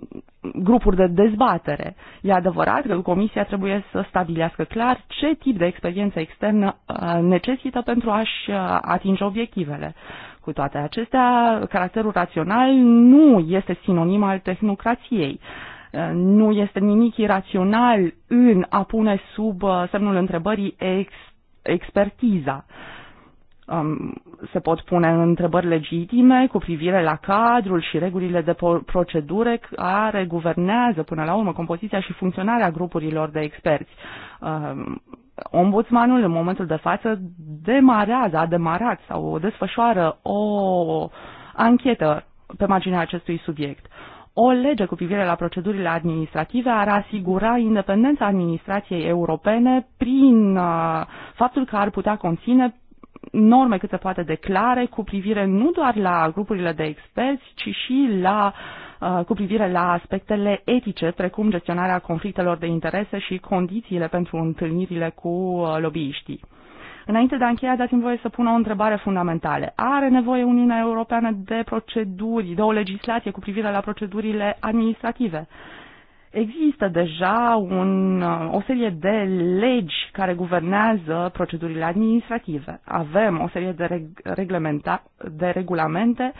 grupuri de dezbatere. E adevărat că Comisia trebuie să stabilească clar ce tip de experiență externă uh, necesită pentru a-și uh, atinge obiectivele. Cu toate acestea, caracterul rațional nu este sinonim al tehnocrației. Nu este nimic irațional în a pune sub uh, semnul întrebării ex, expertiza um, se pot pune întrebări legitime cu privire la cadrul și regulile de procedură care guvernează până la urmă compoziția și funcționarea grupurilor de experți. Um, ombudsmanul în momentul de față demarează, a demarat sau desfășoară o anchetă pe marginea acestui subiect. O lege cu privire la procedurile administrative ar asigura independența administrației europene prin uh, faptul că ar putea conține norme cât se poate de clare cu privire nu doar la grupurile de experți, ci și la uh, Uh, cu privire la aspectele etice, precum gestionarea conflictelor de interese și condițiile pentru întâlnirile cu uh, lobbyiștii. Înainte de a încheia, dați-mi voie să pun o întrebare fundamentală. Are nevoie Uniunea Europeană de proceduri, de o legislație cu privire la procedurile administrative? Există deja un, uh, o serie de legi care guvernează procedurile administrative. Avem o serie de, reg- de regulamente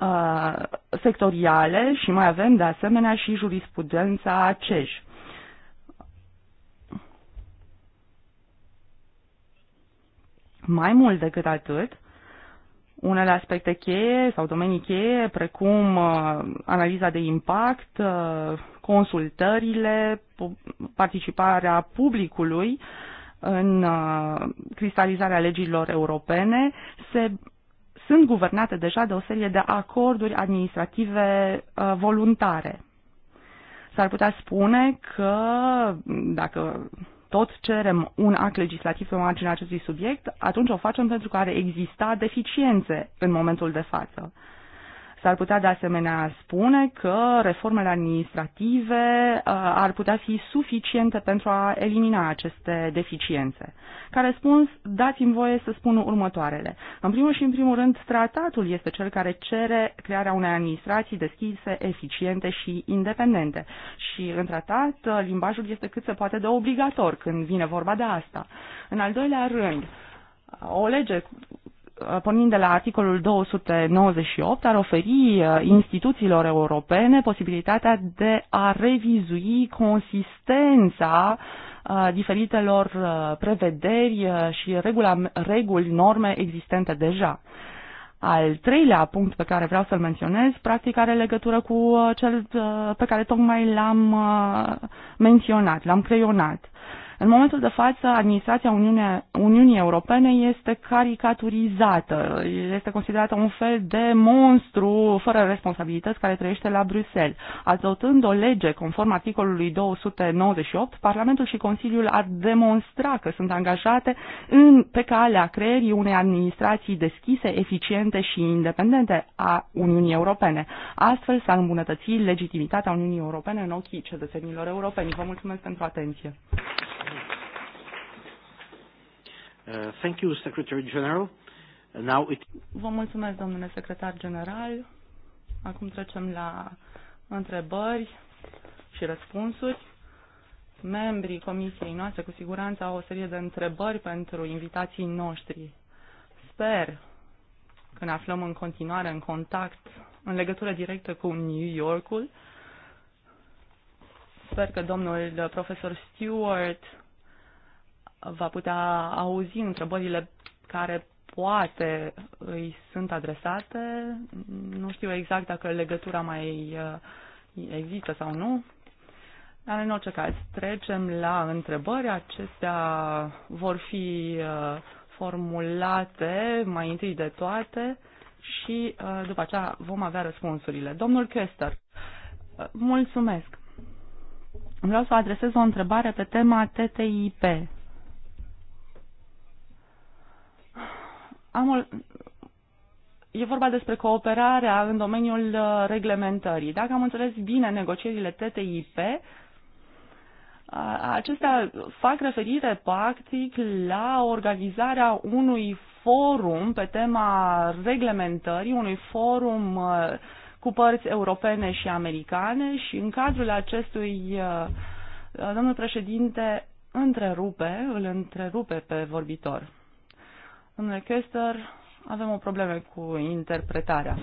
Uh, sectoriale și mai avem de asemenea și jurisprudența CEJ. Mai mult decât atât, unele aspecte cheie sau domenii cheie, precum uh, analiza de impact, uh, consultările, participarea publicului în cristalizarea legilor europene, se sunt guvernate deja de o serie de acorduri administrative uh, voluntare. S-ar putea spune că dacă tot cerem un act legislativ pe marginea acestui subiect, atunci o facem pentru că ar exista deficiențe în momentul de față. S-ar putea de asemenea spune că reformele administrative uh, ar putea fi suficiente pentru a elimina aceste deficiențe. Ca răspuns, dați-mi voie să spun următoarele. În primul și în primul rând, tratatul este cel care cere crearea unei administrații deschise, eficiente și independente. Și în tratat, uh, limbajul este cât se poate de obligator când vine vorba de asta. În al doilea rând, o lege Uh, pornind de la articolul 298, ar oferi uh, instituțiilor europene posibilitatea de a revizui consistența uh, diferitelor prevederi și regula, reguli, norme existente deja. Al treilea punct pe care vreau să-l menționez, practic are legătură cu cel pe care tocmai l-am menționat, l-am creionat. În momentul de față, administrația Uniune, Uniunii Europene este caricaturizată, este considerată un fel de monstru fără responsabilități care trăiește la Bruxelles. Adoptând o lege conform articolului 298, Parlamentul și Consiliul ar demonstra că sunt angajate în, pe calea creierii unei administrații deschise, eficiente și independente a Uniunii Europene. Astfel s-ar îmbunătăți legitimitatea Uniunii Europene în ochii cetățenilor europeni. Vă mulțumesc pentru atenție. Uh, thank you, Secretary General. Uh, now it... Vă mulțumesc, domnule secretar general. Acum trecem la întrebări și răspunsuri. Membrii comisiei noastre cu siguranță au o serie de întrebări pentru invitații noștri. Sper că ne aflăm în continuare în contact, în legătură directă cu New Yorkul. Sper că domnul profesor Stewart va putea auzi întrebările care poate îi sunt adresate. Nu știu exact dacă legătura mai uh, există sau nu, dar în orice caz trecem la întrebări. Acestea vor fi uh, formulate mai întâi de toate și uh, după aceea vom avea răspunsurile. Domnul Chester, mulțumesc. Vreau să adresez o întrebare pe tema TTIP. am o, e vorba despre cooperarea în domeniul uh, reglementării. Dacă am înțeles bine negocierile TTIP, uh, acestea fac referire practic la organizarea unui forum pe tema reglementării, unui forum uh, cu părți europene și americane și în cadrul acestui domnul președinte întrerupe, îl întrerupe pe vorbitor. Domnule Köster, avem o problemă cu interpretarea.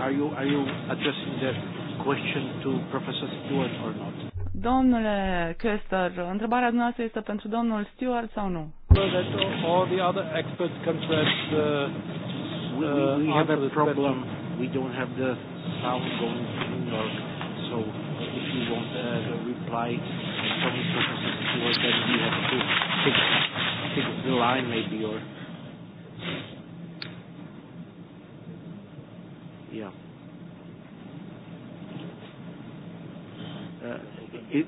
are you are you addressing that question to Professor Stewart or not? Domnule Kester, întrebarea noastră este pentru domnul Stewart sau nu? that all the other experts can press. Uh, we, we, uh, we have a problem. Question. We don't have the sound going to New York, so if you want a uh, reply from the professor, then we have to fix, fix the line maybe or. Yeah. Uh, it,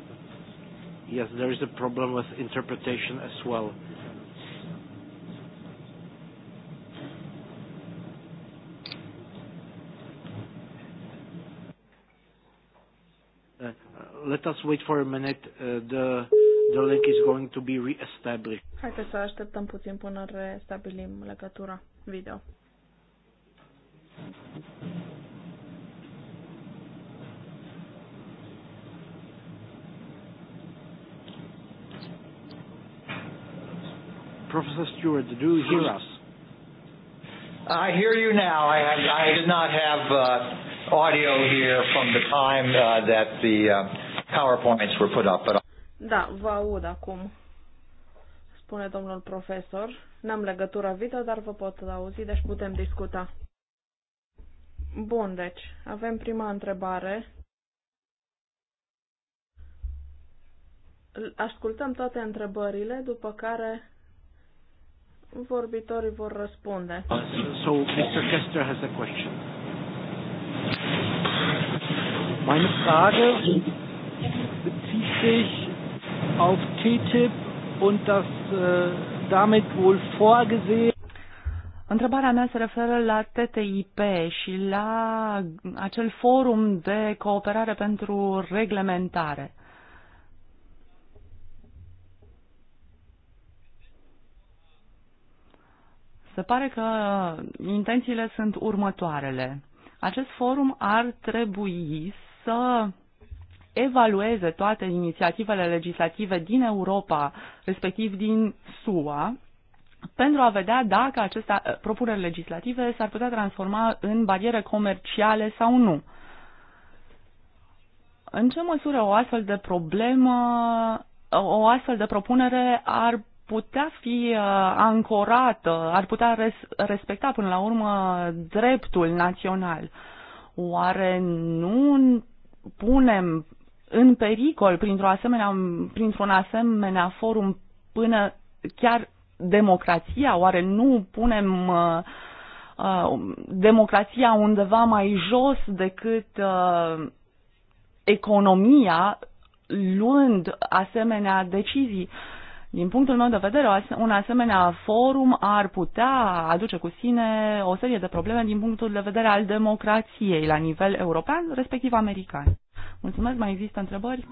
yes, there is a problem with interpretation as well. let us wait for a minute. Uh, the, the link is going to be reestablished. Haideți să așteptăm puțin până restabilim legătura video. Professor Stewart, do you hear us? I hear you now. I, have, I did not have uh, audio here from the time uh, that the uh, PowerPoints were put up, but... Da, vă aud acum, spune domnul profesor. N-am legătura video, dar vă pot auzi, deci putem discuta. Bun, deci, avem prima întrebare. Ascultăm toate întrebările, după care vorbitorii vor răspunde. So, Mr. Kester has a question. Meine Frage sich auf TTIP und das äh, damit wohl vorgesehen. Întrebarea mea se referă la TTIP și la acel forum de cooperare pentru reglementare. Se pare că intențiile sunt următoarele. Acest forum ar trebui să evalueze toate inițiativele legislative din Europa, respectiv din SUA, pentru a vedea dacă aceste eh, propuneri legislative s-ar putea transforma în bariere comerciale sau nu. În ce măsură o astfel de problemă, o astfel de propunere ar putea fi eh, ancorată, ar putea res, respecta până la urmă dreptul național? Oare nu punem în pericol printr-o asemenea, printr-un asemenea forum până chiar democrația? Oare nu punem uh, uh, democrația undeva mai jos decât uh, economia luând asemenea decizii? Din punctul meu de vedere, un asemenea forum ar putea aduce cu sine o serie de probleme din punctul de vedere al democrației la nivel european, respectiv american. Mulțumesc, mai există întrebări?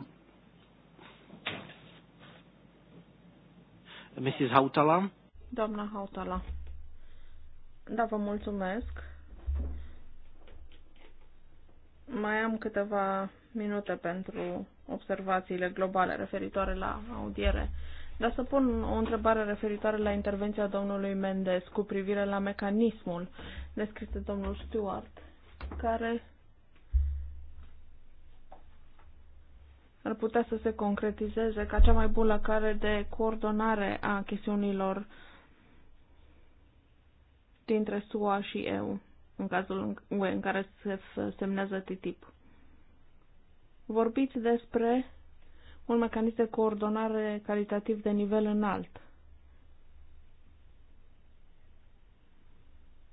Mrs. Hautala? Doamna Hautala. Da, vă mulțumesc. Mai am câteva minute pentru observațiile globale referitoare la audiere. Dar să pun o întrebare referitoare la intervenția domnului Mendes cu privire la mecanismul descris de domnul Stewart, care ar putea să se concretizeze ca cea mai bună care de coordonare a chestiunilor dintre SUA și EU, în cazul UE în care se semnează TTIP. Vorbiți despre un mecanism de coordonare calitativ de nivel înalt.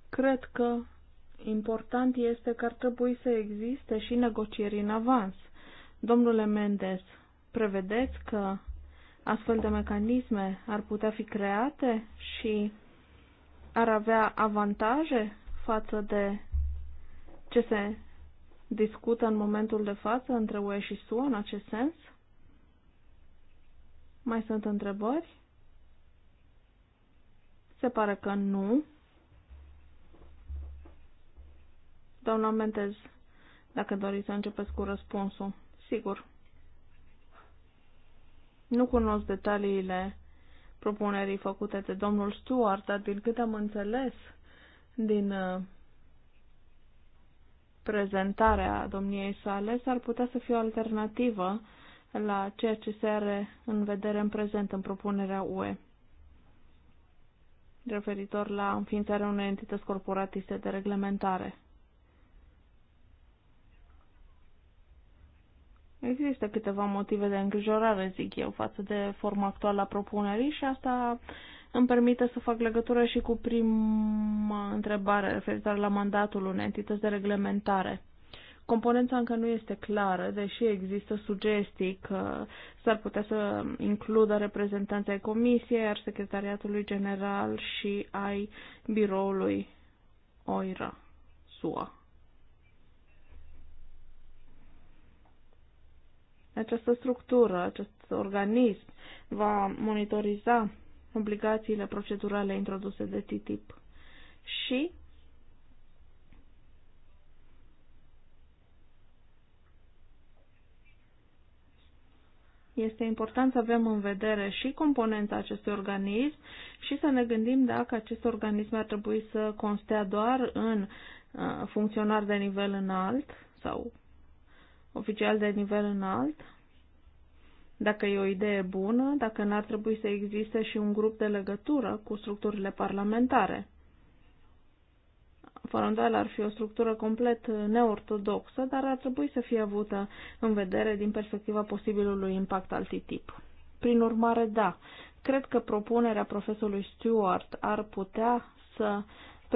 Cred că important este că ar trebui să existe și negocieri în avans – Domnule Mendes, prevedeți că astfel de mecanisme ar putea fi create și ar avea avantaje față de ce se discută în momentul de față între UE și SUA în acest sens? Mai sunt întrebări? Se pare că nu. Doamna Mendez, dacă doriți să începeți cu răspunsul. Sigur. Nu cunosc detaliile propunerii făcute de domnul Stuart, dar din cât am înțeles din uh, prezentarea domniei sale, s-ar putea să fie o alternativă la ceea ce se are în vedere în prezent în propunerea UE referitor la înființarea unei entități corporatiste de reglementare. Există câteva motive de îngrijorare, zic eu, față de forma actuală a propunerii și asta îmi permite să fac legătură și cu prima întrebare referitoare la mandatul unei entități de reglementare. Componența încă nu este clară, deși există sugestii că s-ar putea să includă reprezentanții ai Comisiei, ar Secretariatului General și ai Biroului OIRA, SUA. Această structură, acest organism va monitoriza obligațiile procedurale introduse de TTIP și Este important să avem în vedere și componența acestui organism și să ne gândim dacă acest organism ar trebui să constea doar în uh, funcționar de nivel înalt sau oficial de nivel înalt, dacă e o idee bună, dacă n-ar trebui să existe și un grup de legătură cu structurile parlamentare. Fără îndoială ar fi o structură complet neortodoxă, dar ar trebui să fie avută în vedere din perspectiva posibilului impact al TTIP. Prin urmare, da, cred că propunerea profesorului Stewart ar putea să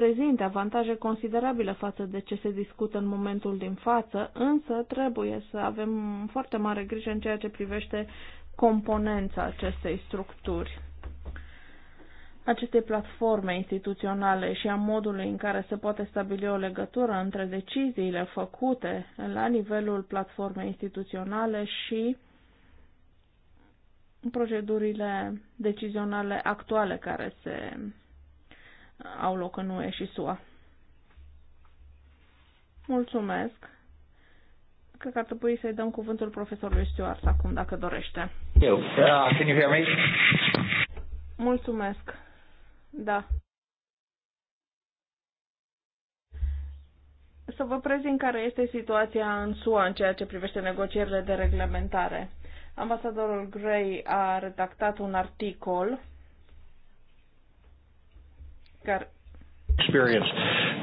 prezinte avantaje considerabile față de ce se discută în momentul din față, însă trebuie să avem foarte mare grijă în ceea ce privește componența acestei structuri acestei platforme instituționale și a modului în care se poate stabili o legătură între deciziile făcute la nivelul platformei instituționale și procedurile decizionale actuale care se au loc în UE și SUA. Mulțumesc! Cred că ar trebui să-i dăm cuvântul profesorului Stuart acum, dacă dorește. Eu, uh, can you hear me? Mulțumesc! Da. Să vă prezint care este situația în SUA în ceea ce privește negocierile de reglementare. Ambasadorul Gray a redactat un articol it. experience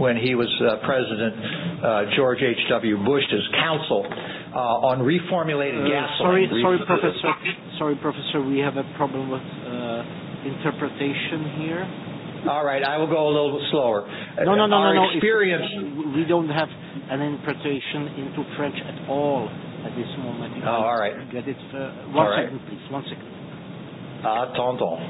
when he was uh, President uh, George W. Bush's counsel uh, on reformulated uh, gasoline. Sorry, Re sorry, Professor. Sorry, Professor. We have a problem with uh, interpretation here. All right, I will go a little bit slower. No, no, no, Our no, no. Experience. If we don't have an interpretation into French at all at this moment. Oh, all right. Get it. Uh, one all second, right. please. One second. Attendons.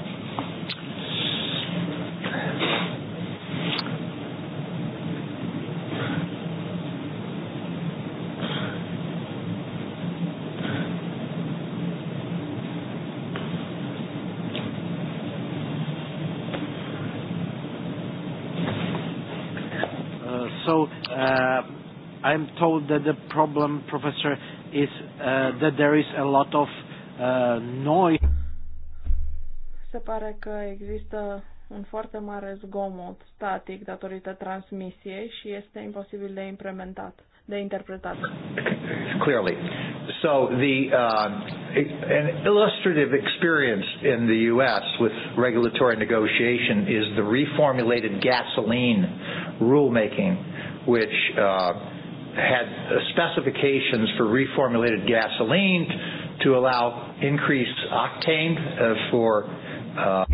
Uh, uh, I'm told that the problem, Professor, is uh, that there is a lot of uh, noise. Se pare că există un foarte mare zgomot static datorită transmisiei și este imposibil de implementat, de interpretat. Clearly. So the uh, an illustrative experience in the U.S. with regulatory negotiation is the reformulated gasoline rulemaking, which uh, had specifications for reformulated gasoline to allow increased octane uh, for. Uh,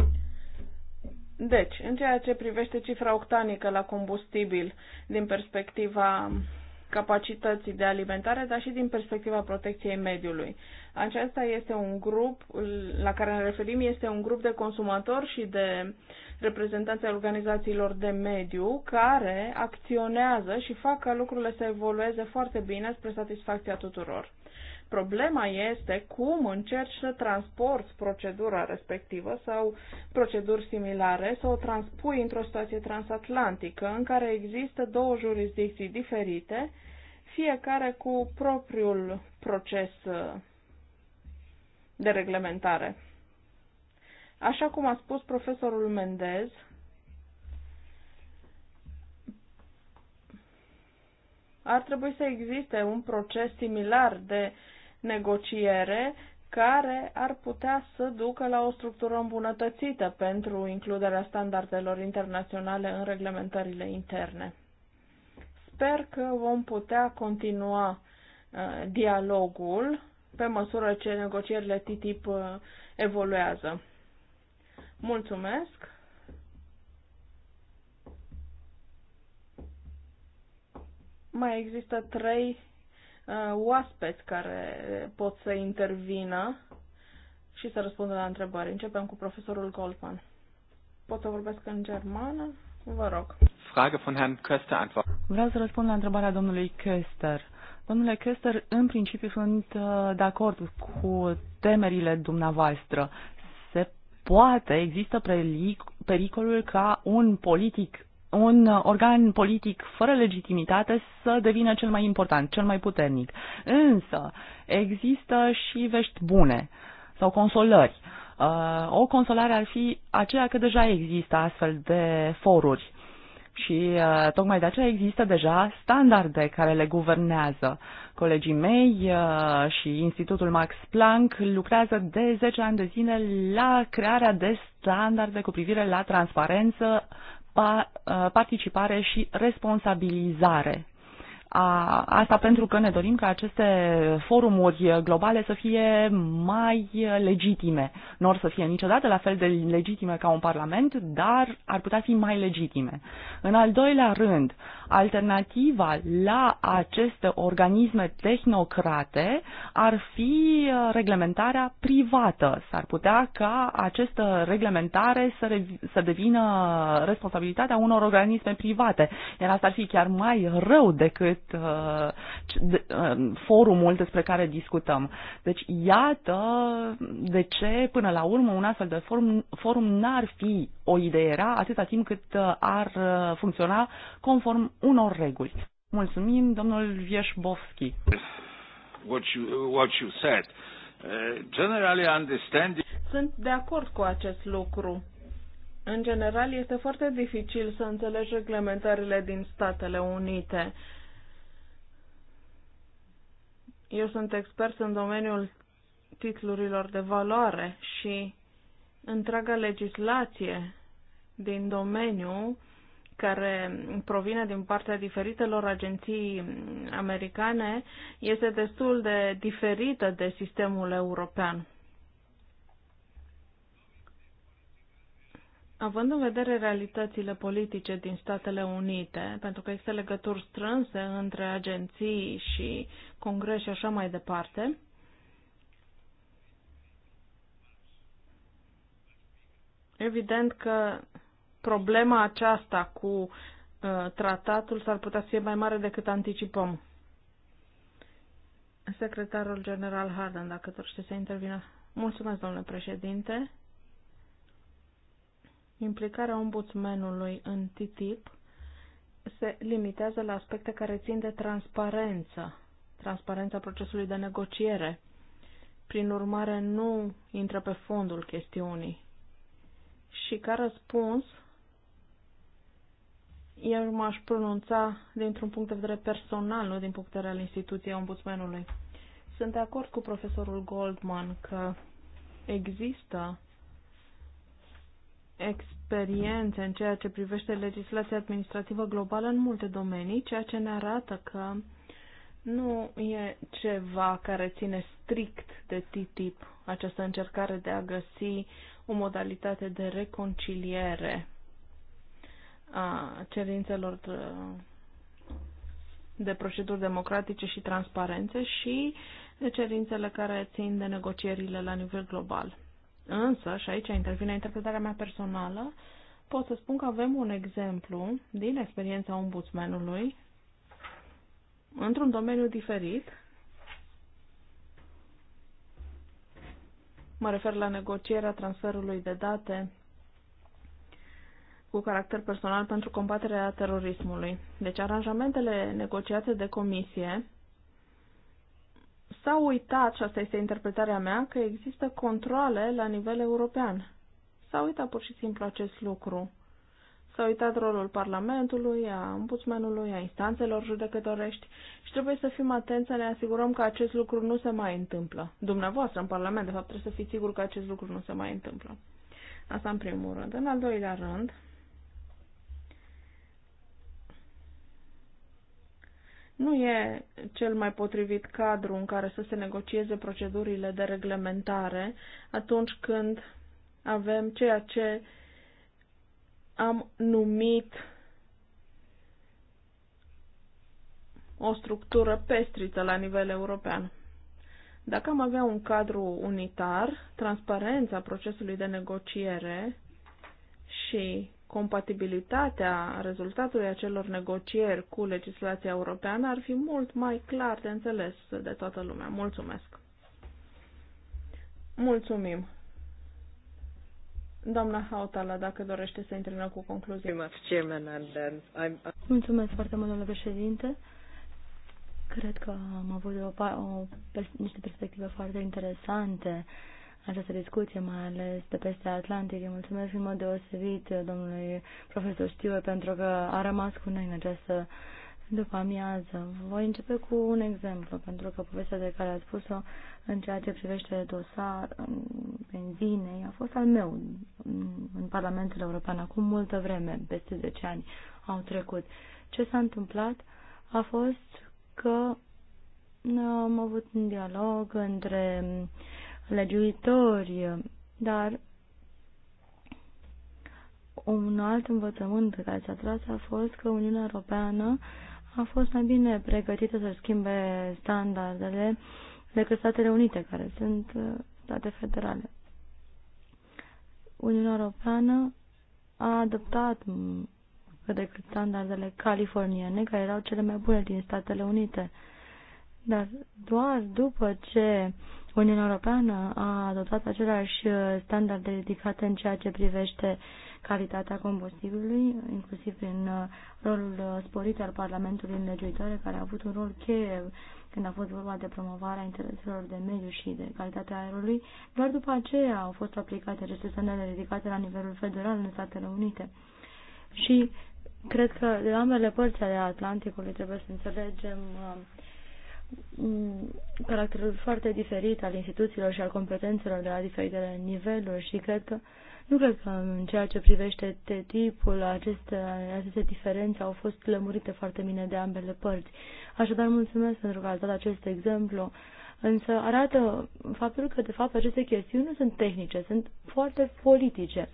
deci, în ceea ce privește cifra octanică la combustibil din perspectiva capacității de alimentare, dar și din perspectiva protecției mediului. Acesta este un grup la care ne referim, este un grup de consumatori și de reprezentanți ai organizațiilor de mediu care acționează și fac ca lucrurile să evolueze foarte bine spre satisfacția tuturor. Problema este cum încerci să transporti procedura respectivă sau proceduri similare, să o transpui într-o situație transatlantică în care există două jurisdicții diferite, fiecare cu propriul proces uh, de reglementare. Așa cum a spus profesorul Mendez, ar trebui să existe un proces similar de negociere care ar putea să ducă la o structură îmbunătățită pentru includerea standardelor internaționale în reglementările interne. Sper că vom putea continua uh, dialogul pe măsură ce negocierile TTIP uh, evoluează. Mulțumesc! Mai există trei uh, oaspeți care pot să intervină și să răspundă la întrebări. Începem cu profesorul Goldman. Pot să vorbesc în germană? Vă rog. Frage von Herrn Köster antwort. Vreau să răspund la întrebarea domnului Köster. Domnule Köster, în principiu sunt uh, de acord cu temerile dumneavoastră. Se poate, există pericolul ca un politic un organ politic fără legitimitate să devină cel mai important, cel mai puternic. Însă există și vești bune sau consolări. Uh, o consolare ar fi aceea că deja există astfel de foruri și uh, tocmai de aceea există deja standarde care le guvernează. Colegii mei uh, și Institutul Max Planck lucrează de 10 ani de zile la crearea de standarde cu privire la transparență Uh, participare și responsabilizare a, asta pentru că ne dorim ca aceste forumuri globale să fie mai legitime. Nu or să fie niciodată la fel de legitime ca un parlament, dar ar putea fi mai legitime. În al doilea rând, alternativa la aceste organisme tehnocrate ar fi uh, reglementarea privată. S-ar putea ca această reglementare să, re- să devină responsabilitatea unor organisme private, iar asta ar fi chiar mai rău decât Uh, uh, forumul despre care discutăm. Deci, iată de ce, până la urmă, un astfel de forum, forum n-ar fi o idee era atâta timp cât uh, ar funcționa conform unor reguli. Mulțumim, domnul Vieșbovski. What you, what you said. Uh, generally understand. Sunt de acord cu acest lucru. În general, este foarte dificil să înțelegi reglementările din Statele Unite. Uh, eu sunt expert în domeniul titlurilor de valoare și întreaga legislație din domeniu care provine din partea diferitelor agenții americane este destul de diferită de sistemul european. Având în vedere realitățile politice din Statele Unite, pentru că există legături strânse între agenții și congres și așa mai departe, evident că problema aceasta cu uh, tratatul s-ar putea să fie mai mare decât anticipăm. Secretarul general Harden, dacă dorește să intervină. Mulțumesc, domnule președinte implicarea ombudsmenului în TTIP se limitează la aspecte care țin de transparență, transparența procesului de negociere. Prin urmare, nu intră pe fondul chestiunii. Și ca răspuns, eu m-aș pronunța dintr-un punct de vedere personal, nu din punct de vedere al instituției ombudsmenului. Sunt de acord cu profesorul Goldman că există experiențe în ceea ce privește legislația administrativă globală în multe domenii, ceea ce ne arată că nu e ceva care ține strict de TTIP, această încercare de a găsi o modalitate de reconciliere a cerințelor de, proceduri democratice și transparențe și cerințele care țin de negocierile la nivel global. Însă, și aici intervine interpretarea mea personală, pot să spun că avem un exemplu din experiența ombudsmanului într-un domeniu diferit. Mă refer la negocierea transferului de date cu caracter personal pentru combaterea terorismului. Deci aranjamentele negociate de comisie s-au uitat, și asta este interpretarea mea, că există controle la nivel european. S-a uitat pur și simplu acest lucru. S-a uitat rolul Parlamentului, a Ombudsmanului, a instanțelor judecătorești și trebuie să fim atenți să ne asigurăm că acest lucru nu se mai întâmplă. Dumneavoastră, în Parlament, de fapt, trebuie să fiți siguri că acest lucru nu se mai întâmplă. Asta în primul rând. În al doilea rând, Nu e cel mai potrivit cadru în care să se negocieze procedurile de reglementare atunci când avem ceea ce am numit o structură pestriță la nivel european. Dacă am avea un cadru unitar, transparența procesului de negociere și compatibilitatea rezultatului acelor negocieri cu legislația europeană ar fi mult mai clar de înțeles de toată lumea. Mulțumesc! Mulțumim! Doamna Hautala, dacă dorește să intre cu concluzii. Um, Mulțumesc foarte mult, domnule președinte. Cred că am avut o, o, niște perspective foarte interesante această discuție, mai ales de peste Atlantic. Îi mulțumesc în mod deosebit domnului profesor Știu pentru că a rămas cu noi în această după amiază. Voi începe cu un exemplu, pentru că povestea de care a spus-o în ceea ce privește dosar benzinei a fost al meu în Parlamentul European acum multă vreme, peste 10 ani au trecut. Ce s-a întâmplat a fost că am avut un dialog între uh, legiuitori, dar un alt învățământ pe care s-a tras a fost că Uniunea Europeană a fost mai bine pregătită să schimbe standardele decât Statele Unite, care sunt uh, state federale. Uniunea Europeană a adoptat cât de cât standardele californiene, care erau cele mai bune din Statele Unite. Dar doar după ce Uniunea Europeană a adoptat aceleași uh, standarde ridicate în ceea ce privește calitatea combustibilului, inclusiv în uh, rolul uh, sporit al Parlamentului în legiuitoare, care a avut un rol cheie când a fost vorba de promovarea intereselor de mediu și de calitatea aerului. Doar după aceea au fost aplicate aceste standarde ridicate la nivelul federal în Statele Unite. Și cred că de ambele părți ale Atlanticului trebuie să înțelegem uh, Mm, caracterul foarte diferit al instituțiilor și al competențelor de la diferitele niveluri și cred că nu cred că în ceea ce privește te tipul aceste, aceste diferențe au fost lămurite foarte bine de ambele părți. Așadar, mulțumesc pentru că ați dat acest exemplu. Însă arată faptul că, de fapt, aceste chestiuni nu sunt tehnice, sunt foarte politice.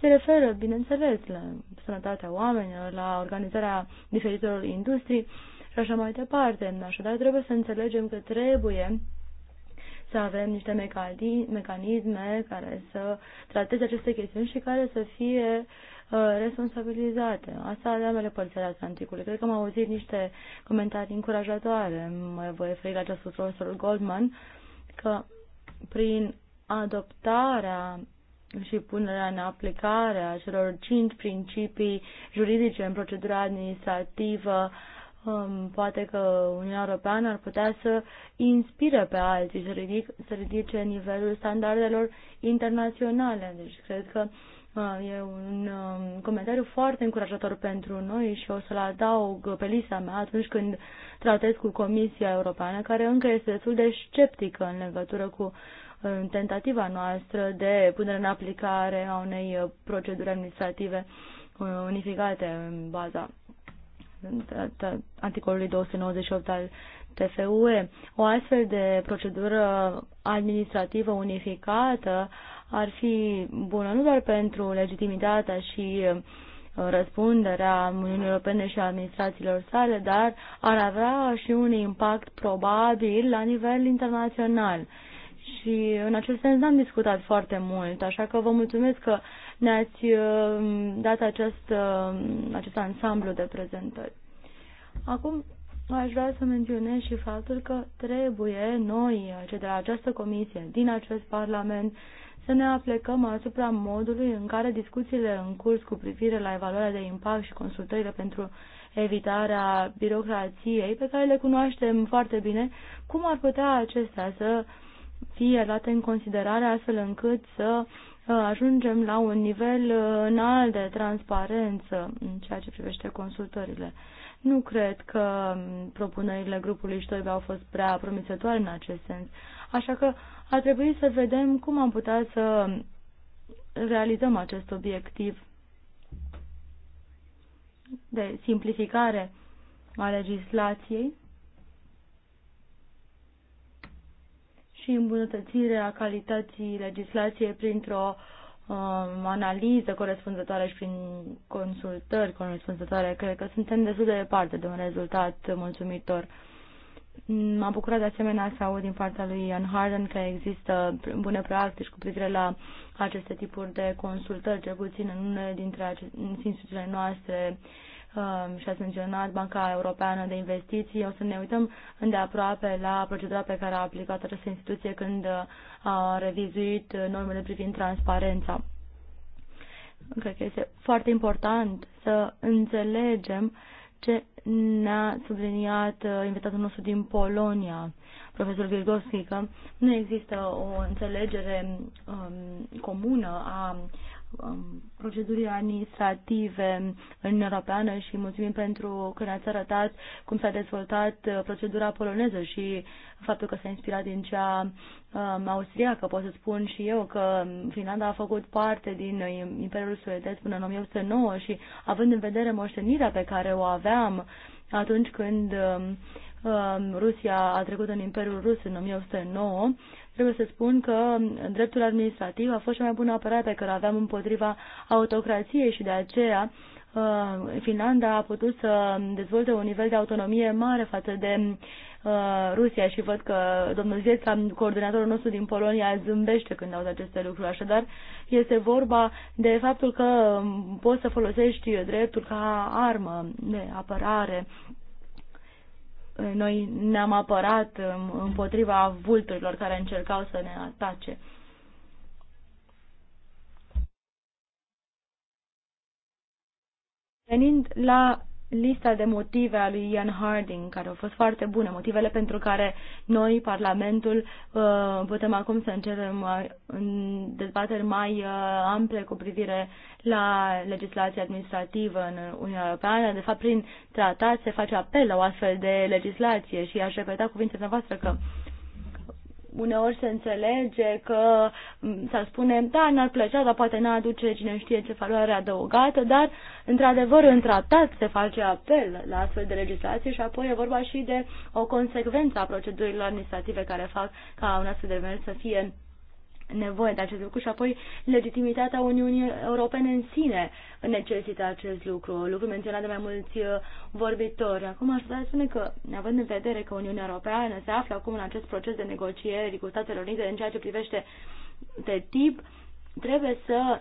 Se referă, bineînțeles, la sănătatea oamenilor, la organizarea diferitelor industrii, și așa mai departe. Așadar, trebuie să înțelegem că trebuie să avem niște mecanisme care să trateze aceste chestiuni și care să fie uh, responsabilizate. Asta de ambele părți ale Atlanticului. Cred că am auzit niște comentarii încurajatoare. Mă voi referi la ce profesor Goldman, că prin adoptarea și punerea în aplicare a celor cinci principii juridice în procedura administrativă poate că Uniunea Europeană ar putea să inspire pe alții, să, ridic, să ridice nivelul standardelor internaționale. Deci cred că uh, e un um, comentariu foarte încurajator pentru noi și o să-l adaug pe lista mea atunci când tratez cu Comisia Europeană, care încă este destul de sceptică în legătură cu uh, tentativa noastră de punere în aplicare a unei uh, proceduri administrative unificate în baza articolului 298 al TFUE. O astfel de procedură administrativă unificată ar fi bună nu doar pentru legitimitatea și uh, răspunderea Uniunii Europene și a administrațiilor sale, dar ar avea și un impact probabil la nivel internațional. Și în acest sens n-am discutat foarte mult, așa că vă mulțumesc că ne-ați uh, dat acest, uh, acest ansamblu de prezentări. Acum aș vrea să menționez și faptul că trebuie noi, cei de la această comisie, din acest Parlament, să ne aplecăm asupra modului în care discuțiile în curs cu privire la evaluarea de impact și consultările pentru evitarea birocrației, pe care le cunoaștem foarte bine, cum ar putea acestea să fie luate în considerare astfel încât să uh, ajungem la un nivel uh, înalt de transparență în ceea ce privește consultările. Nu cred că um, propunerile grupului Ștoibe au fost prea promițătoare în acest sens, așa că ar trebui să vedem cum am putea să realizăm acest obiectiv de simplificare a legislației și îmbunătățirea calității legislației printr-o um, analiză corespunzătoare și prin consultări corespunzătoare. Cred că suntem destul de departe de un rezultat mulțumitor. M-a bucurat de asemenea să aud din partea lui Ian Harden că există bune practici cu privire la aceste tipuri de consultări, cel puțin în unele dintre instituțiile noastre uh, Um, și ați menționat Banca Europeană de Investiții, o să ne uităm îndeaproape la procedura pe care a aplicat această instituție când uh, a revizuit normele privind transparența. Cred că este foarte important să înțelegem ce ne-a subliniat uh, invitatul nostru din Polonia, profesor Virgoschi, că nu există o înțelegere um, comună a uh, Um, procedurile administrative în Europeană și mulțumim pentru că ne-ați arătat cum s-a dezvoltat uh, procedura poloneză și faptul că s-a inspirat din cea um, austriacă. Pot să spun și eu că Finlanda a făcut parte din uh, Imperiul Suedez până în 1809 și având în vedere moștenirea pe care o aveam atunci când um, Rusia a trecut în Imperiul Rus în 1809, Trebuie să spun că dreptul administrativ a fost cea mai bună apărare pe care o aveam împotriva autocrației și de aceea uh, Finlanda a putut să dezvolte un nivel de autonomie mare față de uh, Rusia și văd că domnul Zieța, coordonatorul nostru din Polonia, zâmbește când aud aceste lucruri. Așadar, este vorba de faptul că poți să folosești dreptul ca armă de apărare noi ne-am apărat um, împotriva vulturilor care încercau să ne atace. Venind la lista de motive a lui Ian Harding, care au fost foarte bune, motivele pentru care noi, Parlamentul, uh, putem acum să începem uh, în dezbateri mai uh, ample cu privire la legislația administrativă în Uniunea Europeană. De fapt, prin tratat se face apel la o astfel de legislație și aș repeta cuvintele noastre că uneori se înțelege că mm, s-ar spune, da, n ar plăcea, dar poate n-aduce cine știe ce valoare adăugată, dar, într-adevăr, în tratat se face apel la astfel de legislație și apoi e vorba și de o consecvență a procedurilor administrative care fac ca un astfel de demers să fie nevoie de acest lucru și apoi legitimitatea Uniunii Europene în sine necesită acest lucru, lucru menționat de mai mulți uh, vorbitori. Acum aș putea spune că, având în vedere că Uniunea Europeană se află acum în acest proces de negocieri cu Statele Unite în ceea ce privește de tip, trebuie să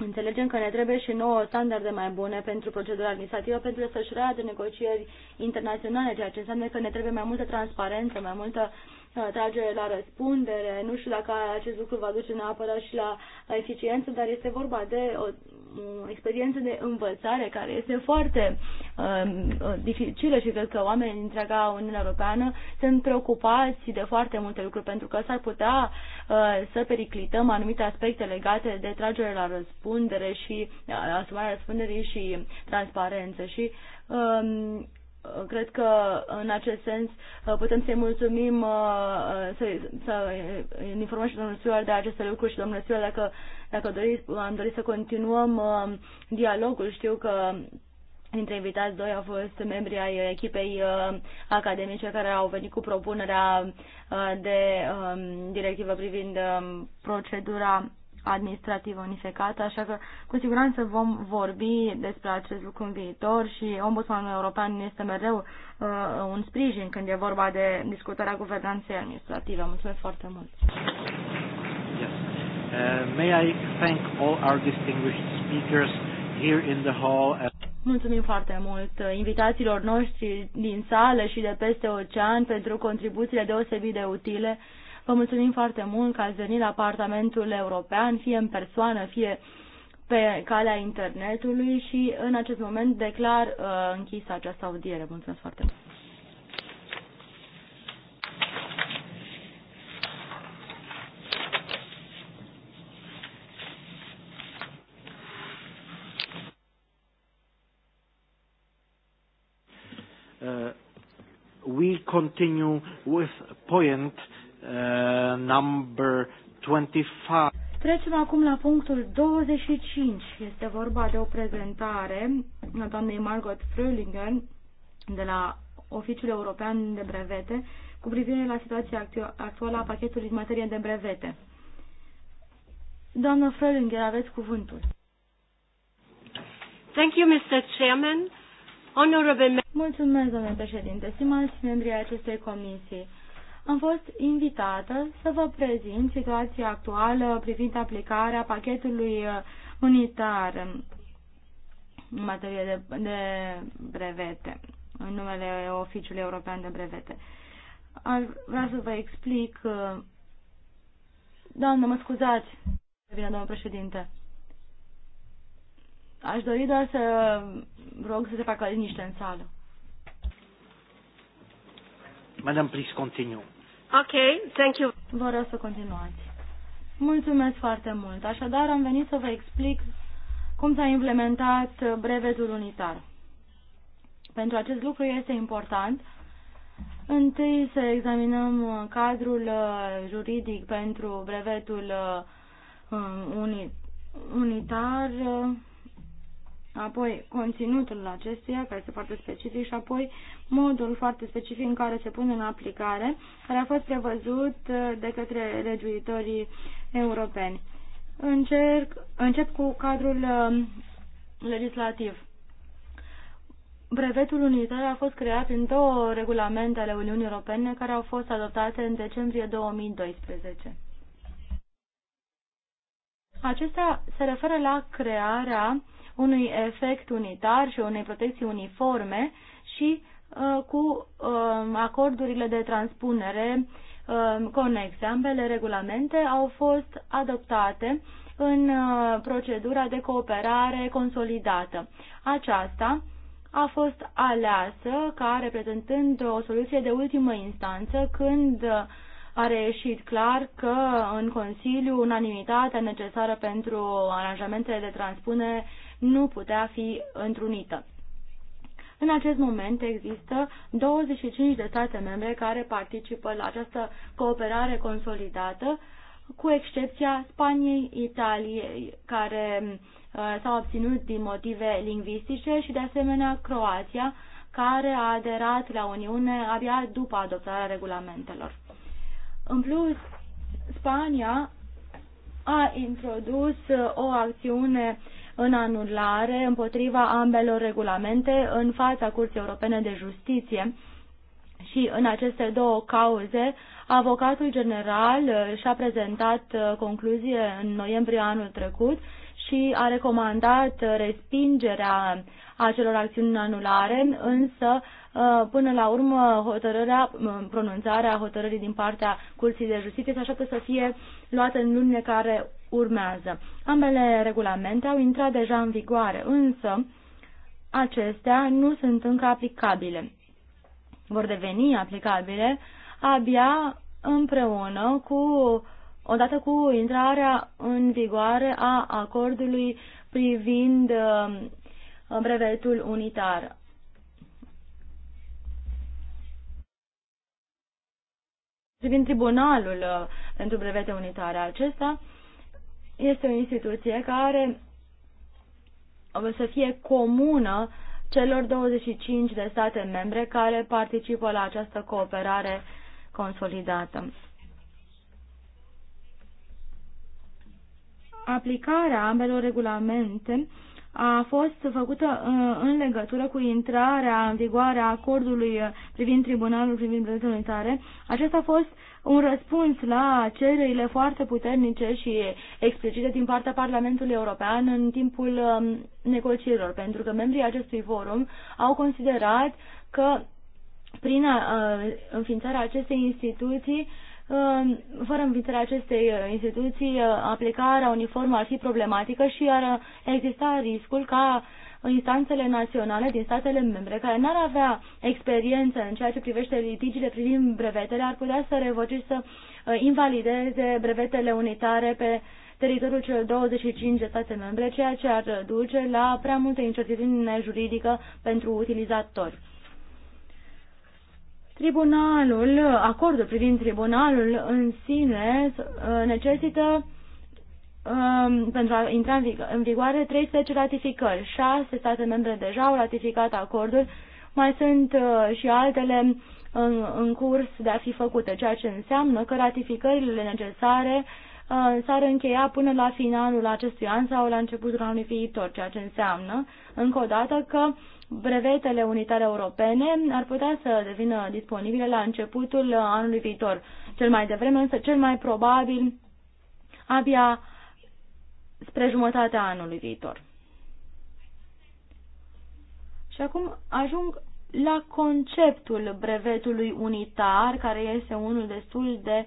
Înțelegem că ne trebuie și nouă standarde mai bune pentru procedura administrativă, pentru desfășurarea de negocieri internaționale, ceea ce înseamnă că ne trebuie mai multă transparență, mai multă uh, Uh, tragere la răspundere. Nu știu dacă acest lucru va duce neapărat și la eficiență, dar este vorba de o experiență de învățare care este foarte um, uh, dificilă și cred că oamenii din întreaga Uniunea Europeană sunt preocupați de foarte multe lucruri pentru că s-ar putea uh, să periclităm anumite aspecte legate de tragere la răspundere și uh, asumarea răspunderii și transparență și um, Uh, cred că în acest sens uh, putem să-i mulțumim, să, uh, să informăm și domnul Stewart de aceste lucruri și domnul Stewart dacă, dacă dori, am dorit să continuăm dialogul. Știu că dintre invitați doi au fost membri ai echipei academice care au venit cu propunerea de um, directivă privind um, procedura administrativă unificată, așa că cu siguranță vom vorbi despre acest lucru în viitor și Ombudsmanul European este mereu uh, un sprijin când e vorba de discutarea guvernanței administrative. Mulțumesc foarte mult! Yes. Uh, may I thank all our distinguished speakers here in the hall. Mulțumim foarte mult invitațiilor noștri din sală și de peste ocean pentru contribuțiile deosebit de utile Vă mulțumim foarte mult că ați venit la Parlamentul European, fie în persoană, fie pe calea internetului și în acest moment declar uh, închisă această audiere. Mulțumesc foarte mult! Uh, we continue with point Uh, number 25. Trecem acum la punctul 25. Este vorba de o prezentare a doamnei Margot Frölinger de la Oficiul European de Brevete cu privire la situația actuală a pachetului în materie de brevete. Doamna Frölinger, aveți cuvântul. Thank you, Mr. Chairman. Honorable... Mulțumesc, domnule președinte, stimați membrii acestei comisii am fost invitată să vă prezint situația actuală privind aplicarea pachetului uh, unitar în materie de, de brevete, în numele Oficiului European de Brevete. Ar vrea să vă explic. Uh, doamnă, mă scuzați, bine, domnul președinte. Aș dori doar să rog să se facă liniște în sală. Madame, please continue. Ok, thank you. Vă rog să continuați. Mulțumesc foarte mult. Așadar, am venit să vă explic cum s-a implementat brevetul unitar. Pentru acest lucru este important întâi să examinăm cadrul uh, juridic pentru brevetul uh, unitar uh, apoi conținutul acestuia, care este foarte specific, și apoi modul foarte specific în care se pune în aplicare, care a fost prevăzut uh, de către legiuitorii europeni. Încerc, încep cu cadrul um, legislativ. Brevetul unitar a fost creat în două regulamente ale Uniunii Europene care au fost adoptate în decembrie 2012. Acestea se referă la crearea uh, unui efect unitar și unei protecții uniforme și uh, cu uh, acordurile de transpunere uh, conexe. Ambele regulamente au fost adoptate în procedura de cooperare consolidată. Aceasta a fost aleasă ca reprezentând o soluție de ultimă instanță când a reieșit clar că în Consiliu unanimitatea necesară pentru aranjamentele de transpunere nu putea fi întrunită. În acest moment există 25 de state membre care participă la această cooperare consolidată, cu excepția Spaniei, Italiei, care uh, s-au obținut din motive lingvistice și de asemenea Croația, care a aderat la Uniune abia după adoptarea regulamentelor. În plus, Spania a introdus uh, o acțiune în anulare împotriva ambelor regulamente în fața Curții Europene de Justiție. Și în aceste două cauze, avocatul general uh, și-a prezentat uh, concluzie în noiembrie anul trecut și a recomandat uh, respingerea acelor acțiuni anulare, însă uh, până la urmă hotărârea, uh, pronunțarea hotărârii din partea Curții de Justiție se așteaptă să fie luată în lunile care urmează. Ambele regulamente au intrat deja în vigoare, însă acestea nu sunt încă aplicabile. Vor deveni aplicabile abia împreună cu odată cu intrarea în vigoare a acordului privind uh, brevetul unitar. Privind tribunalul uh, pentru brevete unitare, acesta este o instituție care o să fie comună celor 25 de state membre care participă la această cooperare consolidată. Aplicarea ambelor regulamente a fost făcută uh, în legătură cu intrarea în vigoare a acordului privind tribunalul privind drepturile unitare. Acesta a fost un răspuns la cererile foarte puternice și explicite din partea Parlamentului European în timpul um, negocierilor, pentru că membrii acestui forum au considerat că prin uh, înființarea acestei instituții Ehm, fără înființarea acestei eh, instituții, eh, aplicarea uniformă ar fi problematică și ar eh, exista riscul ca instanțele naționale din statele membre care n-ar avea experiență în ceea ce privește litigiile privind brevetele ar putea să revoce și să invalideze brevetele unitare pe teritoriul celor 25 de state membre, ceea ce ar duce la prea multe incertitudine juridică pentru utilizatori. Tribunalul, acordul privind tribunalul în sine uh, necesită um, pentru a intra în vigoare 13 ratificări. 6 state membre deja au ratificat acordul, mai sunt uh, și altele în, în curs de a fi făcute, ceea ce înseamnă că ratificările necesare uh, Uh, s-ar încheia până la finalul acestui an sau la începutul anului viitor, ceea ce înseamnă, încă o dată, că brevetele unitare europene ar putea să devină disponibile la începutul anului viitor. Cel mai devreme, însă cel mai probabil abia spre jumătatea anului viitor. Și acum ajung la conceptul brevetului unitar, care este unul destul de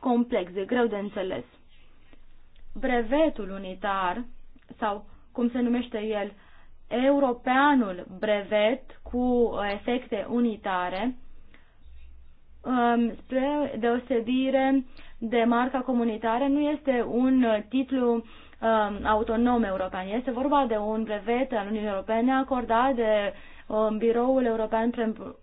complex, de greu de înțeles. Brevetul unitar, sau cum se numește el, europeanul brevet cu uh, efecte unitare, um, spre deosebire de marca comunitară, nu este un uh, titlu um, autonom european. Este vorba de un brevet al Uniunii Europene acordat de Um, Biroul European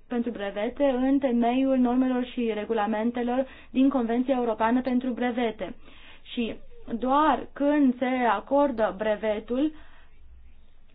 pentru Brevete în temeiul normelor și regulamentelor din Convenția Europeană pentru Brevete. Și doar când se acordă brevetul,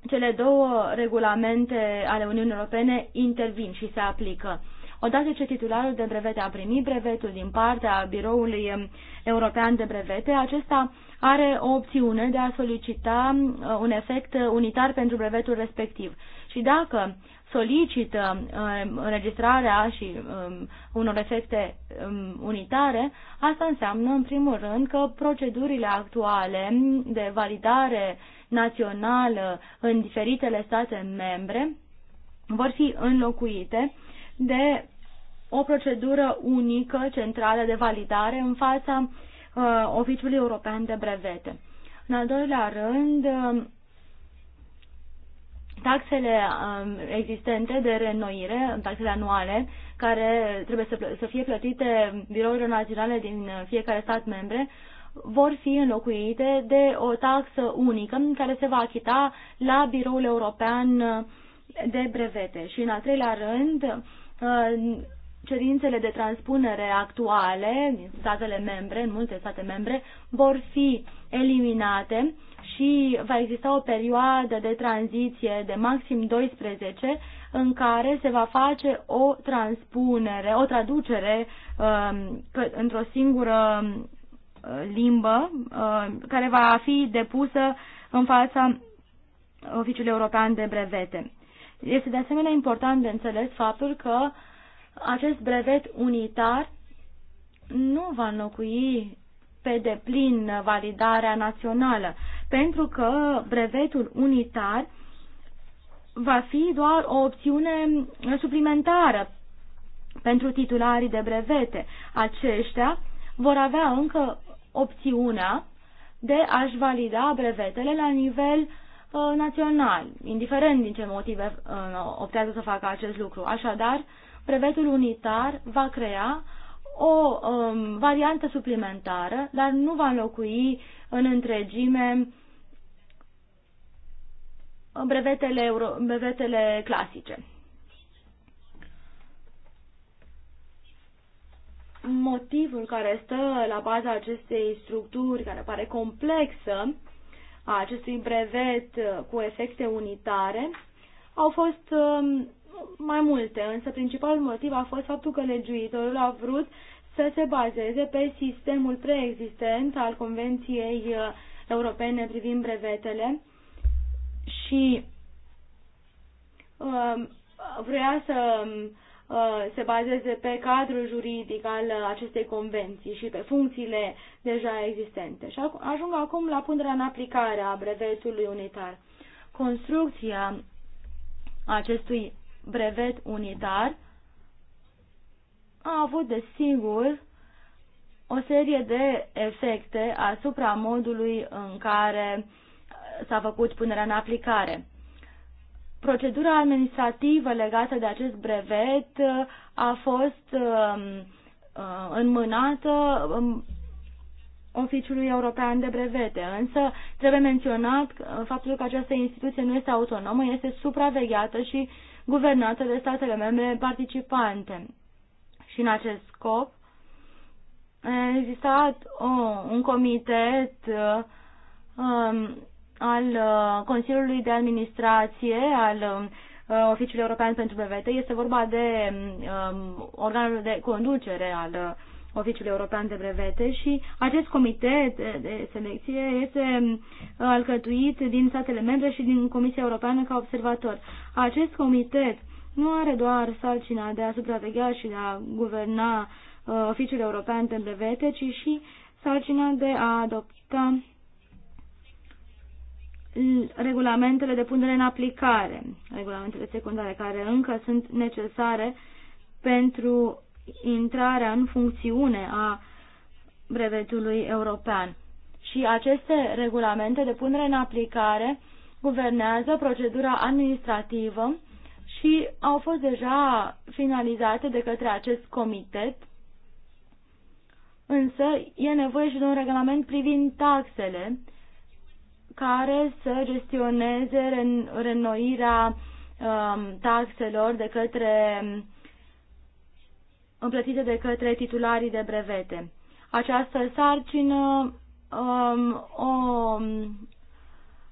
cele două regulamente ale Uniunii Europene intervin și se aplică. Odată ce titularul de brevete a primit brevetul din partea Biroului European de Brevete, acesta are o opțiune de a solicita uh, un efect unitar pentru brevetul respectiv și dacă solicită um, înregistrarea și um, unor efecte um, unitare, asta înseamnă, în primul rând, că procedurile actuale de validare națională în diferitele state membre vor fi înlocuite de o procedură unică centrală de validare în fața uh, Oficiului European de Brevete. În al doilea rând, taxele um, existente de reînnoire, taxele anuale, care trebuie să, să fie plătite birourilor naționale din fiecare stat membre, vor fi înlocuite de o taxă unică care se va achita la biroul european de brevete. Și în al treilea rând, cerințele de transpunere actuale din statele membre, în multe state membre, vor fi eliminate și va exista o perioadă de tranziție de maxim 12 în care se va face o transpunere, o traducere um, într-o singură uh, limbă um, care va fi depusă în fața Oficiului European de Brevete. Este de asemenea important de înțeles faptul că acest brevet unitar nu va înlocui pe deplin validarea națională pentru că brevetul unitar va fi doar o opțiune suplimentară pentru titularii de brevete. Aceștia vor avea încă opțiunea de a-și valida brevetele la nivel uh, național, indiferent din ce motive uh, optează să facă acest lucru. Așadar, brevetul unitar va crea o um, variantă suplimentară, dar nu va înlocui în întregime brevetele, euro, brevetele clasice. Motivul care stă la baza acestei structuri, care pare complexă, a acestui brevet cu efecte unitare, au fost um, mai multe, însă principalul motiv a fost faptul că legiuitorul a vrut să se bazeze pe sistemul preexistent al Convenției Europene privind brevetele, și um, vrea să uh, se bazeze pe cadrul juridic al acestei convenții și pe funcțiile deja existente. Și ajung acum la punerea în aplicare a brevetului unitar. Construcția acestui brevet unitar a avut, de singur o serie de efecte asupra modului în care uh, s-a făcut punerea în aplicare. Procedura administrativă legată de acest brevet uh, a fost um, uh, înmânată um, Oficiului European de Brevete, însă trebuie menționat uh, faptul că această instituție nu este autonomă, este supravegheată și guvernată de statele membre participante. Și în acest scop a existat un comitet um, al uh, Consiliului de Administrație, al um, uh, Oficiului European pentru BVT. Este vorba de um, organul de conducere al uh, Oficiului European de Brevete și acest comitet de selecție este um, alcătuit din statele membre și din Comisia Europeană ca observator. Acest comitet nu are doar sarcina de a supraveghea și de a guverna Oficiul European de Brevete, ci și sarcina de a adopta regulamentele de punere în aplicare, regulamentele secundare care încă sunt necesare pentru intrarea în funcțiune a brevetului european. Și aceste regulamente de punere în aplicare guvernează procedura administrativă și au fost deja finalizate de către acest comitet, însă e nevoie și de un regulament privind taxele, care să gestioneze renoirea um, taxelor de către împlătite de către titularii de brevete. Această sarcină um, o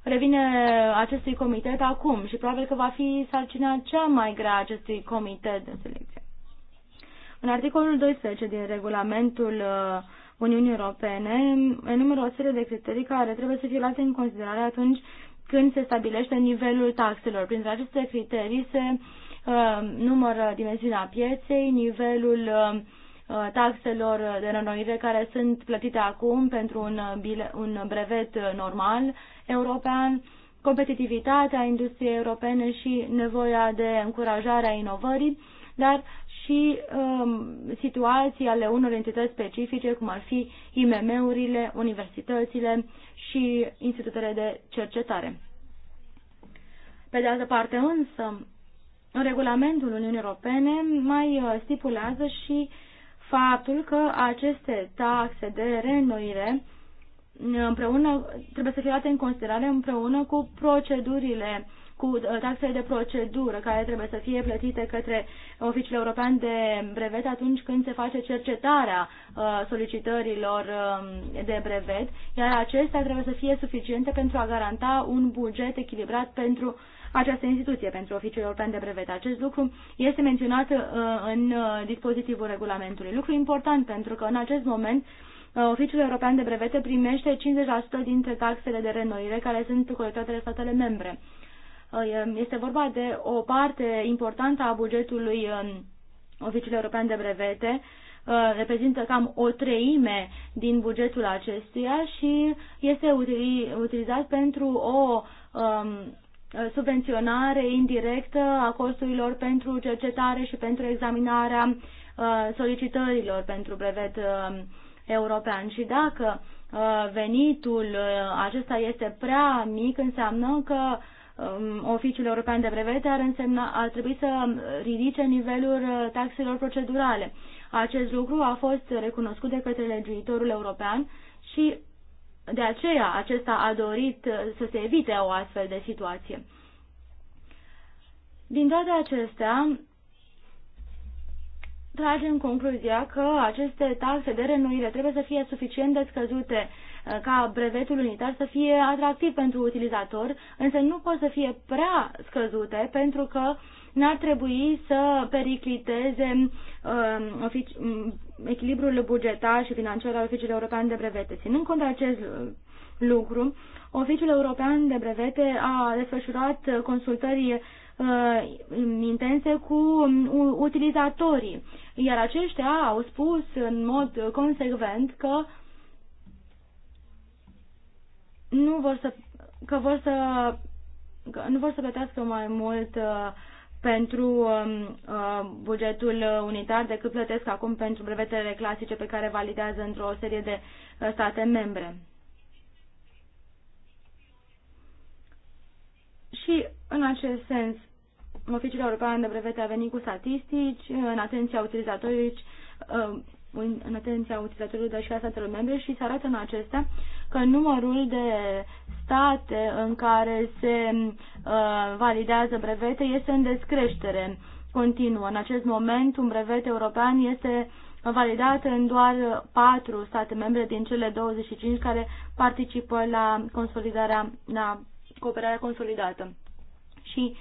revine acestui comitet acum și probabil că va fi sarcina cea mai grea acestui comitet de selecție. În articolul 12 din regulamentul uh, Uniunii Europene enumeră o serie de criterii care trebuie să fie luate în considerare atunci când se stabilește nivelul taxelor. Printre aceste criterii se uh, numără dimensiunea pieței, nivelul uh, uh taxelor de renoire care sunt plătite acum pentru un, uh, bile, un brevet uh, normal european, competitivitatea industriei europene și nevoia de încurajare a inovării, dar și um, situații ale unor entități specifice, cum ar fi IMM-urile, universitățile și institutele de cercetare. Pe de altă parte însă, regulamentul Uniunii Europene mai uh, stipulează și faptul că aceste taxe de reînnoire uh, împreună, trebuie să fie luate în considerare împreună cu procedurile cu uh, taxele de procedură care trebuie să fie plătite către Oficiul European de Brevet atunci când se face cercetarea uh, solicitărilor um, de brevet, iar acestea trebuie să fie suficiente pentru a garanta un buget echilibrat pentru această instituție, pentru Oficiul European de Brevet. Acest lucru este menționat uh, în dispozitivul regulamentului. Lucru important pentru că în acest moment Oficiul European de Brevete primește 50% dintre taxele de renoire care sunt colectate de statele membre. Uh, este vorba de o parte importantă a bugetului um, Oficiului European de Brevete, uh, reprezintă cam o treime din bugetul acestuia și este utilizat pentru o um, subvenționare indirectă a costurilor pentru cercetare și pentru examinarea uh, solicitărilor pentru brevet um, european. Și dacă venitul acesta este prea mic, înseamnă că Um, Oficiul European de Brevete ar, însemna, ar trebui să ridice nivelul uh, taxelor procedurale. Acest lucru a fost recunoscut de către legiuitorul european și de aceea acesta a dorit uh, să se evite o astfel de situație. Din toate acestea, tragem concluzia că aceste taxe de renuire trebuie să fie suficient de scăzute ca brevetul unitar să fie atractiv pentru utilizator, însă nu pot să fie prea scăzute pentru că n-ar trebui să pericliteze uh, echilibrul bugetar și financiar al Oficiului European de Brevete. Ținând cont de acest uh, lucru, Oficiul European de Brevete a desfășurat consultări uh, intense cu um, utilizatorii, iar aceștia au spus în mod consecvent că nu vor să, că vor să, că nu vor să plătească mai mult uh, pentru um, uh, bugetul unitar decât plătesc acum pentru brevetele clasice pe care validează într-o serie de uh, state membre. Și în acest sens, Oficiul European de Brevete a venit cu statistici în atenția utilizatorilor, uh, în atenția utilizatorilor de și a statelor membre și se arată în acestea că numărul de state în care se uh, validează brevete este în descreștere continuă. În acest moment, un brevet european este validat în doar patru state membre din cele 25 care participă la consolidarea, la cooperarea consolidată. Și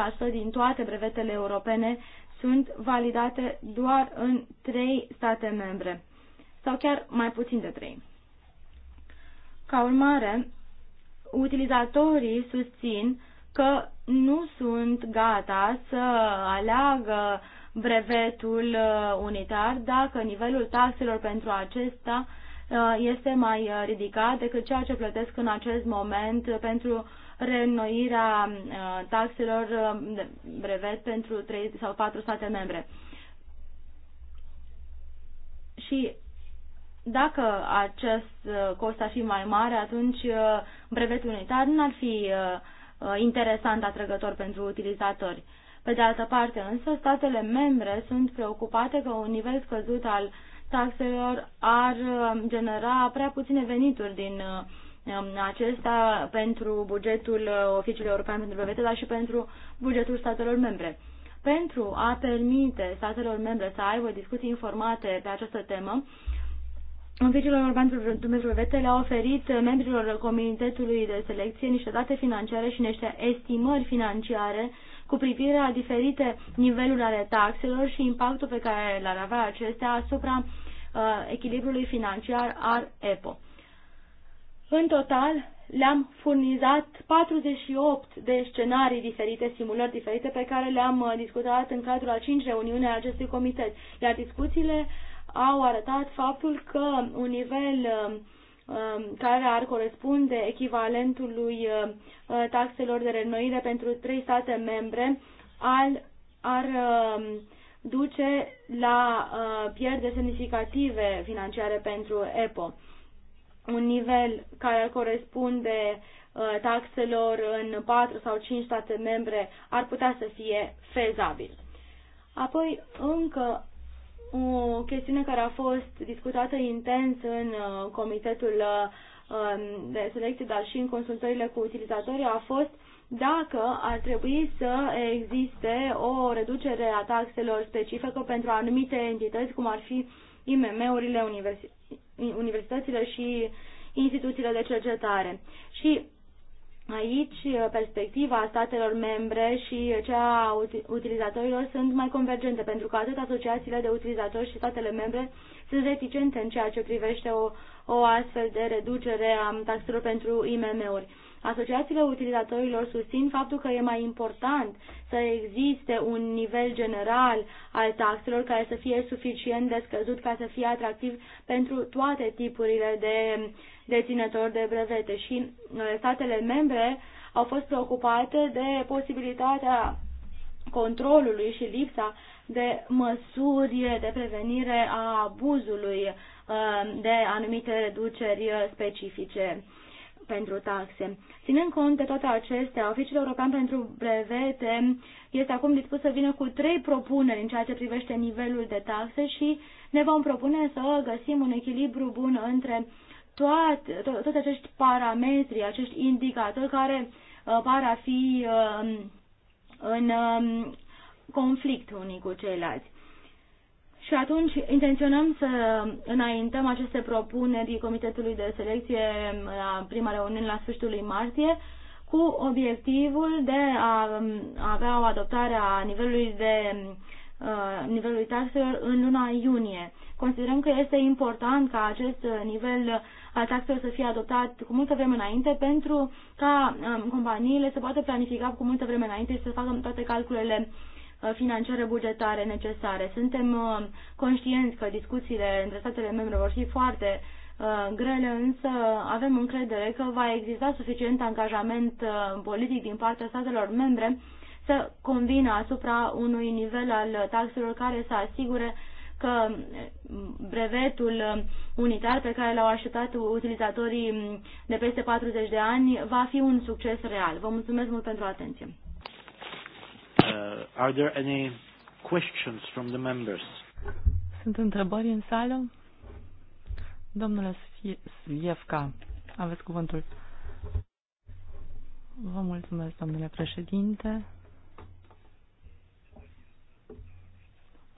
65% din toate brevetele europene sunt validate doar în trei state membre sau chiar mai puțin de trei. Ca urmare, utilizatorii susțin că nu sunt gata să aleagă brevetul uh, unitar dacă nivelul taxelor pentru acesta uh, este mai uh, ridicat decât ceea ce plătesc în acest moment pentru reînnoirea taxelor brevet pentru 3 sau 4 state membre. Și dacă acest uh, cost ar fi mai mare, atunci uh, brevetul unitar nu ar fi uh, interesant atrăgător pentru utilizatori. Pe de altă parte, însă, statele membre sunt preocupate că un nivel scăzut al taxelor ar genera prea puține venituri din um, acesta pentru bugetul Oficiului European pentru Brevete, dar și pentru bugetul statelor membre. Pentru a permite statelor membre să aibă discuții informate pe această temă, Oficiul Urban Dumnezeu le-a oferit membrilor Comitetului de Selecție niște date financiare și niște estimări financiare cu privire la diferite niveluri ale taxelor și impactul pe care l-ar avea acestea asupra uh, echilibrului financiar al EPO. În total, le-am furnizat 48 de scenarii diferite, simulări diferite, pe care le-am uh, discutat în cadrul a 5 reuniuni ale acestui comitet, iar discuțiile uh, au arătat faptul că un nivel um, um, care ar corespunde echivalentului uh, taxelor de renoire pentru trei state membre al, ar um, duce la uh, pierderi semnificative financiare pentru EPO. Un nivel care ar corespunde uh, taxelor în 4 sau 5 state membre ar putea să fie fezabil. Apoi, încă o chestiune care a fost discutată intens în uh, comitetul uh, um, de selecție, dar și în consultările cu utilizatorii, a fost dacă ar trebui să existe o reducere a taxelor specifică pentru anumite entități, cum ar fi IMM-urile, universitățile și instituțiile de cercetare. Și Aici uh, perspectiva statelor membre și cea a utilizatorilor sunt mai convergente, pentru că atât asociațiile de utilizatori și statele membre sunt reticente în ceea ce privește o, o astfel de reducere a taxelor pentru IMM-uri. Asociațiile utilizatorilor susțin faptul că e mai important să existe un nivel general al taxelor care să fie suficient de scăzut ca să fie atractiv pentru toate tipurile de deținători de brevete și uh, statele membre au fost preocupate de posibilitatea controlului și lipsa de măsuri de prevenire a abuzului uh, de anumite reduceri specifice pentru taxe. Ținând cont de toate acestea, Oficiul European pentru Brevete este acum dispus să vină cu trei propuneri în ceea ce privește nivelul de taxe și ne vom propune să găsim un echilibru bun între uh, toate, to toți acești parametri, acești indicatori care uh, par a fi uh, în uh, conflict unii cu ceilalți. Și atunci intenționăm să înaintăm aceste propuneri Comitetului de Selecție um, la prima reuniune la sfârșitul lui martie cu obiectivul de a avea o adoptare a nivelului de uh, nivelului taxelor în luna iunie. Considerăm că este important ca acest nivel ați actelor să fie adoptat cu multă vreme înainte pentru ca um, companiile să poată planifica cu multă vreme înainte și să facă toate calculele uh, financiare bugetare necesare. Suntem um, conștienți că discuțiile între statele membre vor fi foarte uh, grele, însă avem încredere că va exista suficient angajament uh, politic din partea statelor membre să convină asupra unui nivel al taxelor care să asigure că brevetul unitar pe care l-au așteptat utilizatorii de peste 40 de ani va fi un succes real. Vă mulțumesc mult pentru atenție. Uh, are there any questions from the members? Sunt întrebări în sală? Domnule Svievca, aveți cuvântul. Vă mulțumesc, domnule președinte.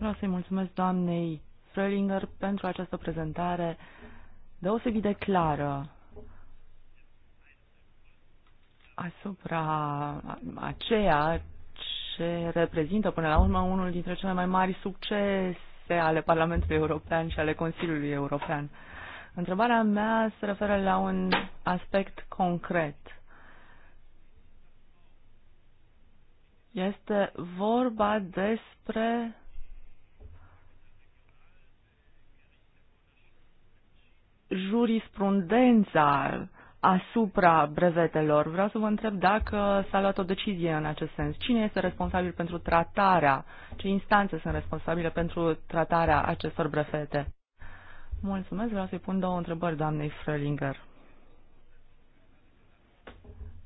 Vreau să-i mulțumesc doamnei Frölinger pentru această prezentare deosebit de clară asupra aceea ce reprezintă până la urmă unul dintre cele mai mari succese ale Parlamentului European și ale Consiliului European. Întrebarea mea se referă la un aspect concret. Este vorba despre jurisprudența asupra brevetelor. Vreau să vă întreb dacă s-a luat o decizie în acest sens. Cine este responsabil pentru tratarea, ce instanțe sunt responsabile pentru tratarea acestor brevete? Mulțumesc, vreau să-i pun două întrebări doamnei Frölinger.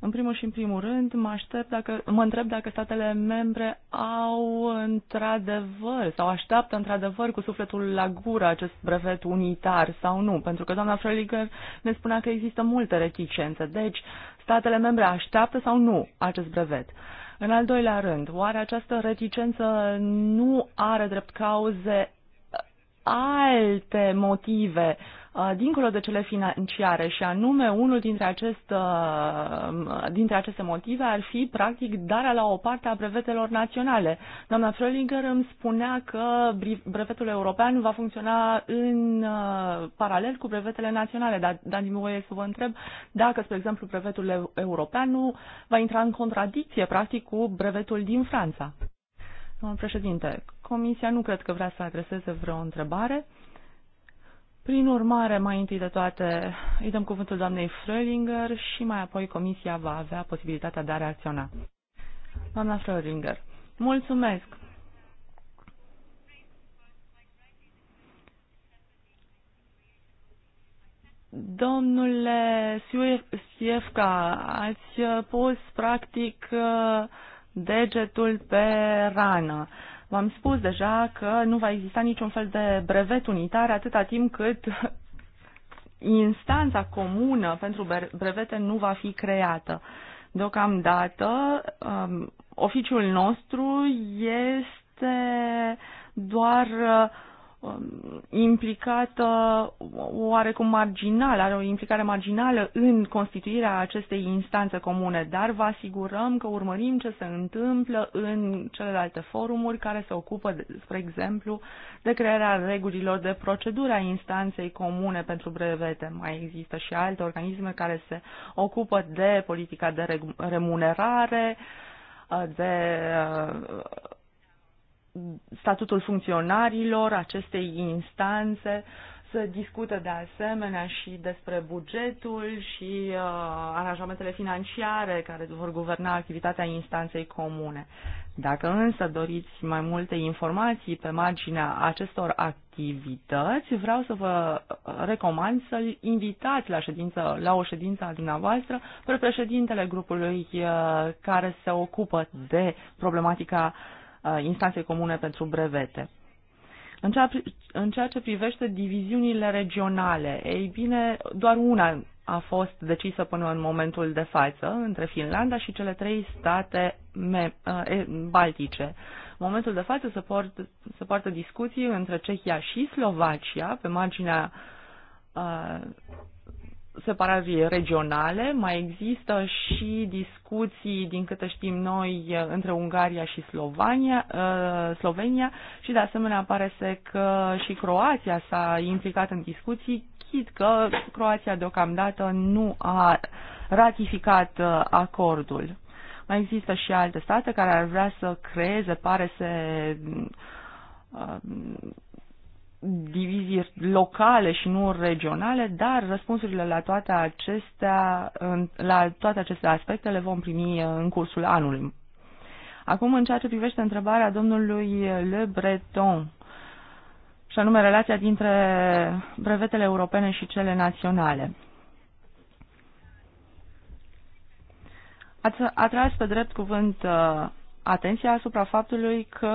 În primul și în primul rând, mă, aștept dacă, mă întreb dacă statele membre au într-adevăr sau așteaptă într-adevăr cu sufletul la gură acest brevet unitar sau nu, pentru că doamna Freliger ne spunea că există multe reticențe. Deci, statele membre așteaptă sau nu acest brevet? În al doilea rând, oare această reticență nu are drept cauze alte motive uh, dincolo de cele financiare și anume unul dintre, acest, uh, dintre aceste motive ar fi practic darea la o parte a brevetelor naționale. Doamna Frölinger îmi spunea că brevetul european va funcționa în uh, paralel cu brevetele naționale, dar dar din voie să vă întreb dacă, spre exemplu, brevetul european nu va intra în contradicție practic cu brevetul din Franța. Domnul președinte, Comisia nu cred că vrea să adreseze vreo întrebare. Prin urmare, mai întâi de toate, îi dăm cuvântul doamnei Frölinger și mai apoi Comisia va avea posibilitatea de a reacționa. Doamna Frölinger, mulțumesc! Domnule Siefka, ați pus practic degetul pe rană. V-am spus deja că nu va exista niciun fel de brevet unitar atâta timp cât instanța comună pentru brevete nu va fi creată. Deocamdată, um, oficiul nostru este doar uh, Um, implicată oarecum marginală, are o implicare marginală în constituirea acestei instanțe comune, dar vă asigurăm că urmărim ce se întâmplă în celelalte forumuri care se ocupă, spre exemplu, de crearea regulilor de procedură a instanței comune pentru brevete. Mai există și alte organisme care se ocupă de politica de remunerare, de uh, statutul funcționarilor acestei instanțe, să discută de asemenea și despre bugetul și uh, aranjamentele financiare care vor guverna activitatea instanței comune. Dacă însă doriți mai multe informații pe marginea acestor activități, vreau să vă recomand să-l invitați la, ședință, la o ședință a dumneavoastră pe președintele grupului uh, care se ocupă de problematica uh, Uh, instanței comune pentru brevete. În ceea, în ceea ce privește diviziunile regionale, ei bine, doar una a fost decisă până în momentul de față între Finlanda și cele trei state uh, baltice. În momentul de față se, port, se poartă discuții între Cehia și Slovacia pe marginea uh, separații regionale, mai există și discuții, din câte știm noi, între Ungaria și Slovania, uh, Slovenia și de asemenea pare să că și Croația s-a implicat în discuții, chit că Croația deocamdată nu a ratificat uh, acordul. Mai există și alte state care ar vrea să creeze, pare să divizii locale și nu regionale, dar răspunsurile la toate acestea, la toate aceste aspecte le vom primi uh, în cursul anului. Acum, în ceea ce privește întrebarea domnului Le Breton, și anume relația dintre brevetele europene și cele naționale. Ați atras pe drept cuvânt uh, atenția asupra faptului că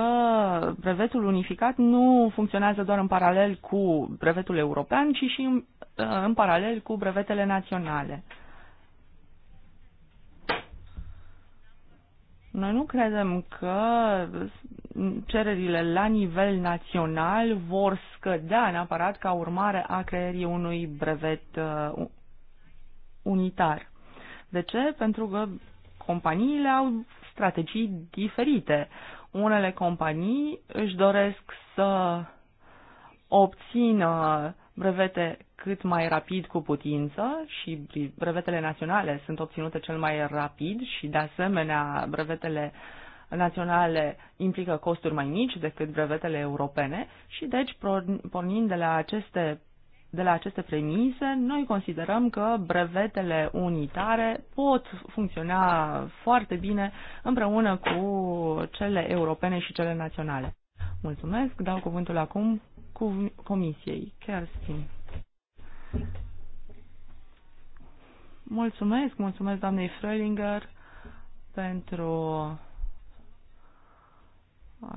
brevetul unificat nu funcționează doar în paralel cu brevetul european, ci și în, uh, în paralel cu brevetele naționale. Noi nu credem că cererile la nivel național vor scădea neapărat ca urmare a creierii unui brevet uh, unitar. De ce? Pentru că companiile au strategii diferite. Unele companii își doresc să obțină brevete cât mai rapid cu putință și brevetele naționale sunt obținute cel mai rapid și de asemenea brevetele naționale implică costuri mai mici decât brevetele europene și deci pornind de la aceste de la aceste premise, noi considerăm că brevetele unitare pot funcționa foarte bine împreună cu cele europene și cele naționale. Mulțumesc, dau cuvântul acum cu Comisiei. Kerstin. Mulțumesc, mulțumesc doamnei Frölinger pentru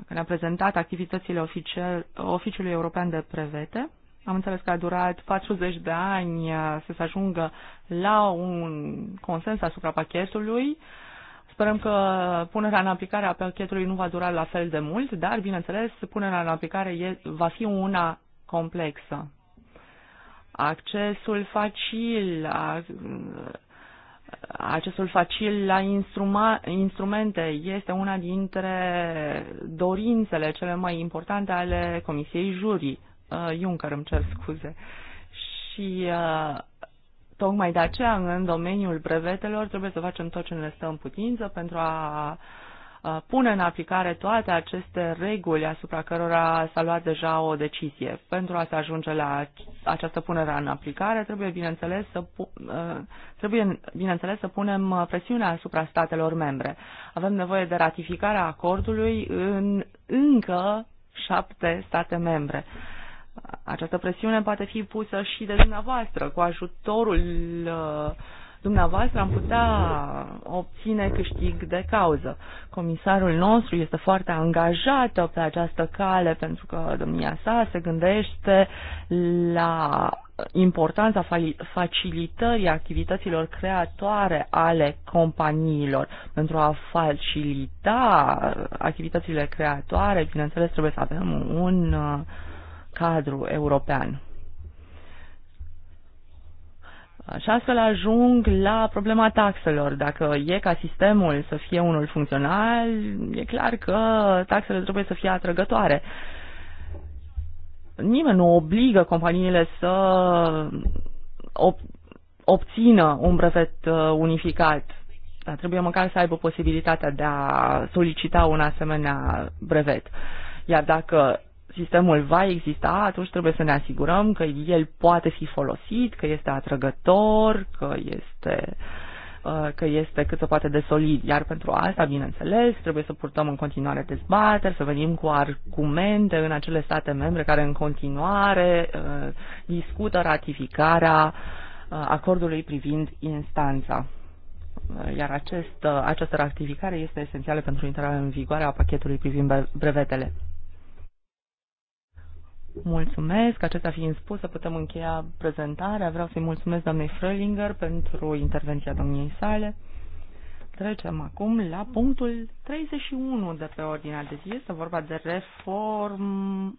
că ne-a prezentat activitățile Oficiului European de Prevete. Am înțeles că a durat 40 de ani uh, să se ajungă la un consens asupra pachetului. Sperăm că punerea în aplicare a pachetului nu va dura la fel de mult, dar, bineînțeles, punerea în aplicare e, va fi una complexă. Accesul facil, a, accesul facil la instruma, instrumente este una dintre dorințele cele mai importante ale Comisiei Jurii uh, Juncker, îmi cer scuze. Și uh, tocmai de aceea, în domeniul brevetelor, trebuie să facem tot ce ne stă în putință pentru a pune în aplicare toate aceste reguli asupra cărora s-a luat deja o decizie. Pentru a se ajunge la această punere în aplicare, trebuie bineînțeles să, uh, trebuie, bineînțeles să punem presiunea asupra statelor membre. Avem nevoie de ratificarea acordului în încă șapte state membre. Această presiune poate fi pusă și de dumneavoastră. Cu ajutorul uh, dumneavoastră am putea obține câștig de cauză. Comisarul nostru este foarte angajat pe această cale pentru că domnia sa se gândește la importanța facilitării activităților creatoare ale companiilor. Pentru a facilita activitățile creatoare, bineînțeles, trebuie să avem un uh, cadru european. Și astfel ajung la problema taxelor. Dacă e ca sistemul să fie unul funcțional, e clar că taxele trebuie să fie atrăgătoare. Nimeni nu obligă companiile să ob- obțină un brevet uh, unificat, dar trebuie măcar să aibă posibilitatea de a solicita un asemenea brevet. Iar dacă sistemul va exista, atunci trebuie să ne asigurăm că el poate fi folosit, că este atrăgător, că este uh, că este cât se poate de solid. Iar pentru asta, bineînțeles, trebuie să purtăm în continuare dezbateri, să venim cu argumente în acele state membre care în continuare uh, discută ratificarea uh, acordului privind instanța. Iar acest, această ratificare este esențială pentru intrarea în vigoare a pachetului privind brevetele. Mulțumesc. Acesta fiind spus, să putem încheia prezentarea. Vreau să-i mulțumesc doamnei Frölinger pentru intervenția domniei sale. Trecem acum la punctul 31 de pe ordinea de zi. Este vorba de reforma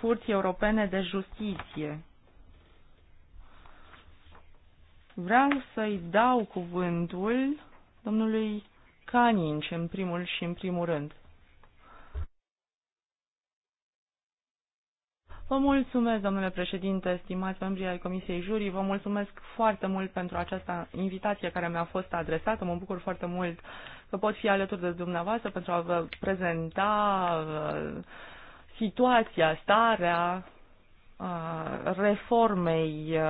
Curții Europene de Justiție. Vreau să-i dau cuvântul domnului Caninci în primul și în primul rând. Vă mulțumesc, domnule președinte, stimați membrii ai Comisiei Jurii, vă mulțumesc foarte mult pentru această invitație care mi-a fost adresată. Mă bucur foarte mult că pot fi alături de dumneavoastră pentru a vă prezenta situația, starea reformei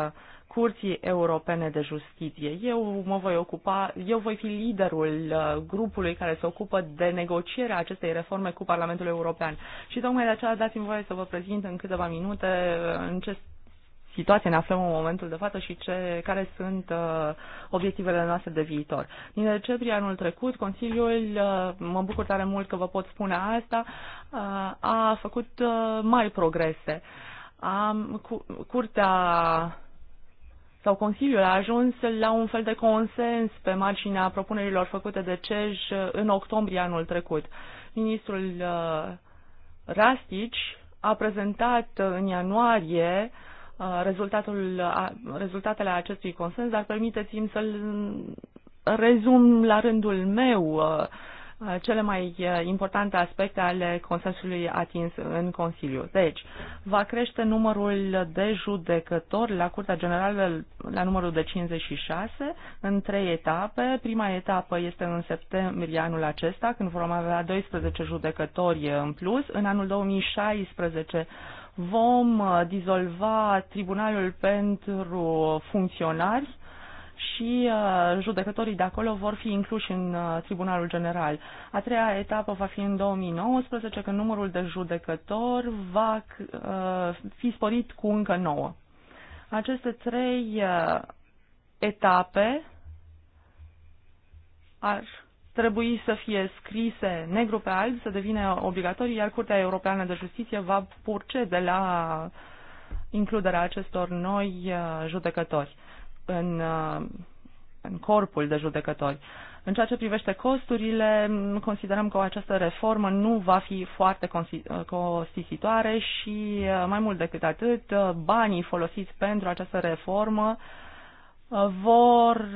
Curții Europene de Justiție. Eu mă voi ocupa, eu voi fi liderul uh, grupului care se ocupă de negocierea acestei reforme cu Parlamentul European. Și tocmai de aceea dați-mi voie să vă prezint în câteva minute uh, în ce situație ne aflăm în momentul de față și ce, care sunt uh, obiectivele noastre de viitor. Din decembrie anul trecut, Consiliul, uh, mă bucur tare mult că vă pot spune asta, uh, a făcut uh, mai progrese. Am, cu, curtea sau Consiliul a ajuns la un fel de consens pe marginea propunerilor făcute de CEJ în octombrie anul trecut. Ministrul uh, Rastici a prezentat uh, în ianuarie uh, rezultatul, rezultatele acestui consens, dar permiteți-mi să-l rezum la rândul meu Uh, cele mai uh, importante aspecte ale consensului atins în Consiliu. Deci, va crește numărul de judecători la Curtea Generală la numărul de 56 în trei etape. Prima etapă este în septembrie anul acesta, când vom avea 12 judecători în plus. În anul 2016 vom uh, dizolva Tribunalul pentru Funcționari și uh, judecătorii de acolo vor fi incluși în uh, Tribunalul General. A treia etapă va fi în 2019, când numărul de judecători va uh, fi sporit cu încă nouă. Aceste trei etape ar trebui să fie scrise negru pe alb, să devină obligatorii, iar Curtea Europeană de Justiție va purce de la includerea acestor noi judecători în, uh, în corpul de judecători. În ceea ce privește costurile, considerăm că această reformă nu va fi foarte uh, costisitoare și, uh, mai mult decât atât, banii folosiți pentru această reformă vor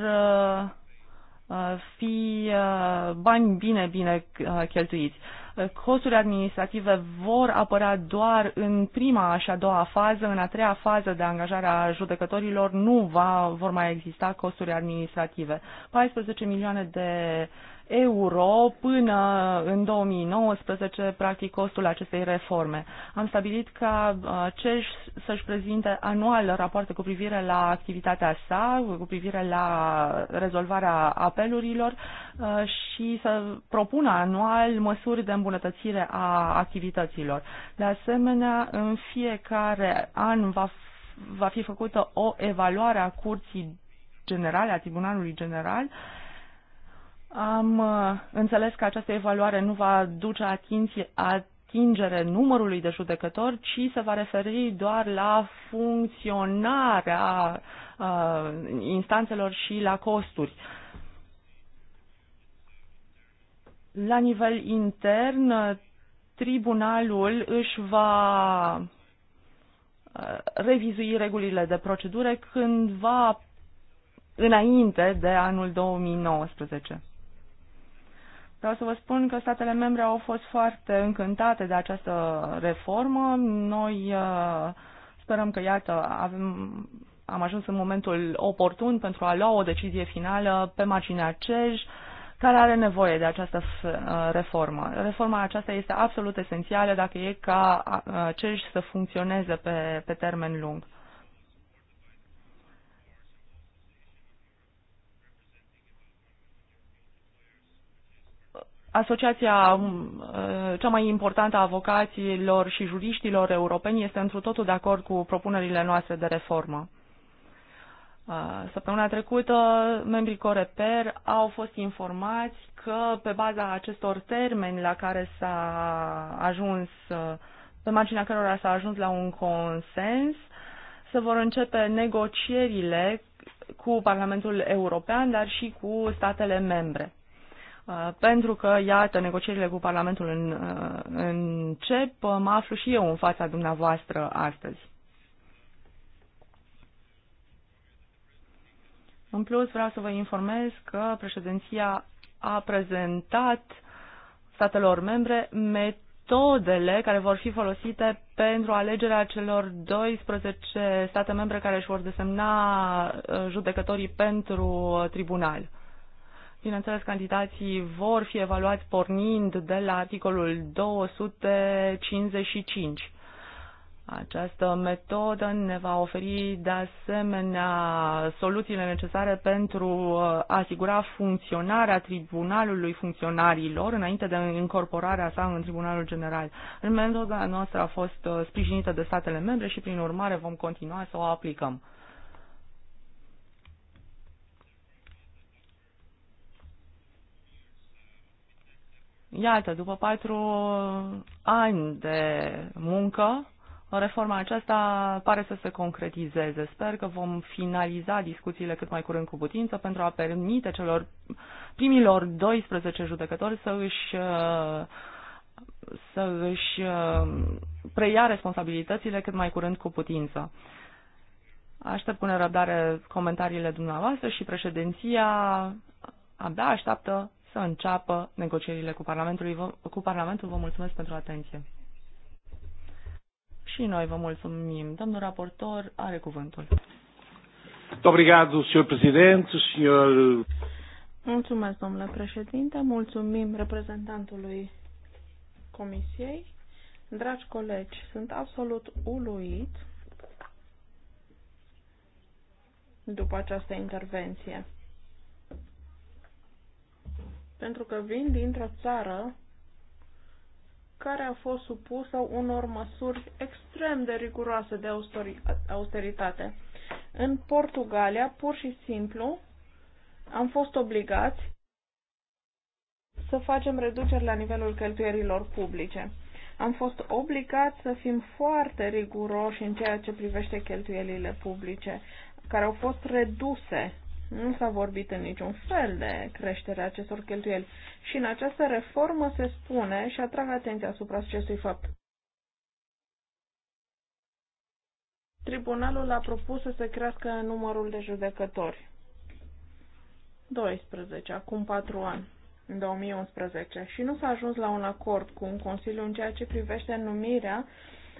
fi bani bine, bine cheltuiți costurile administrative vor apărea doar în prima și a doua fază, în a treia fază de angajare a judecătorilor nu va, vor mai exista costuri administrative. 14 milioane de euro până în 2019, practic, costul acestei reforme. Am stabilit ca uh, CEJ să-și prezinte anual rapoarte cu privire la activitatea sa, cu privire la rezolvarea apelurilor uh, și să propună anual măsuri de îmbunătățire a activităților. De asemenea, în fiecare an va, va fi făcută o evaluare a curții generale, a Tribunalului General, uh, am uh, înțeles că această evaluare nu va duce atenție, atingere numărului de judecători, ci se va referi doar la funcționarea uh, instanțelor și la costuri. La nivel intern, tribunalul își va uh, revizui regulile de procedură cândva înainte de anul 2019. Vreau să vă spun că statele membre au fost foarte încântate de această reformă. Noi uh, sperăm că, iată, avem, am ajuns în momentul oportun pentru a lua o decizie finală pe marginea CEJ, care are nevoie de această uh, reformă. Reforma aceasta este absolut esențială dacă e ca uh, CEJ să funcționeze pe, pe termen lung. Asociația uh, cea mai importantă a avocaților și juriștilor europeni este întru totul de acord cu propunerile noastre de reformă. Uh, săptămâna trecută, membrii Coreper au fost informați că pe baza acestor termeni la care s-a ajuns, uh, pe marginea cărora s-a ajuns la un consens, se vor începe negocierile cu Parlamentul European, dar și cu statele membre. Uh, pentru că, iată, negocierile cu Parlamentul în, uh, încep, uh, mă aflu și eu în fața dumneavoastră astăzi. În plus, vreau să vă informez că președinția a prezentat statelor membre metodele care vor fi folosite pentru alegerea celor 12 state membre care își vor desemna judecătorii pentru tribunal. Bineînțeles, candidații vor fi evaluați pornind de la articolul 255. Această metodă ne va oferi de asemenea soluțiile necesare pentru uh, a asigura funcționarea tribunalului funcționarilor înainte de incorporarea sa în Tribunalul General. Metoda noastră a fost uh, sprijinită de statele membre și prin urmare vom continua să o aplicăm. Iată, după patru ani de muncă, reforma aceasta pare să se concretizeze. Sper că vom finaliza discuțiile cât mai curând cu putință pentru a permite celor primilor 12 judecători să își să își preia responsabilitățile cât mai curând cu putință. Aștept cu nerăbdare comentariile dumneavoastră și președinția abia așteaptă să înceapă negocierile cu Parlamentul. Cu Parlamentul vă mulțumesc pentru atenție. Și noi vă mulțumim. Domnul raportor are cuvântul. Obrigado, senhor presidente, senhor... Mulțumesc, domnule președinte, mulțumim reprezentantului comisiei. Dragi colegi, sunt absolut uluit după această intervenție pentru că vin dintr-o țară care a fost supusă unor măsuri extrem de riguroase de austeritate. În Portugalia, pur și simplu, am fost obligați să facem reduceri la nivelul cheltuierilor publice. Am fost obligați să fim foarte riguroși în ceea ce privește cheltuielile publice, care au fost reduse nu s-a vorbit în niciun fel de creșterea acestor cheltuieli. Și în această reformă se spune și atrag atenția asupra acestui fapt. Tribunalul a propus să se crească numărul de judecători. 12, acum 4 ani, în 2011, și nu s-a ajuns la un acord cu un Consiliu în ceea ce privește numirea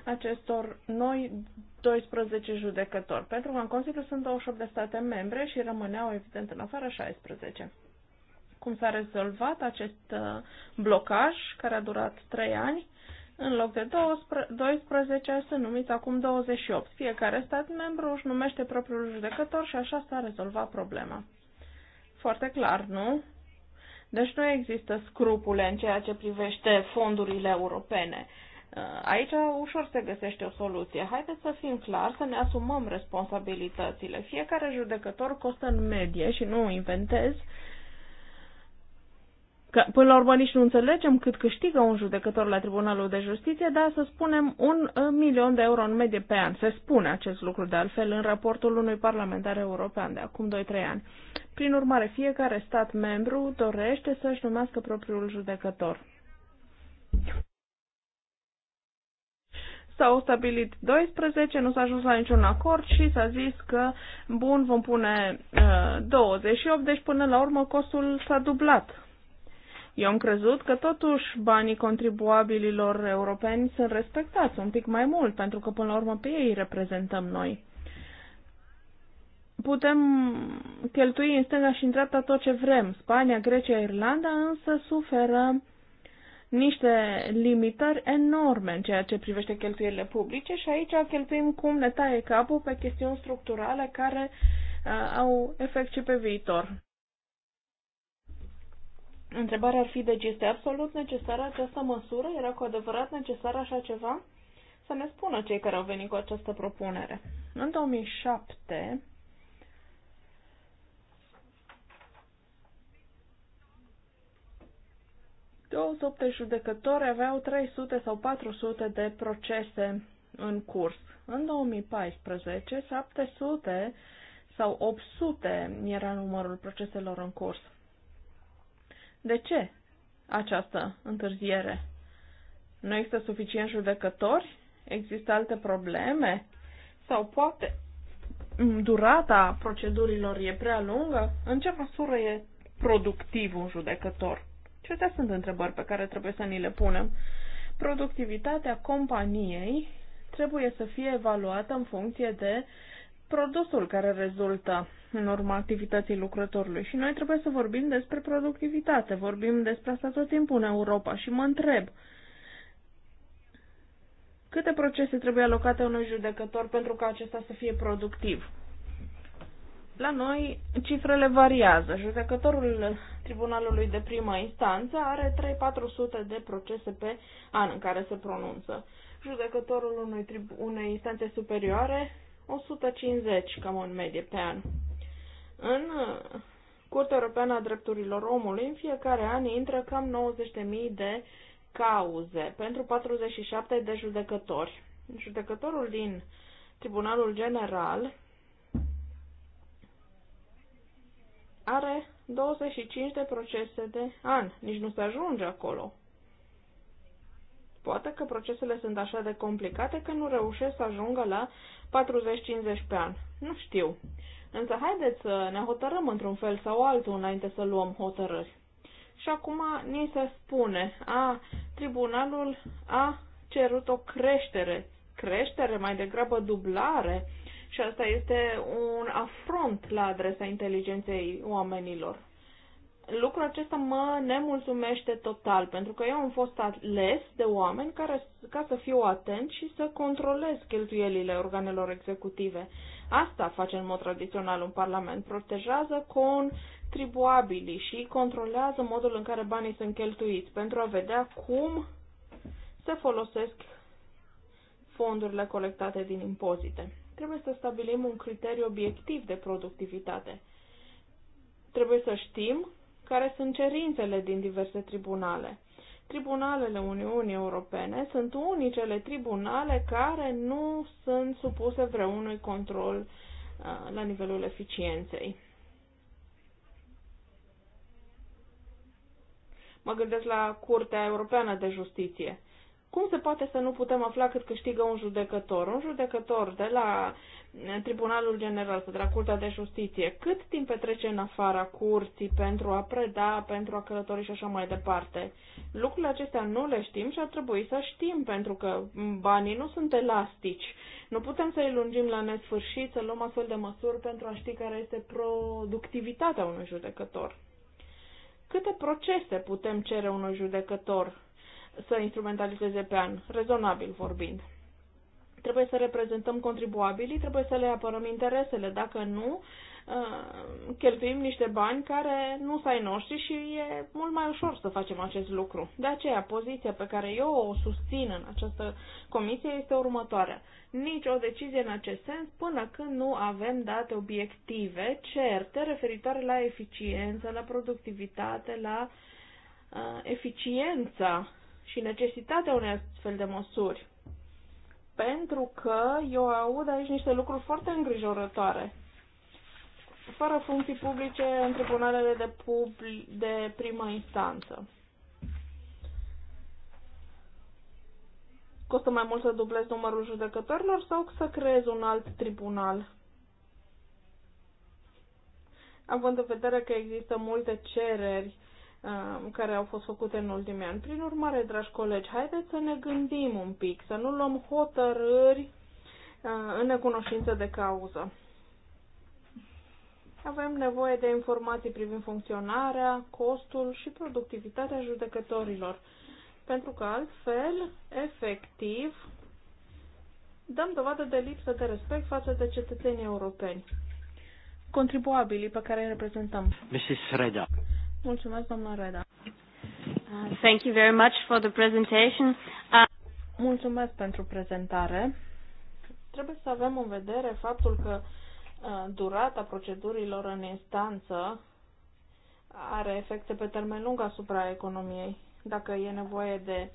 acestor noi 12 judecători, pentru că în Consiliu sunt 28 de state membre și rămâneau evident în afară 16. Cum s-a rezolvat acest uh, blocaj care a durat 3 ani? În loc de 12 se numit acum 28. Fiecare stat membru își numește propriul judecător și așa s-a rezolvat problema. Foarte clar, nu? Deci nu există scrupule în ceea ce privește fondurile europene. Uh, aici ușor se găsește o soluție. Haideți să fim clar, să ne asumăm responsabilitățile. Fiecare judecător costă în medie și nu inventez. Că, până la urmă nici nu înțelegem cât câștigă un judecător la Tribunalul de Justiție, dar să spunem un uh, milion de euro în medie pe an. Se spune acest lucru de altfel în raportul unui parlamentar european de acum 2-3 ani. Prin urmare, fiecare stat membru dorește să-și numească propriul judecător. S-au stabilit 12, nu s-a ajuns la niciun acord și s-a zis că, bun, vom pune uh, 28, deci până la urmă costul s-a dublat. Eu am crezut că totuși banii contribuabililor europeni sunt respectați un pic mai mult, pentru că până la urmă pe ei reprezentăm noi. Putem cheltui în stânga și în dreapta tot ce vrem. Spania, Grecia, Irlanda însă suferă niște limitări enorme în ceea ce privește cheltuielile publice și aici cheltuim cum ne taie capul pe chestiuni structurale care uh, au efect și pe viitor. Întrebarea ar fi, deci este absolut necesară această măsură? Era cu adevărat necesar așa ceva? Să ne spună cei care au venit cu această propunere. În 2007, 28 judecători aveau 300 sau 400 de procese în curs. În 2014, 700 sau 800 era numărul proceselor în curs. De ce această întârziere? Nu există suficient judecători? Există alte probleme? Sau poate durata procedurilor e prea lungă? În ce măsură e productiv un judecător? Și astea sunt întrebări pe care trebuie să ni le punem. Productivitatea companiei trebuie să fie evaluată în funcție de produsul care rezultă în urma activității lucrătorului. Și noi trebuie să vorbim despre productivitate, vorbim despre asta tot timpul în Europa și mă întreb câte procese trebuie alocate unui judecător pentru ca acesta să fie productiv. La noi cifrele variază. Judecătorul Tribunalului de Prima Instanță are 3-400 de procese pe an în care se pronunță. Judecătorul unui trib- unei instanțe superioare 150 cam în medie pe an. În uh, Curtea Europeană a Drepturilor Omului în fiecare an intră cam 90.000 de cauze pentru 47 de judecători. Judecătorul din Tribunalul General are 25 de procese de an. Nici nu se ajunge acolo. Poate că procesele sunt așa de complicate că nu reușesc să ajungă la 40-50 pe an. Nu știu. Însă haideți să ne hotărâm într-un fel sau altul înainte să luăm hotărâri. Și acum ni se spune, a, tribunalul a cerut o creștere, creștere mai degrabă dublare și asta este un afront la adresa inteligenței oamenilor. Lucrul acesta mă nemulțumește total, pentru că eu am fost ales de oameni care, ca să fiu atent și să controlez cheltuielile organelor executive. Asta face în mod tradițional un parlament. Protejează contribuabilii și controlează modul în care banii sunt cheltuiți pentru a vedea cum se folosesc fondurile colectate din impozite. Trebuie să stabilim un criteriu obiectiv de productivitate. Trebuie să știm care sunt cerințele din diverse tribunale. Tribunalele Uniunii Europene sunt unicele tribunale care nu sunt supuse vreunui control uh, la nivelul eficienței. Mă gândesc la Curtea Europeană de Justiție. Cum se poate să nu putem afla cât câștigă un judecător? Un judecător de la eh, Tribunalul General sau de la Curtea de Justiție, cât timp petrece în afara curții pentru a preda, pentru a călători și așa mai departe? Lucrurile acestea nu le știm și ar trebui să știm, pentru că banii nu sunt elastici. Nu putem să-i lungim la nesfârșit, să luăm astfel de măsuri pentru a ști care este productivitatea unui judecător. Câte procese putem cere unui judecător? să instrumentalizeze pe an, rezonabil vorbind. Trebuie să reprezentăm contribuabilii, trebuie să le apărăm interesele. Dacă nu, uh, cheltuim niște bani care nu sunt ai noștri și e mult mai ușor să facem acest lucru. De aceea, poziția pe care eu o susțin în această comisie este următoarea. Nici o decizie în acest sens până când nu avem date obiective, certe, referitoare la eficiență, la productivitate, la uh, eficiența și necesitatea unei astfel de măsuri. Pentru că eu aud aici niște lucruri foarte îngrijorătoare. Fără funcții publice în tribunalele de, publi- de primă instanță. Costă mai mult să dublezi numărul judecătorilor sau să creezi un alt tribunal având în vedere că există multe cereri Um, care au fost făcute în ultimii ani. Prin urmare, dragi colegi, haideți să ne gândim un pic, să nu luăm hotărâri uh, în necunoștință de cauză. Avem nevoie de informații privind funcționarea, costul și productivitatea judecătorilor, pentru că altfel, efectiv, dăm dovadă de lipsă de respect față de cetățenii europeni, contribuabilii pe care îi reprezentăm. Mrs. Reda. Mulțumesc, doamna Reda. Uh, thank you very much for the presentation. Uh, Mulțumesc pentru prezentare. Trebuie să avem în vedere faptul că uh, durata procedurilor în instanță are efecte pe termen lung asupra economiei. Dacă e nevoie de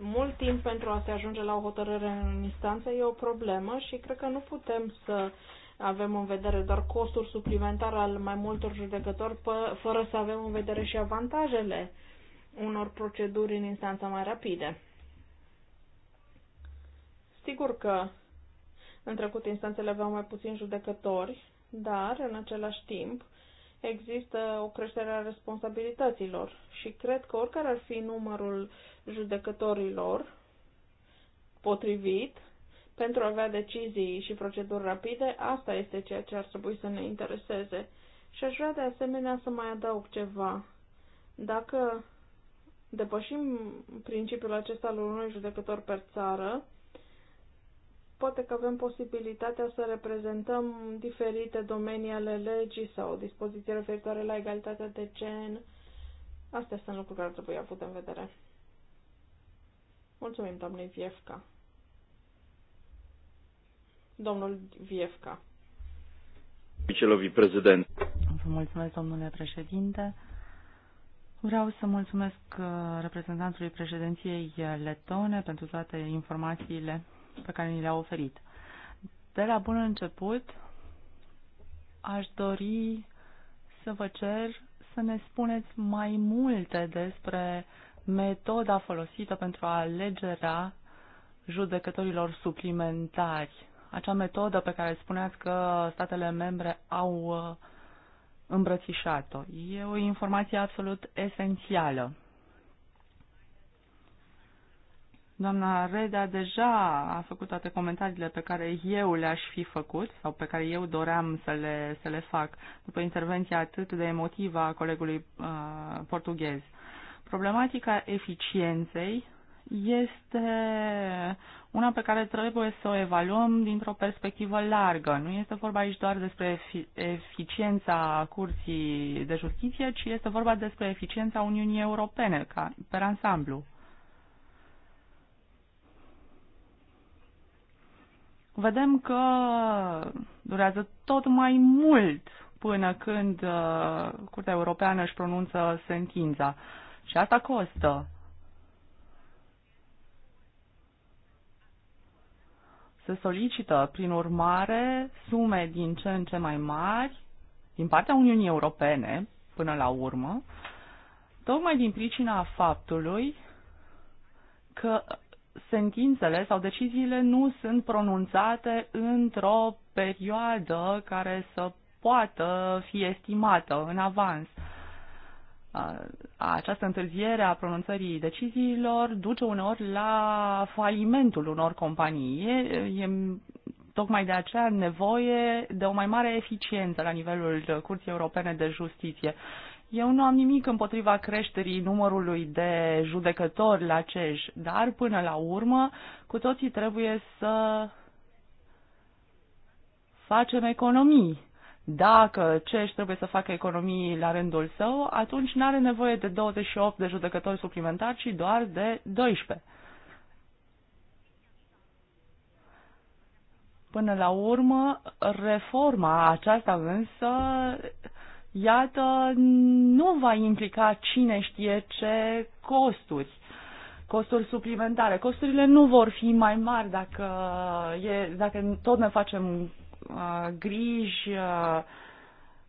mult timp pentru a se ajunge la o hotărâre în instanță, e o problemă și cred că nu putem să uh, avem în vedere doar costuri suplimentare al mai multor judecători, fără să avem în vedere și avantajele unor proceduri în instanța mai rapide. Sigur că în trecut instanțele aveau mai puțin judecători, dar în același timp există o creștere a responsabilităților și cred că oricare ar fi numărul judecătorilor potrivit, pentru a avea decizii și proceduri rapide, asta este ceea ce ar trebui să ne intereseze. Și aș vrea de asemenea să mai adaug ceva. Dacă depășim principiul acesta al unui judecător per țară, poate că avem posibilitatea să reprezentăm diferite domenii ale legii sau dispoziții referitoare la egalitatea de gen. Astea sunt lucruri care ar trebui avut în vedere. Mulțumim, doamnei Viefca. Domnul Vievca. prezident. Vă mulțumesc, domnule președinte. Vreau să mulțumesc uh, reprezentantului președinției letone pentru toate informațiile pe care ni le-a oferit. De la bun început, aș dori să vă cer să ne spuneți mai multe despre metoda folosită pentru alegerea judecătorilor suplimentari acea metodă pe care spuneați că statele membre au uh, îmbrățișat-o. E o informație absolut esențială. Doamna Reda deja a făcut toate comentariile pe care eu le-aș fi făcut sau pe care eu doream să le, să le fac după intervenția atât de emotivă a colegului uh, portughez. Problematica eficienței este una pe care trebuie să o evaluăm dintr-o perspectivă largă. Nu este vorba aici doar despre eficiența Curții de Justiție, ci este vorba despre eficiența Uniunii Europene ca, per ansamblu. Vedem că durează tot mai mult până când uh, Curtea Europeană își pronunță sentința. Și asta costă. Se solicită, prin urmare, sume din ce în ce mai mari din partea Uniunii Europene, până la urmă, tocmai din pricina faptului că sentințele sau deciziile nu sunt pronunțate într-o perioadă care să poată fi estimată în avans. Această întârziere a pronunțării deciziilor duce uneori la falimentul unor companii. E, e tocmai de aceea nevoie de o mai mare eficiență la nivelul Curții Europene de Justiție. Eu nu am nimic împotriva creșterii numărului de judecători la CEJ, dar până la urmă cu toții trebuie să facem economii dacă CEJ trebuie să facă economii la rândul său, atunci nu are nevoie de 28 de judecători suplimentari, ci doar de 12. Până la urmă, reforma aceasta însă, iată, nu va implica cine știe ce costuri costuri suplimentare. Costurile nu vor fi mai mari dacă, e, dacă tot ne facem Uh, griji uh,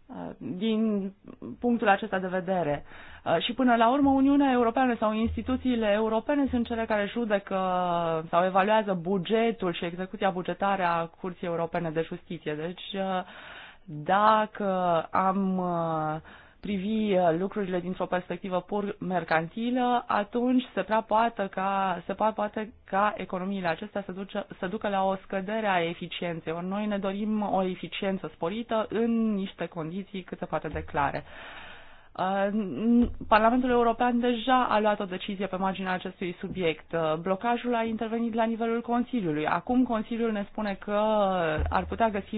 uh, din punctul acesta de vedere. Și până la urmă, Uniunea Europeană sau instituțiile europene sunt cele care judecă sau evaluează bugetul și execuția bugetară a Curții Europene de Justiție. Deci, dacă am uh, privi uh, lucrurile dintr-o perspectivă pur mercantilă, atunci se prea poate ca, se prea poate ca economiile acestea să, duce, să ducă la o scădere a eficienței. Or, noi ne dorim o eficiență sporită în niște condiții cât se poate de clare. Uh, Parlamentul European deja a luat o decizie pe marginea acestui subiect. Uh, blocajul a intervenit la nivelul Consiliului. Acum Consiliul ne spune că ar putea găsi,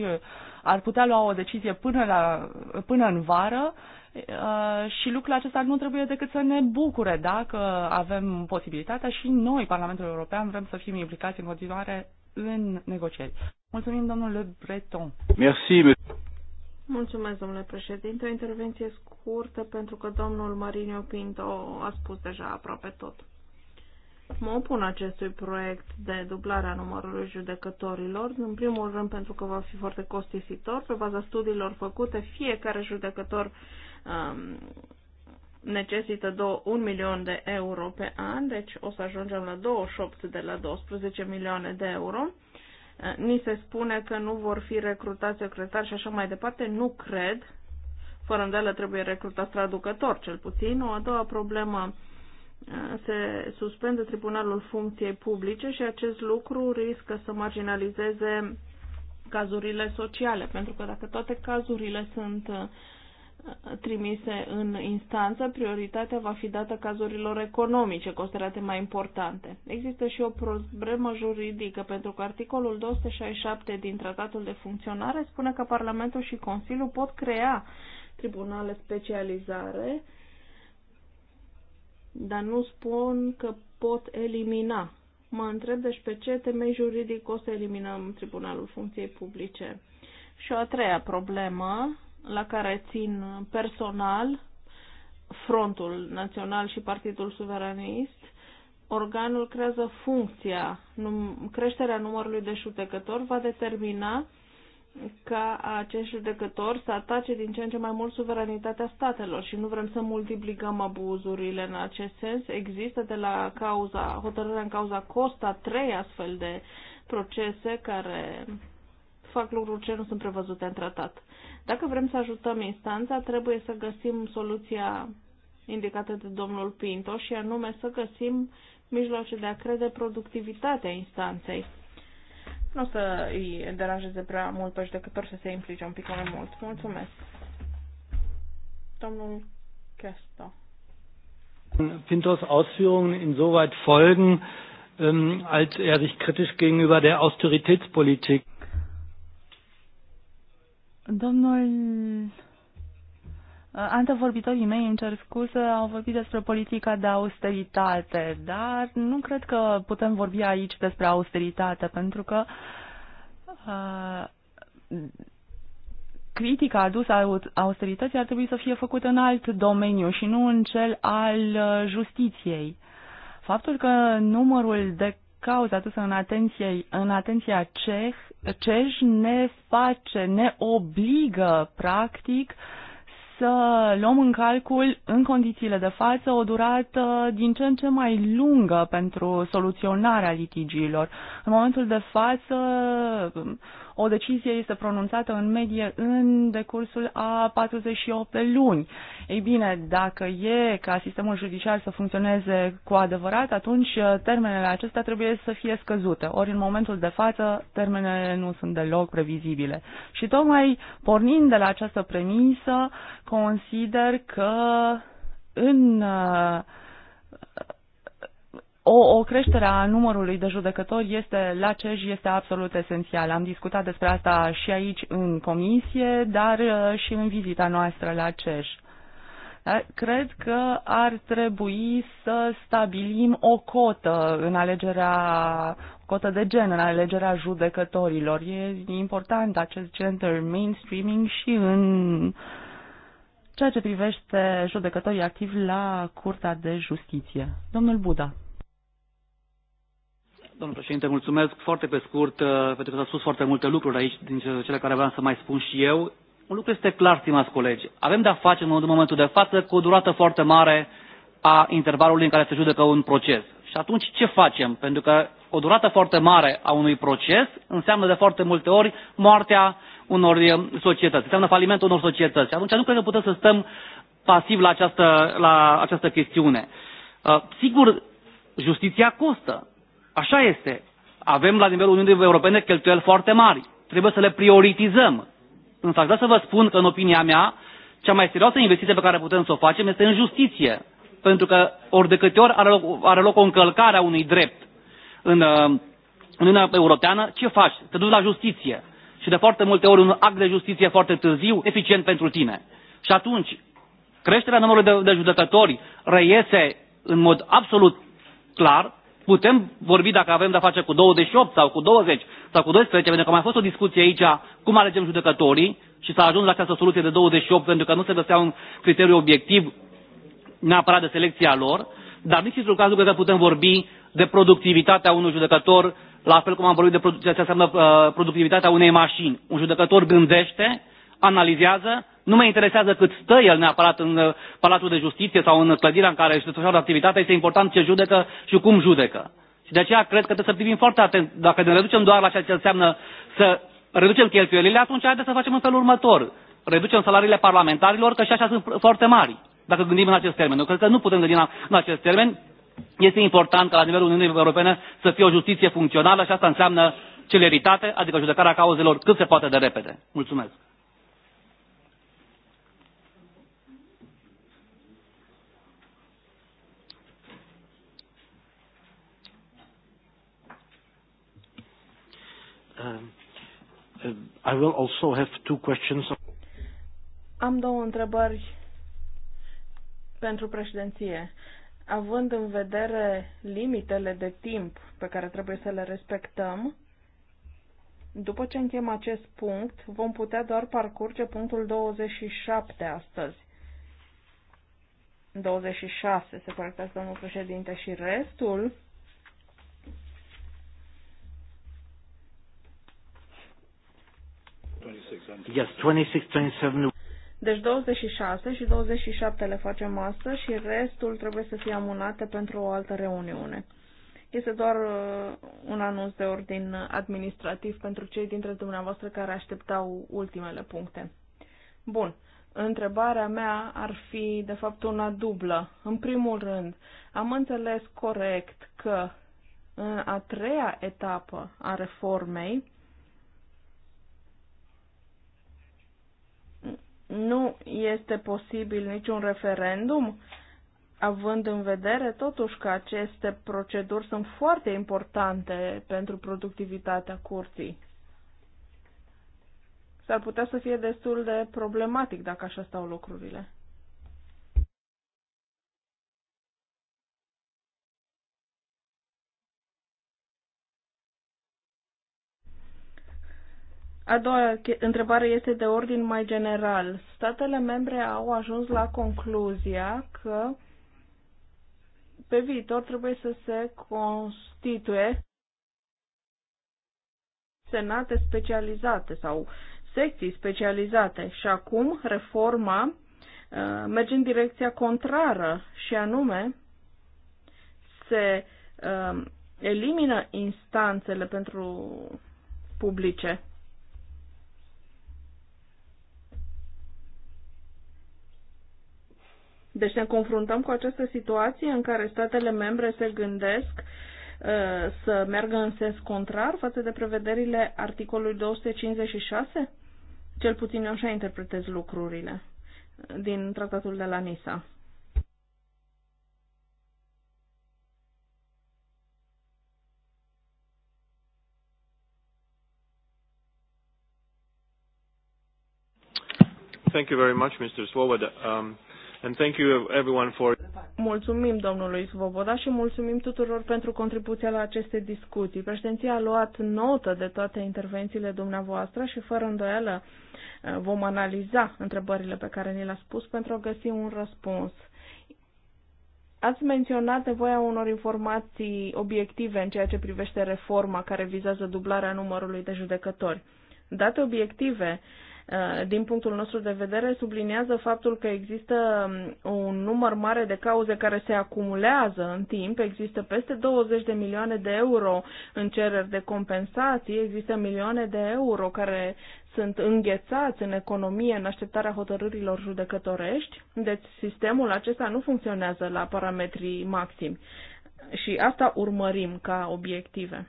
ar putea lua o decizie până, la, până în vară Uh, și lucrul acesta nu trebuie decât să ne bucure dacă avem posibilitatea și noi, Parlamentul European, vrem să fim implicați în continuare în negocieri. Mulțumim, domnule Breton. Merci. Mulțumesc, domnule președinte. O intervenție scurtă pentru că domnul Marinio Pinto a spus deja aproape tot. Mă opun acestui proiect de dublare a numărului judecătorilor, în primul rând pentru că va fi foarte costisitor. Pe baza studiilor făcute, fiecare judecător um, necesită do un milion de euro pe an, deci o să ajungem la 28 de la 12 milioane de euro. Uh, ni se spune că nu vor fi recrutați secretari și așa mai departe. Nu cred. Fără îndoială trebuie recrutați traducător, cel puțin. O a doua problemă uh, se suspendă Tribunalul Funcției Publice și acest lucru riscă să marginalizeze cazurile sociale, pentru că dacă toate cazurile sunt uh, trimise în instanță, prioritatea va fi dată cazurilor economice considerate mai importante. Există și o problemă juridică, pentru că articolul 267 din Tratatul de Funcționare spune că Parlamentul și Consiliul pot crea tribunale specializare, dar nu spun că pot elimina. Mă întreb deci pe ce temei juridic o să eliminăm Tribunalul Funcției Publice. Și o a treia problemă la care țin personal, Frontul Național și Partidul Suveranist, organul creează funcția. Num- creșterea numărului de judecători va determina ca acești judecători să atace din ce în ce mai mult suveranitatea statelor și nu vrem să multiplicăm abuzurile în acest sens. Există de la cauza, hotărârea în cauza Costa trei astfel de procese care fac lucruri ce nu sunt prevăzute în tratat. Dacă vrem să ajutăm instanța, trebuie să găsim soluția indicată de domnul Pinto și anume să găsim mijloace de a crede productivitatea instanței. Nu o să îi deranjeze prea mult pe judecător să se implice un pic mai mult. Mulțumesc. Domnul Chesto. Pintos Ausführungen insoweit folgen, ähm, als er sich kritisch gegenüber der Austeritätspolitik Domnul uh, Antevorbitorii mei, îmi cer scuze, au vorbit despre politica de austeritate, dar nu cred că putem vorbi aici despre austeritate, pentru că uh, critica adusă austerității ar trebui să fie făcută în alt domeniu și nu în cel al uh, justiției. Faptul că numărul de cauza adusă în, atenție, în atenția ceh, ceh ne face, ne obligă practic să luăm în calcul în condițiile de față o durată din ce în ce mai lungă pentru soluționarea litigiilor. În momentul de față, o decizie este pronunțată în medie în decursul a 48 de luni. Ei bine, dacă e ca sistemul judiciar să funcționeze cu adevărat, atunci uh, termenele acestea trebuie să fie scăzute. Ori în momentul de față termenele nu sunt deloc previzibile. Și tocmai pornind de la această premisă, consider că în uh, o, o creștere a numărului de judecători este la CEJ este absolut esențial. Am discutat despre asta și aici în comisie, dar uh, și în vizita noastră la CEJ. Da, cred că ar trebui să stabilim o cotă în alegerea cotă de gen în alegerea judecătorilor. E important acest gender mainstreaming și în ceea ce privește judecătorii activi la Curtea de Justiție. Domnul Buda. Domnul președinte, mulțumesc foarte pe scurt, uh, pentru că s-au spus foarte multe lucruri aici, din cele care vreau să mai spun și eu. Un lucru este clar, stimați colegi. Avem de-a face în momentul de față cu o durată foarte mare a intervalului în care se judecă un proces. Și atunci ce facem? Pentru că o durată foarte mare a unui proces înseamnă de foarte multe ori moartea unor uh, societăți, înseamnă falimentul unor societăți. Și atunci nu cred că putem să stăm pasiv la această, la această chestiune. Uh, sigur, justiția costă. Așa este. Avem la nivelul Uniunii Europene cheltuieli foarte mari. Trebuie să le prioritizăm. Însă aș vrea să vă spun că, în opinia mea, cea mai serioasă investiție pe care putem să o facem este în justiție. Pentru că ori de câte ori are loc, are loc o încălcare a unui drept în uh, Uniunea Europeană, ce faci? Te duci la justiție. Și de foarte multe ori un act de justiție foarte târziu, eficient pentru tine. Și atunci, creșterea numărului de, de judecători reiese în mod absolut clar Putem vorbi dacă avem de-a face cu 28 sau cu 20 sau cu 12, pentru că mai a fost o discuție aici cum alegem judecătorii și s-a ajuns la această soluție de 28 pentru că nu se găsea un criteriu obiectiv neapărat de selecția lor, dar nici într-un caz nu că putem vorbi de productivitatea unui judecător, la fel cum am vorbit de ce înseamnă uh, productivitatea unei mașini. Un judecător gândește, analizează nu mă interesează cât stă el neapărat în uh, Palatul de Justiție sau în clădirea în care își desfășoară activitatea, este important ce judecă și cum judecă. Și de aceea cred că trebuie să privim foarte atent. Dacă ne reducem doar la ceea ce înseamnă să reducem cheltuielile, atunci haideți să facem în felul următor. Reducem salariile parlamentarilor, că și așa sunt foarte mari, dacă gândim în acest termen. Eu cred că nu putem gândi în acest termen. Este important ca la nivelul Uniunii Europene să fie o justiție funcțională și asta înseamnă celeritate, adică judecarea cauzelor cât se poate de repede. Mulțumesc! Um, uh, I will also have two questions. Am două întrebări pentru președinție. Având în vedere limitele de timp pe care trebuie să le respectăm, după ce încheiem acest punct, vom putea doar parcurge punctul 27 astăzi. 26 se corectează domnul președinte și restul Yes, 26, 27. Deci 26 și 27 le facem astăzi și restul trebuie să fie amânate pentru o altă reuniune. Este doar uh, un anunț de ordin administrativ pentru cei dintre dumneavoastră care așteptau ultimele puncte. Bun. Întrebarea mea ar fi, de fapt, una dublă. În primul rând, am înțeles corect că în uh, a treia etapă a reformei, nu este posibil niciun referendum, având în vedere totuși că aceste proceduri sunt foarte importante pentru productivitatea curții. S-ar putea să fie destul de problematic dacă așa stau lucrurile. A doua întrebare este de ordin mai general. Statele membre au ajuns la concluzia că pe viitor trebuie să se constituie senate specializate sau secții specializate și acum reforma uh, merge în direcția contrară și anume se uh, elimină instanțele pentru publice Deci ne confruntăm cu această situație în care statele membre se gândesc uh, să meargă în sens contrar față de prevederile articolului 256? Cel puțin eu așa interpretez lucrurile din tratatul de la Nisa. Thank you very much, Mr. Swoboda. Um, And thank you everyone for... Mulțumim domnului Svoboda și mulțumim tuturor pentru contribuția la aceste discuții. Președinția a luat notă de toate intervențiile dumneavoastră și fără îndoială vom analiza întrebările pe care ni le-a spus pentru a găsi un răspuns. Ați menționat nevoia unor informații obiective în ceea ce privește reforma care vizează dublarea numărului de judecători. Date obiective Eh, din punctul nostru de vedere, subliniază faptul că există mm, un număr mare de cauze care se acumulează în timp. Există peste 20 de milioane de euro în cereri de compensații, există milioane de euro care sunt înghețați în economie în așteptarea hotărârilor judecătorești, deci sistemul acesta nu funcționează la parametrii maximi. Și asta urmărim ca obiective.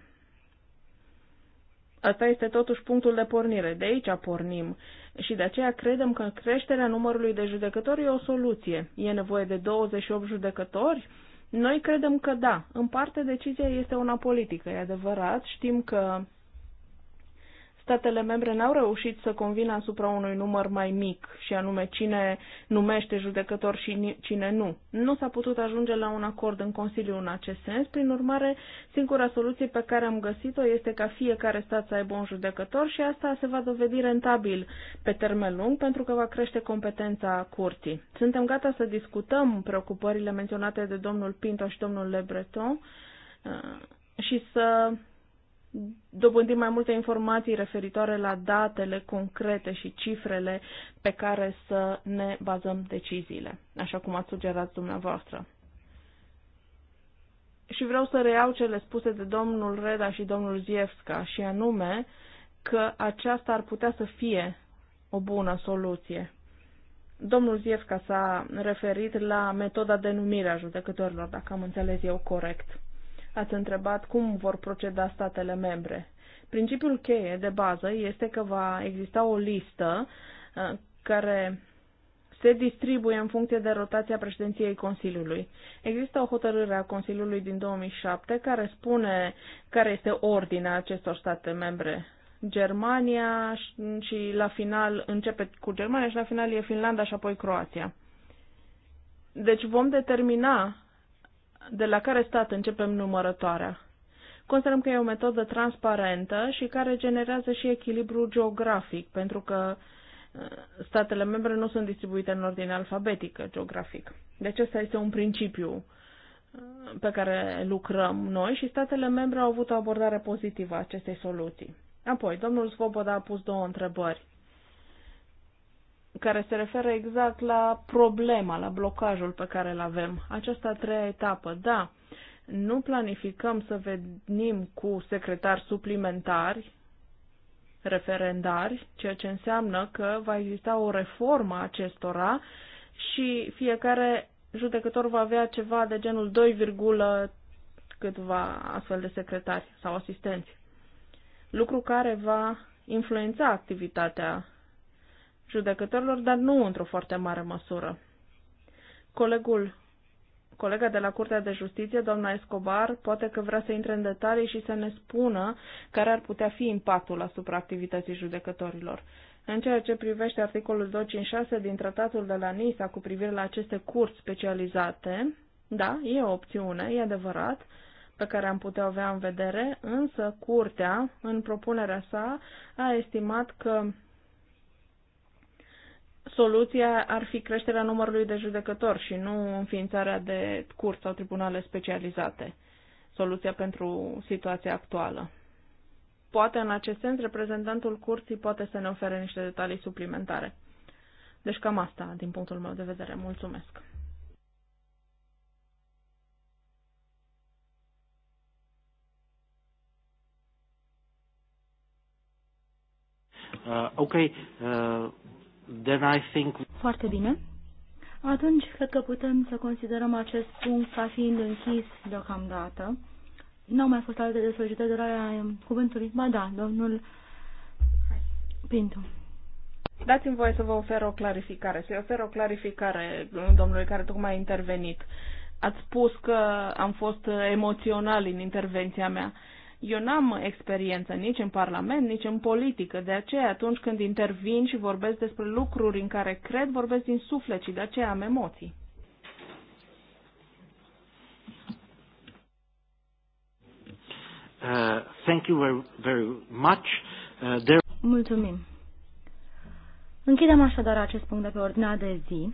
Asta este totuși punctul de pornire. De aici pornim și de aceea credem că creșterea numărului de judecători e o soluție. E nevoie de 28 judecători? Noi credem că da. În parte decizia este una politică, e adevărat. Știm că statele membre n-au reușit să convină asupra unui număr mai mic, și anume cine numește judecător și cine nu. Nu s-a putut ajunge la un acord în Consiliu în acest sens, prin urmare, singura soluție pe care am găsit-o este ca fiecare stat să aibă un judecător și asta se va dovedi rentabil pe termen lung pentru că va crește competența curții. Suntem gata să discutăm preocupările menționate de domnul Pinto și domnul Lebreton uh, și să dobândim mai multe informații referitoare la datele concrete și cifrele pe care să ne bazăm deciziile, așa cum ați sugerat dumneavoastră. Și vreau să reiau cele spuse de domnul Reda și domnul Zievska, și anume că aceasta ar putea să fie o bună soluție. Domnul Zievska s-a referit la metoda de numire a judecătorilor, dacă am înțeles eu corect. Ați întrebat cum vor proceda statele membre. Principiul cheie de bază este că va exista o listă uh, care se distribuie în funcție de rotația președinției Consiliului. Există o hotărâre a Consiliului din 2007 care spune care este ordinea acestor state membre. Germania și la final începe cu Germania și la final e Finlanda și apoi Croația. Deci vom determina de la care stat începem numărătoarea. Considerăm că e o metodă transparentă și care generează și echilibru geografic, pentru că uh, statele membre nu sunt distribuite în ordine alfabetică geografic. Deci ăsta este un principiu uh, pe care lucrăm noi și statele membre au avut o abordare pozitivă a acestei soluții. Apoi, domnul Svoboda a pus două întrebări care se referă exact la problema, la blocajul pe care îl avem. Aceasta a treia etapă, da, nu planificăm să venim cu secretari suplimentari, referendari, ceea ce înseamnă că va exista o reformă a acestora și fiecare judecător va avea ceva de genul 2, câtva astfel de secretari sau asistenți. Lucru care va influența activitatea judecătorilor, dar nu într-o foarte mare măsură. Colegul, colega de la Curtea de Justiție, doamna Escobar, poate că vrea să intre în detalii și să ne spună care ar putea fi impactul asupra activității judecătorilor. În ceea ce privește articolul 256 din tratatul de la Nisa cu privire la aceste curți specializate, da, e o opțiune, e adevărat, pe care am putea avea în vedere, însă curtea, în propunerea sa, a estimat că soluția ar fi creșterea numărului de judecători și nu înființarea de curți sau tribunale specializate, soluția pentru situația actuală. Poate în acest sens reprezentantul curții poate să ne ofere niște detalii suplimentare. Deci cam asta din punctul meu de vedere. Mulțumesc! Uh, okay, uh, then I think... Foarte bine. Atunci, cred că putem să considerăm acest punct ca fiind închis deocamdată. Nu au mai fost alte de de rarea cuvântului. Ba da, domnul Pintu. Dați-mi voie să vă ofer o clarificare, să-i ofer o clarificare domnului care tocmai a intervenit. Ați spus că am fost emoțional în intervenția mea. Uh, eu n-am experiență nici în Parlament, nici în politică, de aceea atunci când intervin și vorbesc despre lucruri în care cred, vorbesc din suflet și de aceea am emoții. Uh, thank you very, very much. Uh, there... Mulțumim. Închidem așadar acest punct de pe ordinea de zi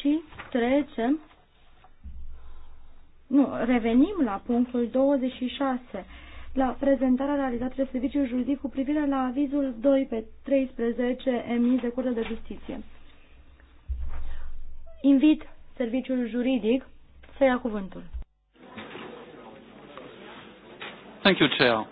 și trecem nu, revenim la punctul 26, la prezentarea realizată de serviciul juridic cu privire la avizul 2 pe 13 emis de Curtea de Justiție. Invit serviciul juridic să ia cuvântul. Thank you, Chair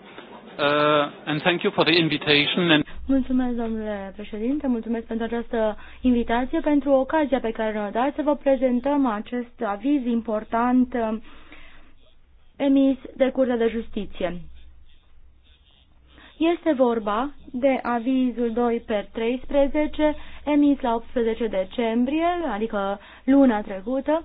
uh, and thank you for the invitation. And... Mulțumesc, domnule președinte, mulțumesc pentru această invitație, pentru ocazia pe care ne-o dați să vă prezentăm acest aviz important uh, emis de Curtea de Justiție. Este vorba de avizul 2 per 13 emis la 18 decembrie, adică luna trecută,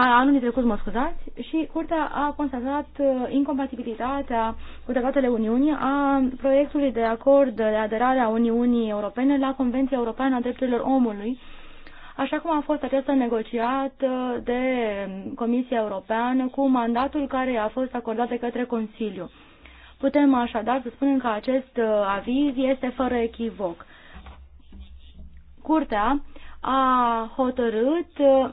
anului trecut, mă scuzați, și Curtea a constatat uh, incompatibilitatea cu tratatele Uniunii a proiectului de acord de aderare a Uniunii Europene la Convenția Europeană a Drepturilor Omului, așa cum a fost acesta negociat de Comisia Europeană cu mandatul care a fost acordat de către Consiliu. Putem așadar să spunem că acest uh, aviz este fără echivoc. Curtea a hotărât uh,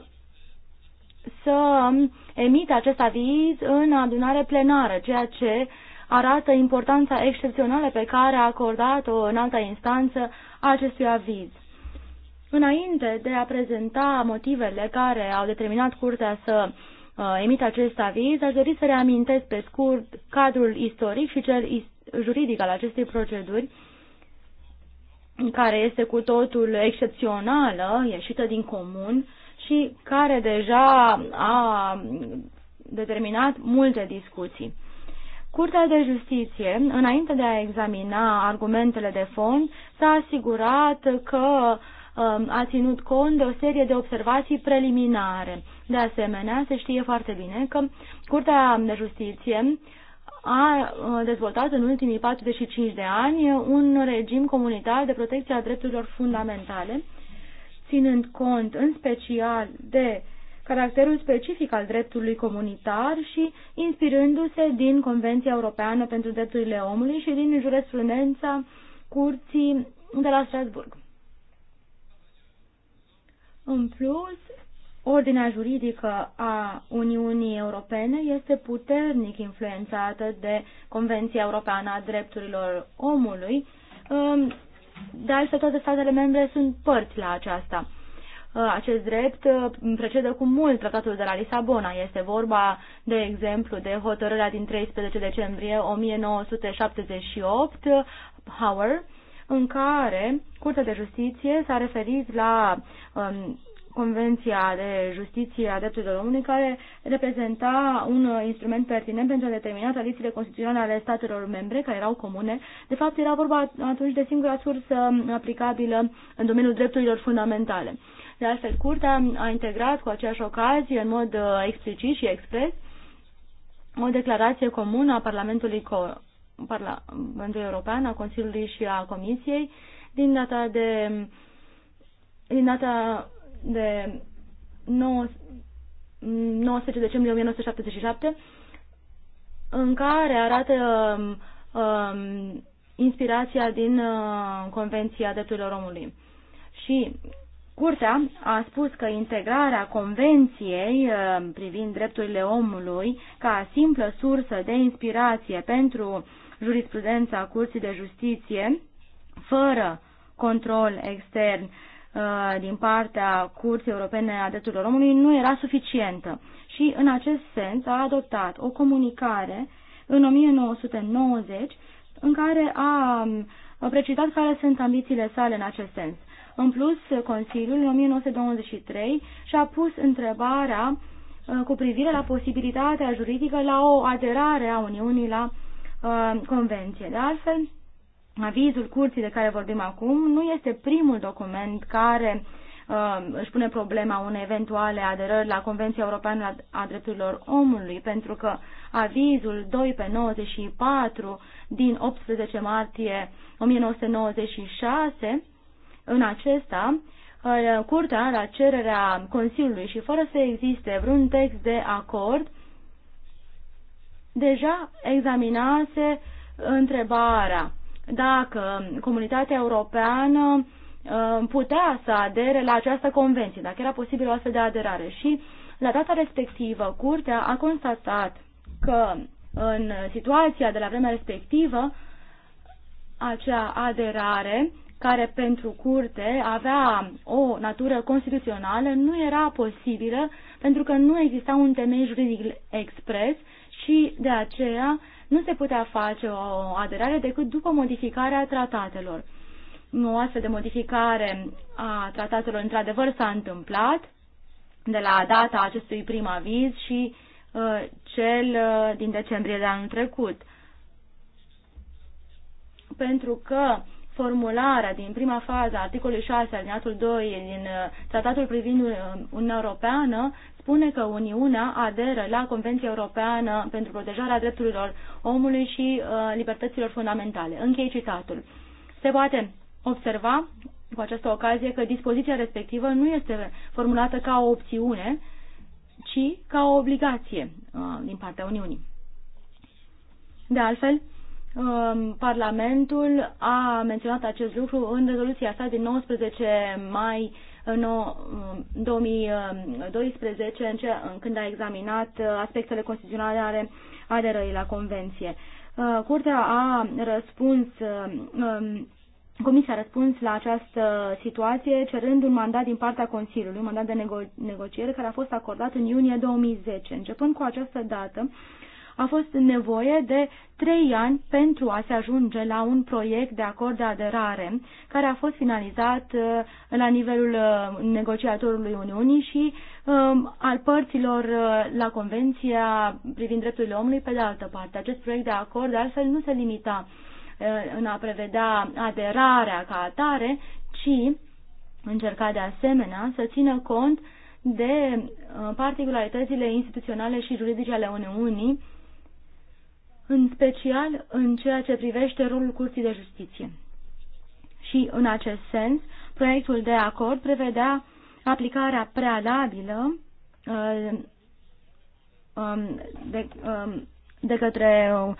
să emită acest aviz în adunare plenară, ceea ce arată importanța excepțională pe care a acordat-o în alta instanță acestui aviz. Înainte de a prezenta motivele care au determinat curtea să uh, emită acest aviz, aș dori să reamintesc pe scurt cadrul istoric și cel juridic al acestei proceduri, care este cu totul excepțională, ieșită din comun, și care deja a determinat multe discuții. Curtea de Justiție, înainte de a examina argumentele de fond, s-a asigurat că um, a ținut cont de o serie de observații preliminare. De asemenea, se știe foarte bine că Curtea de Justiție a uh, dezvoltat în ultimii 45 de ani un regim comunitar de protecție a drepturilor fundamentale, ținând cont în special de caracterul specific al dreptului comunitar și inspirându-se din Convenția Europeană pentru Drepturile Omului și din jurisprudența Curții de la Strasburg. În plus, ordinea juridică a Uniunii Europene este puternic influențată de Convenția Europeană a Drepturilor Omului, um, de altfel toate statele membre sunt părți la aceasta. Uh, acest drept uh, precedă cu mult tratatul de la Lisabona. Este vorba, de exemplu, de hotărârea din 13 decembrie 1978, Hauer, în care Curtea de Justiție s-a referit la um, Convenția de Justiție a Drepturilor Omului, care reprezenta un uh, instrument pertinent pentru a determina tradițiile constituționale ale statelor membre, care erau comune. De fapt, era vorba atunci de singura sursă um, aplicabilă în domeniul drepturilor fundamentale. De altfel, Curtea a integrat cu aceeași ocazie, în mod uh, explicit și expres, o declarație comună a Parlamentului, Co- Parlamentului European, a Consiliului și a Comisiei din data de um, din data de 9, 19 decembrie 1977, în care arată um, um, inspirația din uh, Convenția Drepturilor Omului. Și Curtea a spus că integrarea Convenției uh, privind drepturile omului ca simplă sursă de inspirație pentru jurisprudența Curții de Justiție, fără control extern Uh, din partea Curții Europene a Drepturilor Omului nu era suficientă și în acest sens a adoptat o comunicare în 1990 în care a precizat care sunt ambițiile sale în acest sens. În plus, Consiliul în 1923 și-a pus întrebarea uh, cu privire la posibilitatea juridică la o aderare a Uniunii la uh, Convenție. De altfel, Avizul curții de care vorbim acum nu este primul document care uh, își pune problema unei eventuale aderări la Convenția Europeană a Drepturilor Omului, pentru că avizul 2 pe 94 din 18 martie 1996, în acesta, uh, curtea, la cererea Consiliului și fără să existe vreun text de acord, deja examinase întrebarea dacă comunitatea europeană uh, putea să adere la această convenție, dacă era posibil o astfel de aderare. Și la data respectivă, curtea a constatat că în situația de la vremea respectivă, acea aderare, care pentru curte avea o natură constituțională, nu era posibilă pentru că nu exista un temei juridic expres și de aceea nu se putea face o aderare decât după modificarea tratatelor. O astfel de modificare a tratatelor într-adevăr s-a întâmplat de la data acestui prim aviz și uh, cel uh, din decembrie de anul trecut. Pentru că uh, formularea din prima fază a articolului 6 alineatul 2 din uh, tratatul privind uh, Uniunea Europeană spune că Uniunea aderă la Convenția Europeană pentru protejarea drepturilor omului și uh, libertăților fundamentale. Închei citatul. Se poate observa cu această ocazie că dispoziția respectivă nu este formulată ca o opțiune, ci ca o obligație uh, din partea Uniunii. De altfel, Um, Parlamentul a menționat acest lucru în rezoluția sa din 19 mai 2012, um, în ce, când a examinat uh, aspectele constituționale ale aderării la Convenție. Uh, Curtea a răspuns, uh, um, Comisia a răspuns la această situație cerând un mandat din partea Consiliului, un mandat de nego negociere care a fost acordat în iunie 2010. Începând cu această dată, a fost nevoie de trei ani pentru a se ajunge la un proiect de acord de aderare care a fost finalizat uh, la nivelul uh, negociatorului Uniunii și um, al părților uh, la Convenția privind drepturile omului pe de altă parte. Acest proiect de acord de altfel nu se limita în a prevedea aderarea ca atare, ci încerca de asemenea să țină cont de particularitățile instituționale și juridice ale Uniunii în special în ceea ce privește rolul Curții de Justiție. Și, în acest sens, proiectul de acord prevedea aplicarea prealabilă uh, um, de, um, de către uh,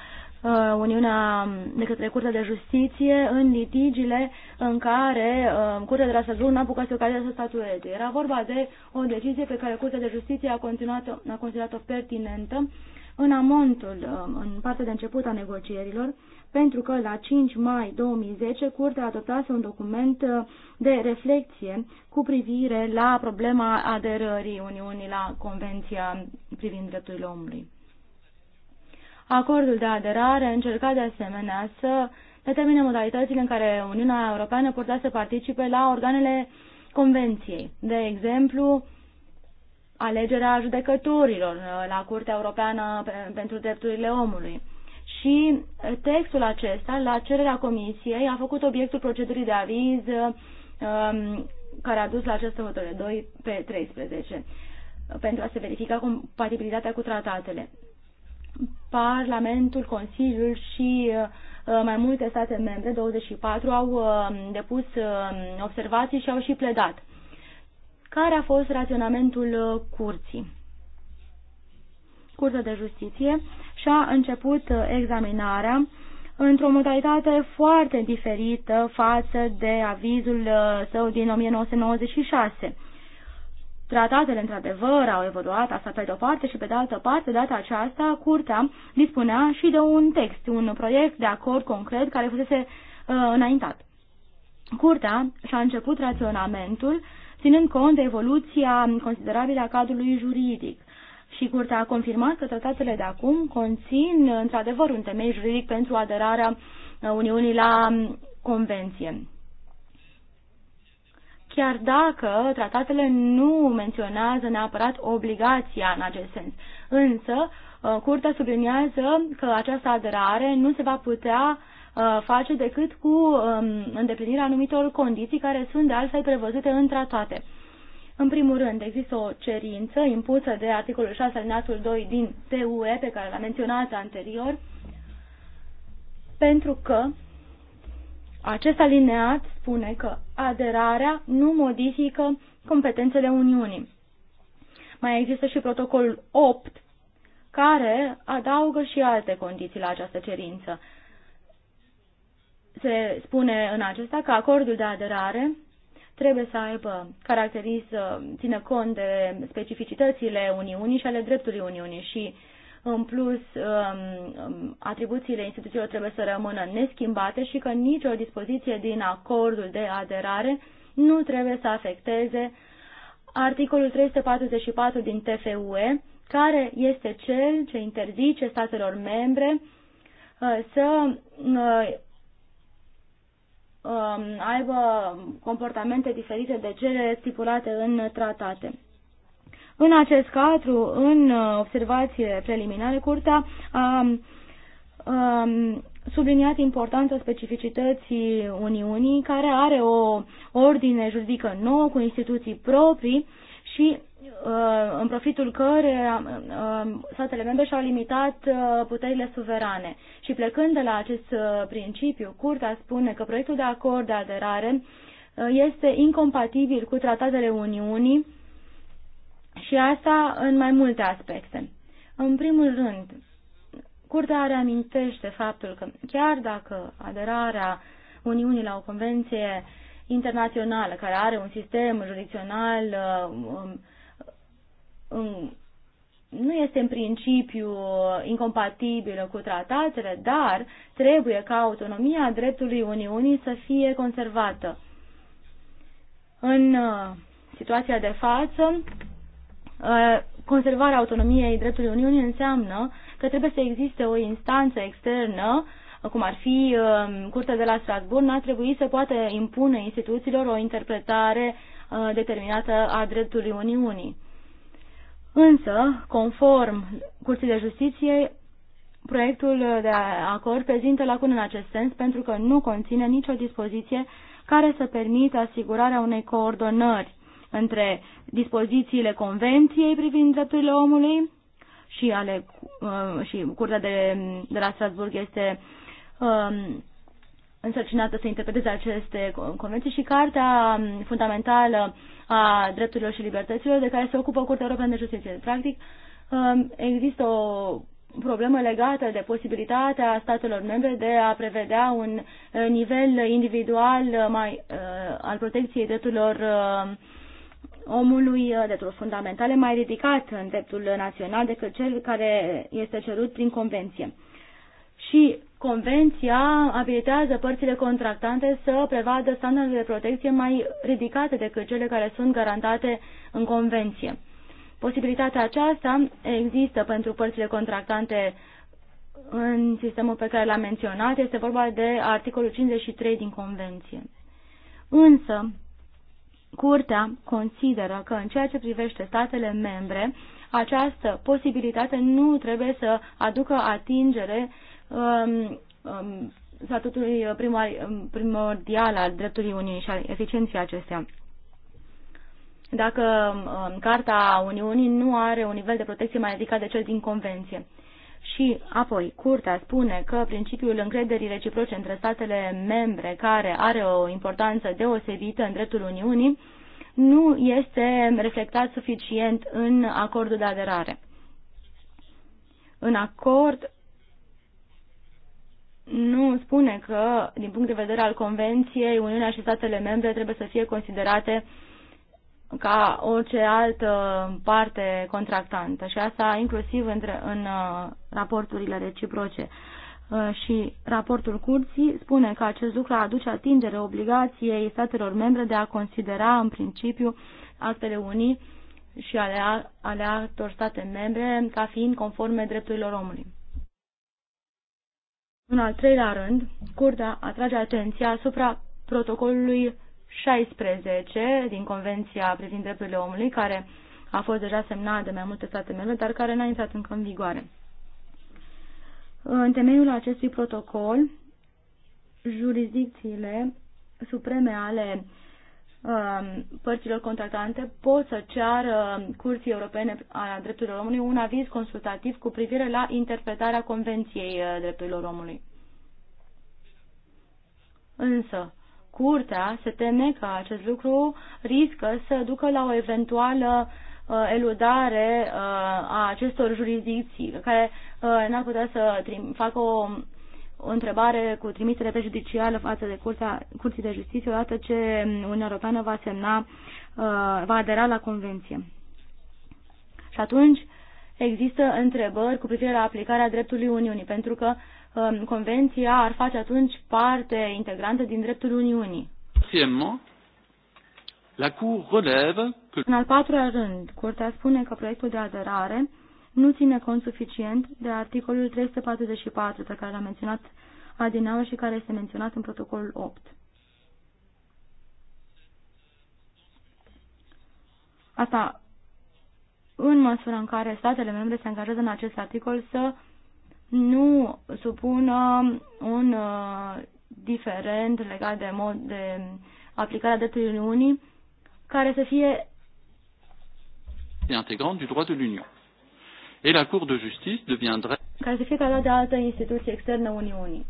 Uniunea de către Curtea de Justiție în litigiile în care uh, Curtea de la Strasbourg n-a să ocazia să statueze. Era vorba de o decizie pe care Curtea de Justiție a continuat-o, a considerat o pertinentă în amontul, uh, în partea de început a negocierilor, pentru că la 5 mai 2010 Curtea adoptase un document uh, de reflexie cu privire la problema aderării Uniunii la Convenția privind drepturile omului. Acordul de aderare încerca de asemenea să determine modalitățile în care Uniunea Europeană putea să participe la organele Convenției, de exemplu, alegerea judecătorilor uh, la Curtea Europeană pentru Drepturile Omului. Și uh, textul acesta, la cererea Comisiei, a făcut obiectul procedurii de aviz uh, um, care a dus la această hotărâre 2 pe 13 pentru a se verifica compatibilitatea cu tratatele. Parlamentul, Consiliul și mai multe state membre, 24, au depus observații și au și pledat. Care a fost raționamentul uh, curții? Curtea de Justiție și-a început uh, examinarea într-o modalitate foarte diferită față de avizul uh, său din 1996. Tratatele, într-adevăr, au evoluat, asta pe de-o parte și pe de altă parte, data aceasta, curtea dispunea și de un text, un proiect de acord concret care fusese uh, înaintat. Curtea și-a început raționamentul ținând cont de evoluția considerabilă a cadrului juridic. Și Curtea a confirmat că tratatele de acum conțin într-adevăr un temei juridic pentru aderarea uh, Uniunii la um, Convenție. Chiar dacă tratatele nu menționează neapărat obligația în acest sens, însă uh, Curtea subliniază că această aderare nu se va putea uh, Uh, face decât cu um, îndeplinirea anumitor condiții care sunt de altfel prevăzute în tratate. În primul rând, există o cerință impusă de articolul 6 alineatul 2 din TUE, pe care l-am menționat anterior, pentru că acest alineat spune că aderarea nu modifică competențele Uniunii. Mai există și protocolul 8, care adaugă și alte condiții la această cerință se spune în acesta că acordul de aderare trebuie să aibă caracteriz, să țină cont de specificitățile Uniunii și ale dreptului Uniunii și în plus, um, um, atribuțiile instituțiilor trebuie să rămână neschimbate și că nicio dispoziție din acordul de aderare nu trebuie să afecteze articolul 344 din TFUE, care este cel ce interzice statelor membre uh, să uh, Um, aibă comportamente diferite de cele stipulate în tratate. În acest cadru, în uh, observație preliminare, Curtea a, a um, subliniat importanța specificității Uniunii, care are o ordine juridică nouă cu instituții proprii și Uh, în profitul căre uh, statele membre și-au limitat uh, puterile suverane. Și plecând de la acest principiu, Curtea spune că proiectul de acord de aderare este incompatibil cu tratatele Uniunii și asta în mai multe aspecte. În primul rând, Curtea reamintește faptul că chiar dacă aderarea Uniunii la o convenție internațională care are un sistem jurisdicțional um, Mm, nu este în principiu incompatibilă cu tratatele, dar trebuie ca autonomia dreptului Uniunii să fie conservată. În uh, situația de față, uh, conservarea autonomiei dreptului Uniunii înseamnă că trebuie să existe o instanță externă, cum ar fi um, Curtea de la Strasbourg, n-ar trebui să poată impune instituțiilor o interpretare uh, determinată a dreptului Uniunii Însă, conform Curții de Justiție, proiectul de acord prezintă lacune în acest sens pentru că nu conține nicio dispoziție care să permită asigurarea unei coordonări între dispozițiile Convenției privind drepturile omului și, ale, uh, și Curtea de, de la Strasburg este um, însărcinată să interpreteze aceste convenții și Cartea um, Fundamentală a drepturilor și libertăților de care se ocupă Curtea Europeană de Justiție. Practic, um, există o problemă legată de posibilitatea statelor membre de a prevedea un uh, nivel individual uh, mai, uh, al protecției drepturilor omului, drepturilor fundamentale, mai ridicat în dreptul național decât cel care este cerut prin convenție. Și Convenția abilitează părțile contractante să prevadă standarde de protecție mai ridicate decât cele care sunt garantate în Convenție. Posibilitatea aceasta există pentru părțile contractante în sistemul pe care l-am menționat. Este vorba de articolul 53 din Convenție. Însă, Curtea consideră că în ceea ce privește statele membre, această posibilitate nu trebuie să aducă atingere um, um, statutului primordial al dreptului Uniunii și al eficienței acestea. Dacă um, Carta Uniunii nu are un nivel de protecție mai ridicat de cel din Convenție. Și apoi, Curtea spune că principiul încrederii reciproce între statele membre, care are o importanță deosebită în dreptul Uniunii, nu este reflectat suficient în acordul de aderare. În acord nu spune că, din punct de vedere al Convenției, Uniunea și statele membre trebuie să fie considerate ca orice altă parte contractantă și asta inclusiv între, în uh, raporturile reciproce. Uh, și raportul curții spune că acest lucru aduce atingere obligației statelor membre de a considera în principiu actele unii și ale, ale altor state membre ca fiind conforme drepturilor omului. În al treilea rând, Curtea atrage atenția asupra protocolului 16 din Convenția privind drepturile omului, care a fost deja semnat de mai multe state membre, dar care n-a intrat încă în vigoare. În temeiul acestui protocol, jurisdicțiile supreme ale Um, părților contractante pot să ceară Curții Europene a Drepturilor Omului un aviz consultativ cu privire la interpretarea Convenției uh, Drepturilor Omului. Însă, Curtea se teme că acest lucru riscă să ducă la o eventuală uh, eludare uh, a acestor jurisdicții, care n-ar putea să facă o o întrebare cu trimitere prejudicială față de Curtea, Curții de Justiție odată ce Uniunea Europeană va semna, uh, va adera la convenție. Și atunci există întrebări cu privire la aplicarea dreptului Uniunii, pentru că um, convenția ar face atunci parte integrantă din dreptul Uniunii. la Cour relève În al patrulea rând, Curtea spune că proiectul de aderare nu ține cont suficient de articolul 344 pe care l-a menționat Adinaur și care este menționat în protocolul 8. Asta în măsura în care statele membre se angajează în acest articol să nu supună un uh, diferent legat de, mod, de aplicarea dreptului Uniunii care să fie integrant du droit de l'Union et la Cour de justice deviendrait ca să fie tratat de altă instituție externă Uniunii.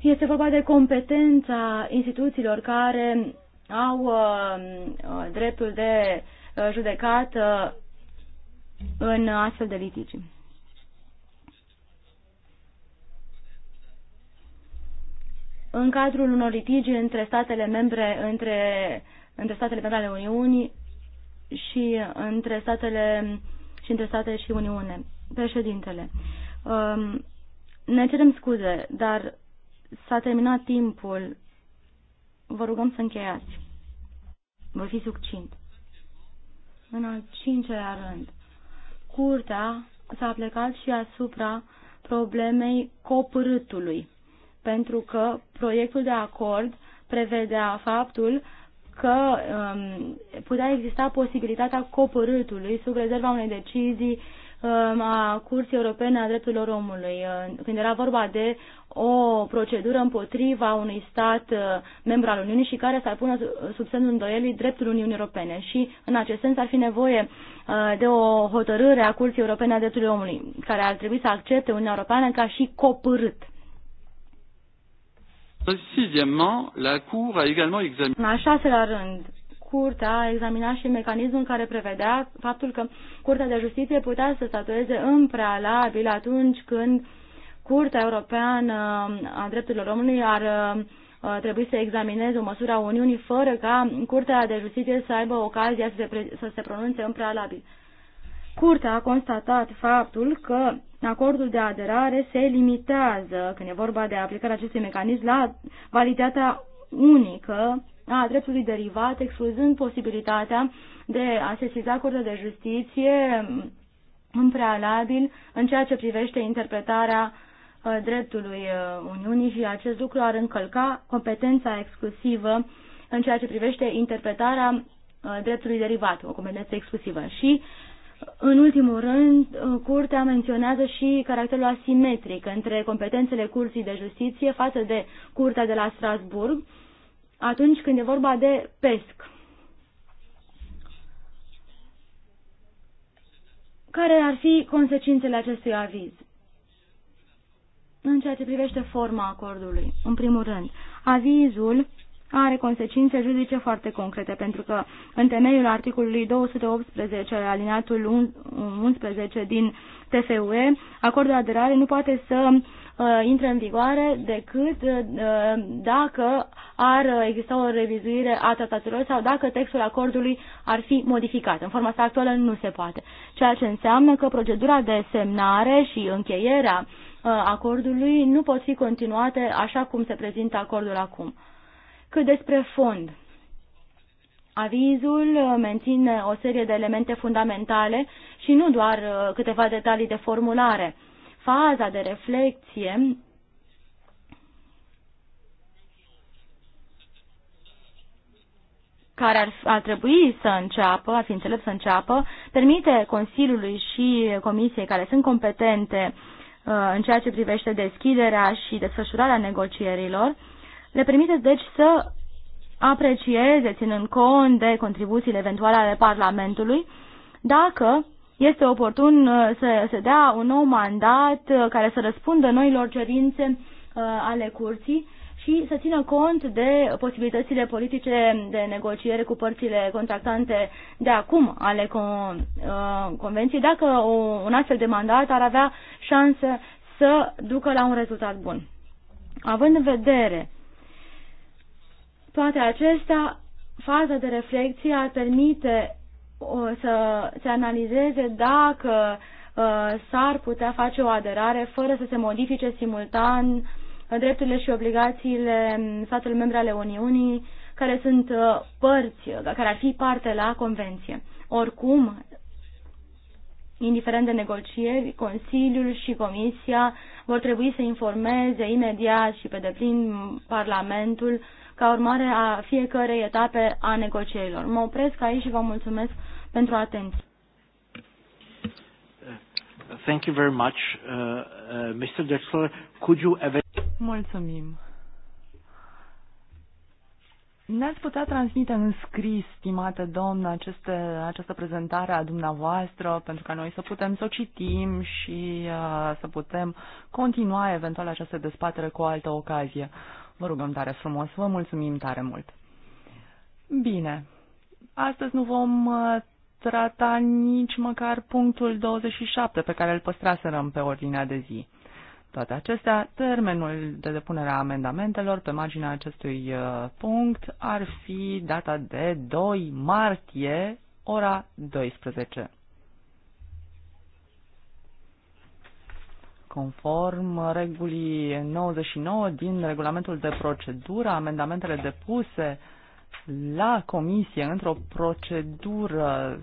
Este vorba de competența instituțiilor care au uh, uh dreptul de uh, judecat uh, în astfel de litigi. În cadrul unor litigi între statele membre, între, între statele membre ale Uniunii și între statele și între state și Uniune. Președintele, um, ne cerem scuze, dar s-a terminat timpul. Vă rugăm să încheiați. Voi fi succint. În al cincelea rând, curtea s-a plecat și asupra problemei copârâtului, pentru că proiectul de acord prevedea faptul că um, putea exista posibilitatea copărâtului sub rezerva unei decizii um, a Curții Europene a Drepturilor Omului, uh, când era vorba de o procedură împotriva unui stat uh, membru al Uniunii și care s-ar pune sub semnul îndoielii dreptul Uniunii Europene. Și, în acest sens, ar fi nevoie uh, de o hotărâre a Curții Europene a Drepturilor Omului, care ar trebui să accepte Uniunea Europeană ca și copărât. Sixièmement, la Cour a également examiné. În al șaselea rând, Curtea a examinat și mecanismul care prevedea faptul că Curtea de Justiție putea să statueze în prealabil atunci când Curtea Europeană a Drepturilor Omului ar uh, trebui să examineze o măsură a Uniunii fără ca Curtea de Justiție să aibă ocazia să se, pre- să se pronunțe în prealabil. Curtea a constatat faptul că acordul de aderare se limitează, când e vorba de aplicarea acestui mecanism, la validitatea unică a dreptului derivat, excluzând posibilitatea de a sesiza Curtea de Justiție în prealabil în ceea ce privește interpretarea uh, dreptului uh, Uniunii și acest lucru ar încălca competența exclusivă în ceea ce privește interpretarea uh, dreptului derivat, o competență exclusivă. Și în ultimul rând, uh, Curtea menționează și caracterul asimetric între competențele Curții de Justiție față de Curtea de la Strasburg atunci când e vorba de PESC. Care ar fi consecințele acestui aviz? În ceea ce privește forma acordului, în primul rând, avizul are consecințe juridice foarte concrete, pentru că în temeiul articolului 218, alineatul 11 din TFUE, acordul de aderare nu poate să uh, intre în vigoare decât uh, dacă ar exista o revizuire a tratatelor sau dacă textul acordului ar fi modificat. În forma sa actuală nu se poate, ceea ce înseamnă că procedura de semnare și încheierea uh, acordului nu pot fi continuate așa cum se prezintă acordul acum. Cât despre fond, avizul uh, menține o serie de elemente fundamentale și nu doar uh, câteva detalii de formulare. Faza de reflexie care ar, ar trebui să înceapă, ar fi înțelept să înceapă, permite Consiliului și Comisiei care sunt competente uh, în ceea ce privește deschiderea și desfășurarea negocierilor, le permiteți, deci, să aprecieze, ținând cont de contribuțiile eventuale ale Parlamentului, dacă este oportun uh, să se dea un nou mandat uh, care să răspundă noilor cerințe uh, ale curții și să țină cont de posibilitățile politice de negociere cu părțile contractante de acum ale convenției, dacă un astfel de mandat ar avea șansă să ducă la un rezultat bun. Având în vedere toate acestea, faza de reflexie ar permite să se analizeze dacă ă, s-ar putea face o aderare fără să se modifice simultan drepturile și obligațiile statelor membre ale Uniunii care sunt ă, părți, care ar fi parte la convenție. Oricum, indiferent de negocieri, Consiliul și Comisia vor trebui să informeze imediat și pe deplin Parlamentul uh, ca urmare a fiecărei etape a negocierilor. Mă opresc aici și vă mulțumesc pentru atenție. Thank you very much. Uh, uh, Mr. Dexler. could you Mulțumim. Ne-ați putea transmite în scris, stimată doamnă, aceste, această prezentare a dumneavoastră, pentru ca noi să putem să o citim și uh, să putem continua eventual această dezbatere cu o altă ocazie. Vă rugăm tare frumos, vă mulțumim tare mult. Bine, astăzi nu vom uh, trata nici măcar punctul 27 pe care îl păstraserăm pe ordinea de zi. Toate acestea, termenul de depunere a amendamentelor pe marginea acestui uh, punct ar fi data de 2 martie, ora 12. Conform regulii 99 din regulamentul de procedură, amendamentele depuse la comisie într-o procedură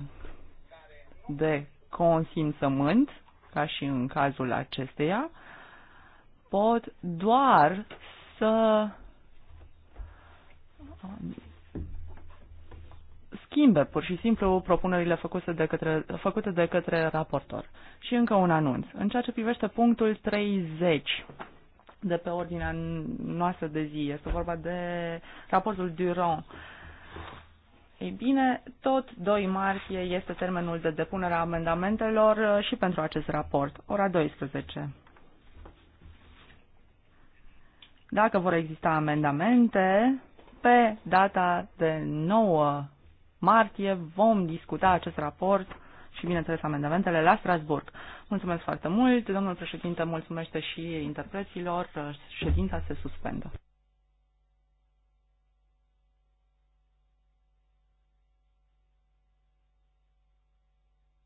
de consimțământ, ca și în cazul acesteia, pot doar să schimbe pur și simplu propunerile făcute de către, făcute de către raportor. Și încă un anunț. În ceea ce privește punctul 30 de pe ordinea noastră de zi, este vorba de raportul Durand. Ei bine, tot 2 martie este termenul de depunere a amendamentelor și pentru acest raport, ora 12. Dacă vor exista amendamente, pe data de 9 martie vom discuta acest raport și, bineînțeles, amendamentele la Strasburg. Mulțumesc foarte mult, domnul președinte, mulțumesc și interpreților, ședința se suspendă.